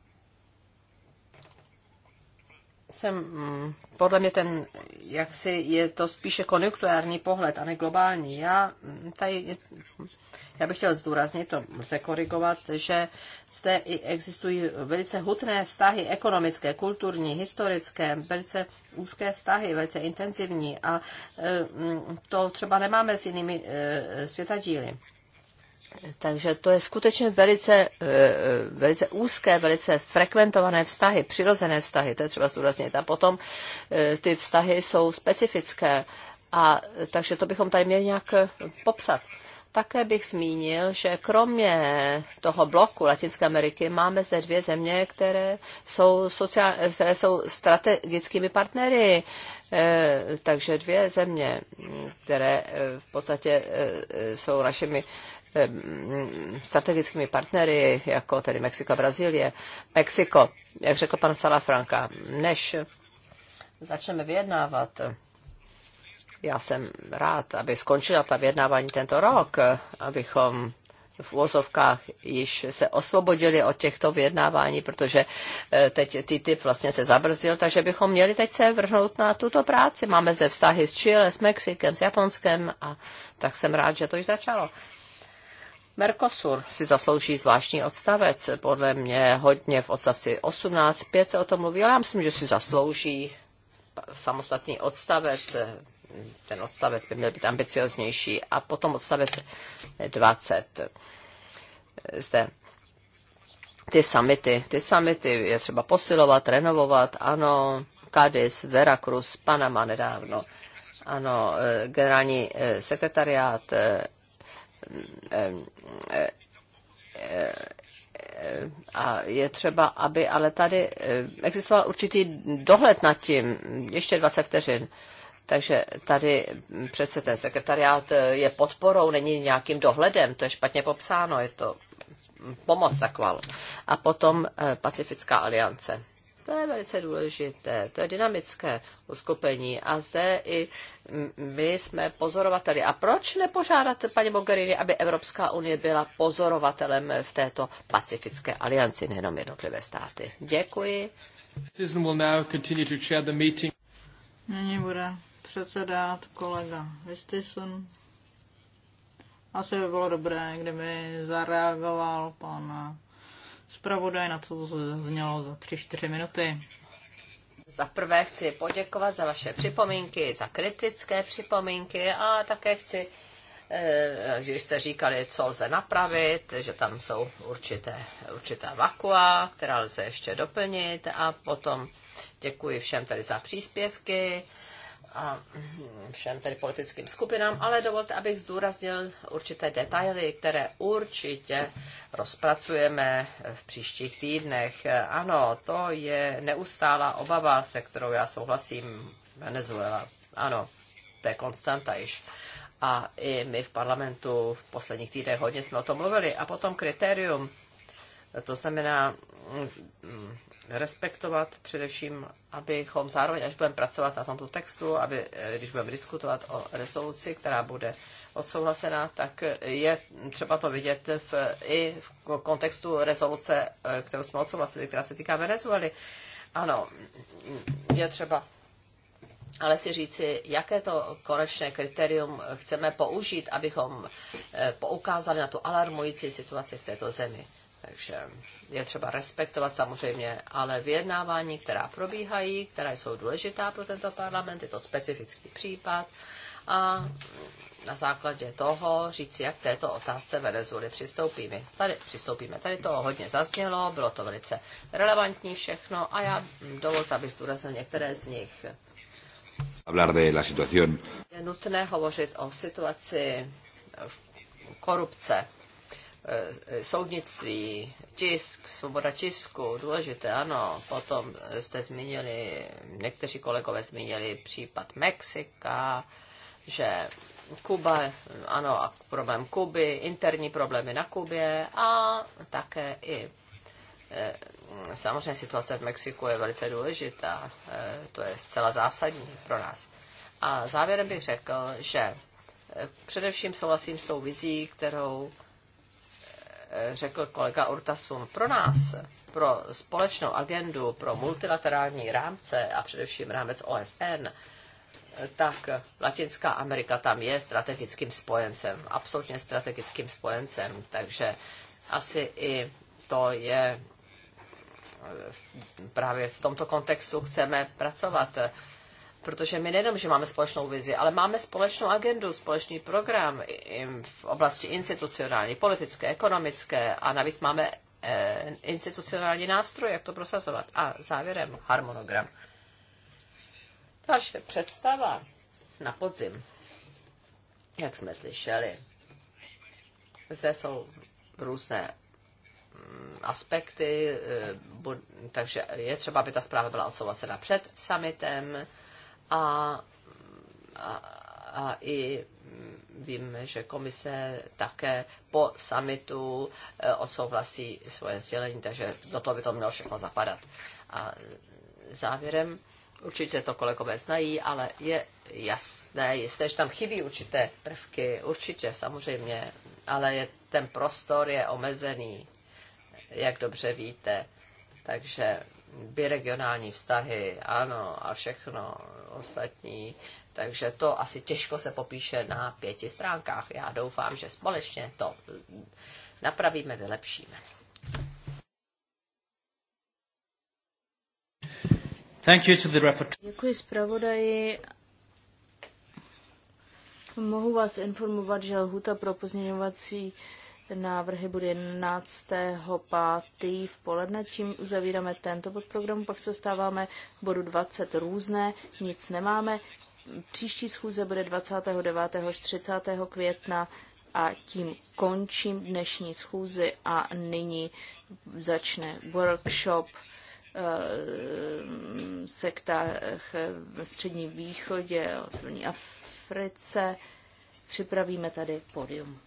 jsem, mm, podle mě ten, jak si je to spíše konjunkturální pohled a ne globální. Já, mm, tady, já bych chtěl zdůraznit, to se korigovat, že zde i existují velice hutné vztahy ekonomické, kulturní, historické, velice úzké vztahy, velice intenzivní a e, mm, to třeba nemáme s jinými e, světadíly. Takže to je skutečně velice, eh, velice úzké, velice frekventované vztahy, přirozené vztahy, to je třeba zdůraznit. A potom eh, ty vztahy jsou specifické, a, takže to bychom tady měli nějak eh, popsat. Také bych zmínil, že kromě toho bloku Latinské Ameriky máme zde dvě země, které jsou, sociál, které jsou strategickými partnery. Takže dvě země, které v podstatě jsou našimi Eh, strategickými partnery, jako tedy Mexiko a Brazílie. Mexiko, jak řekl pan Salafranka, než začneme vyjednávat, já jsem rád, aby skončila ta vyjednávání tento rok, abychom v úvozovkách již se osvobodili od těchto vyjednávání, protože eh, teď ty typ vlastně se zabrzil, takže bychom měli teď se vrhnout na tuto práci. Máme zde vztahy s Chile, s Mexikem, s Japonskem a tak jsem rád, že to již začalo. Mercosur si zaslouží zvláštní odstavec, podle mě hodně v odstavci 18.5 se o tom mluví, ale já myslím, že si zaslouží samostatný odstavec, ten odstavec by měl být ambicioznější a potom odstavec 20. Zde ty samity, ty samity je třeba posilovat, renovovat, ano, Cadiz, Veracruz, Panama nedávno, ano, eh, generální eh, sekretariát eh, a je třeba, aby ale tady eh, existoval určitý dohled nad tím, ještě 20 vteřin. Takže tady přece ten sekretariát eh, je podporou, není nějakým dohledem, to je špatně popsáno, je to pomoc taková. A potom eh, Pacifická aliance. To je velice důležité, to je dynamické uskupení a zde i my jsme pozorovateli. A proč nepožádat paní Mogherini, aby Evropská unie byla pozorovatelem v této pacifické alianci, nejenom jednotlivé státy? Děkuji. Nyní bude předsedat kolega Vistison. Asi by bylo dobré, kdyby zareagoval pan zpravodaj, na co to zaznělo za 3-4 minuty. Za prvé chci poděkovat za vaše připomínky, za kritické připomínky a také chci, eh, že jste říkali, co lze napravit, že tam jsou určité, určitá vakua, která lze ještě doplnit a potom děkuji všem tady za příspěvky a všem tedy politickým skupinám, ale dovolte, abych zdůraznil určité detaily, které určitě rozpracujeme v příštích týdnech. Ano, to je neustálá obava, se kterou já souhlasím, Venezuela. Ano, to je konstanta již. A i my v parlamentu v posledních týdnech hodně jsme o tom mluvili. A potom kritérium, to znamená respektovat, především, abychom zároveň, až budeme pracovat na tomto textu, aby, eh, když budeme diskutovat o rezoluci, která bude odsouhlasená, tak eh, je třeba to vidět v, i v kontextu rezoluce, eh, kterou jsme odsouhlasili, která se týká Venezuely. Ano, je třeba ale si říci, jaké to konečné kritérium chceme použít, abychom poukázali na tu alarmující situaci v této zemi. Takže je třeba respektovat samozřejmě, ale vyjednávání, která probíhají, která jsou důležitá pro tento parlament, je to specifický případ a na základě toho říci, jak této otázce Venezuely přistoupíme. Tady, přistoupíme. Tady to hodně zaznělo, bylo to velice relevantní všechno a já dovolte, abych zdůraznil některé z nich. Je nutné hovořit o situaci korupce Eh, soudnictví, tisk, svoboda tisku, důležité, ano. Potom jste zmínili, někteří kolegové zmínili případ Mexika, že Kuba, ano, a problém Kuby, interní problémy na Kubě a také i eh, samozřejmě situace v Mexiku je velice důležitá, eh, to je zcela zásadní pro nás. A závěrem bych řekl, že především souhlasím s tou vizí, kterou řekl kolega Urtasun, pro nás, pro společnou agendu, pro multilaterální rámce a především rámec OSN, tak Latinská Amerika tam je strategickým spojencem, absolutně strategickým spojencem, takže asi i to je eh, právě v tomto kontextu chceme pracovat Protože my nejenom, že máme společnou vizi, ale máme společnou agendu, společný program v oblasti institucionální, politické, ekonomické a navíc máme eh, institucionální nástroj, jak to prosazovat. A závěrem harmonogram. Vaše představa na podzim, jak jsme slyšeli, zde jsou různé mm, aspekty, eh, takže je třeba, aby ta zpráva byla odsouhlasena před summitem, a, a, a i vím, že komise také po summitu e, odsouhlasí svoje sdělení, takže do toho by to mělo všechno zapadat. A závěrem, určitě to kolegové znají, ale je jasné, jisté, že tam chybí určité prvky, určitě samozřejmě, ale je, ten prostor je omezený, jak dobře víte. Takže biregionální vztahy, ano, a všechno ostatní. Takže to asi těžko se popíše na pěti stránkách. Já doufám, že společně to napravíme, vylepšíme. Thank you to the Děkuji zpravodaji. Mohu vás informovat, že lhuta pro pozměňovací návrhy bude 11. 5. v poledne, čím uzavíráme tento podprogram, pak se dostáváme k bodu 20 různé, nic nemáme. Příští schůze bude 29. až 30. května a tím končím dnešní schůzi a nyní začne workshop eh, v sektách eh, v Středním východě, v Africe. Připravíme tady podium.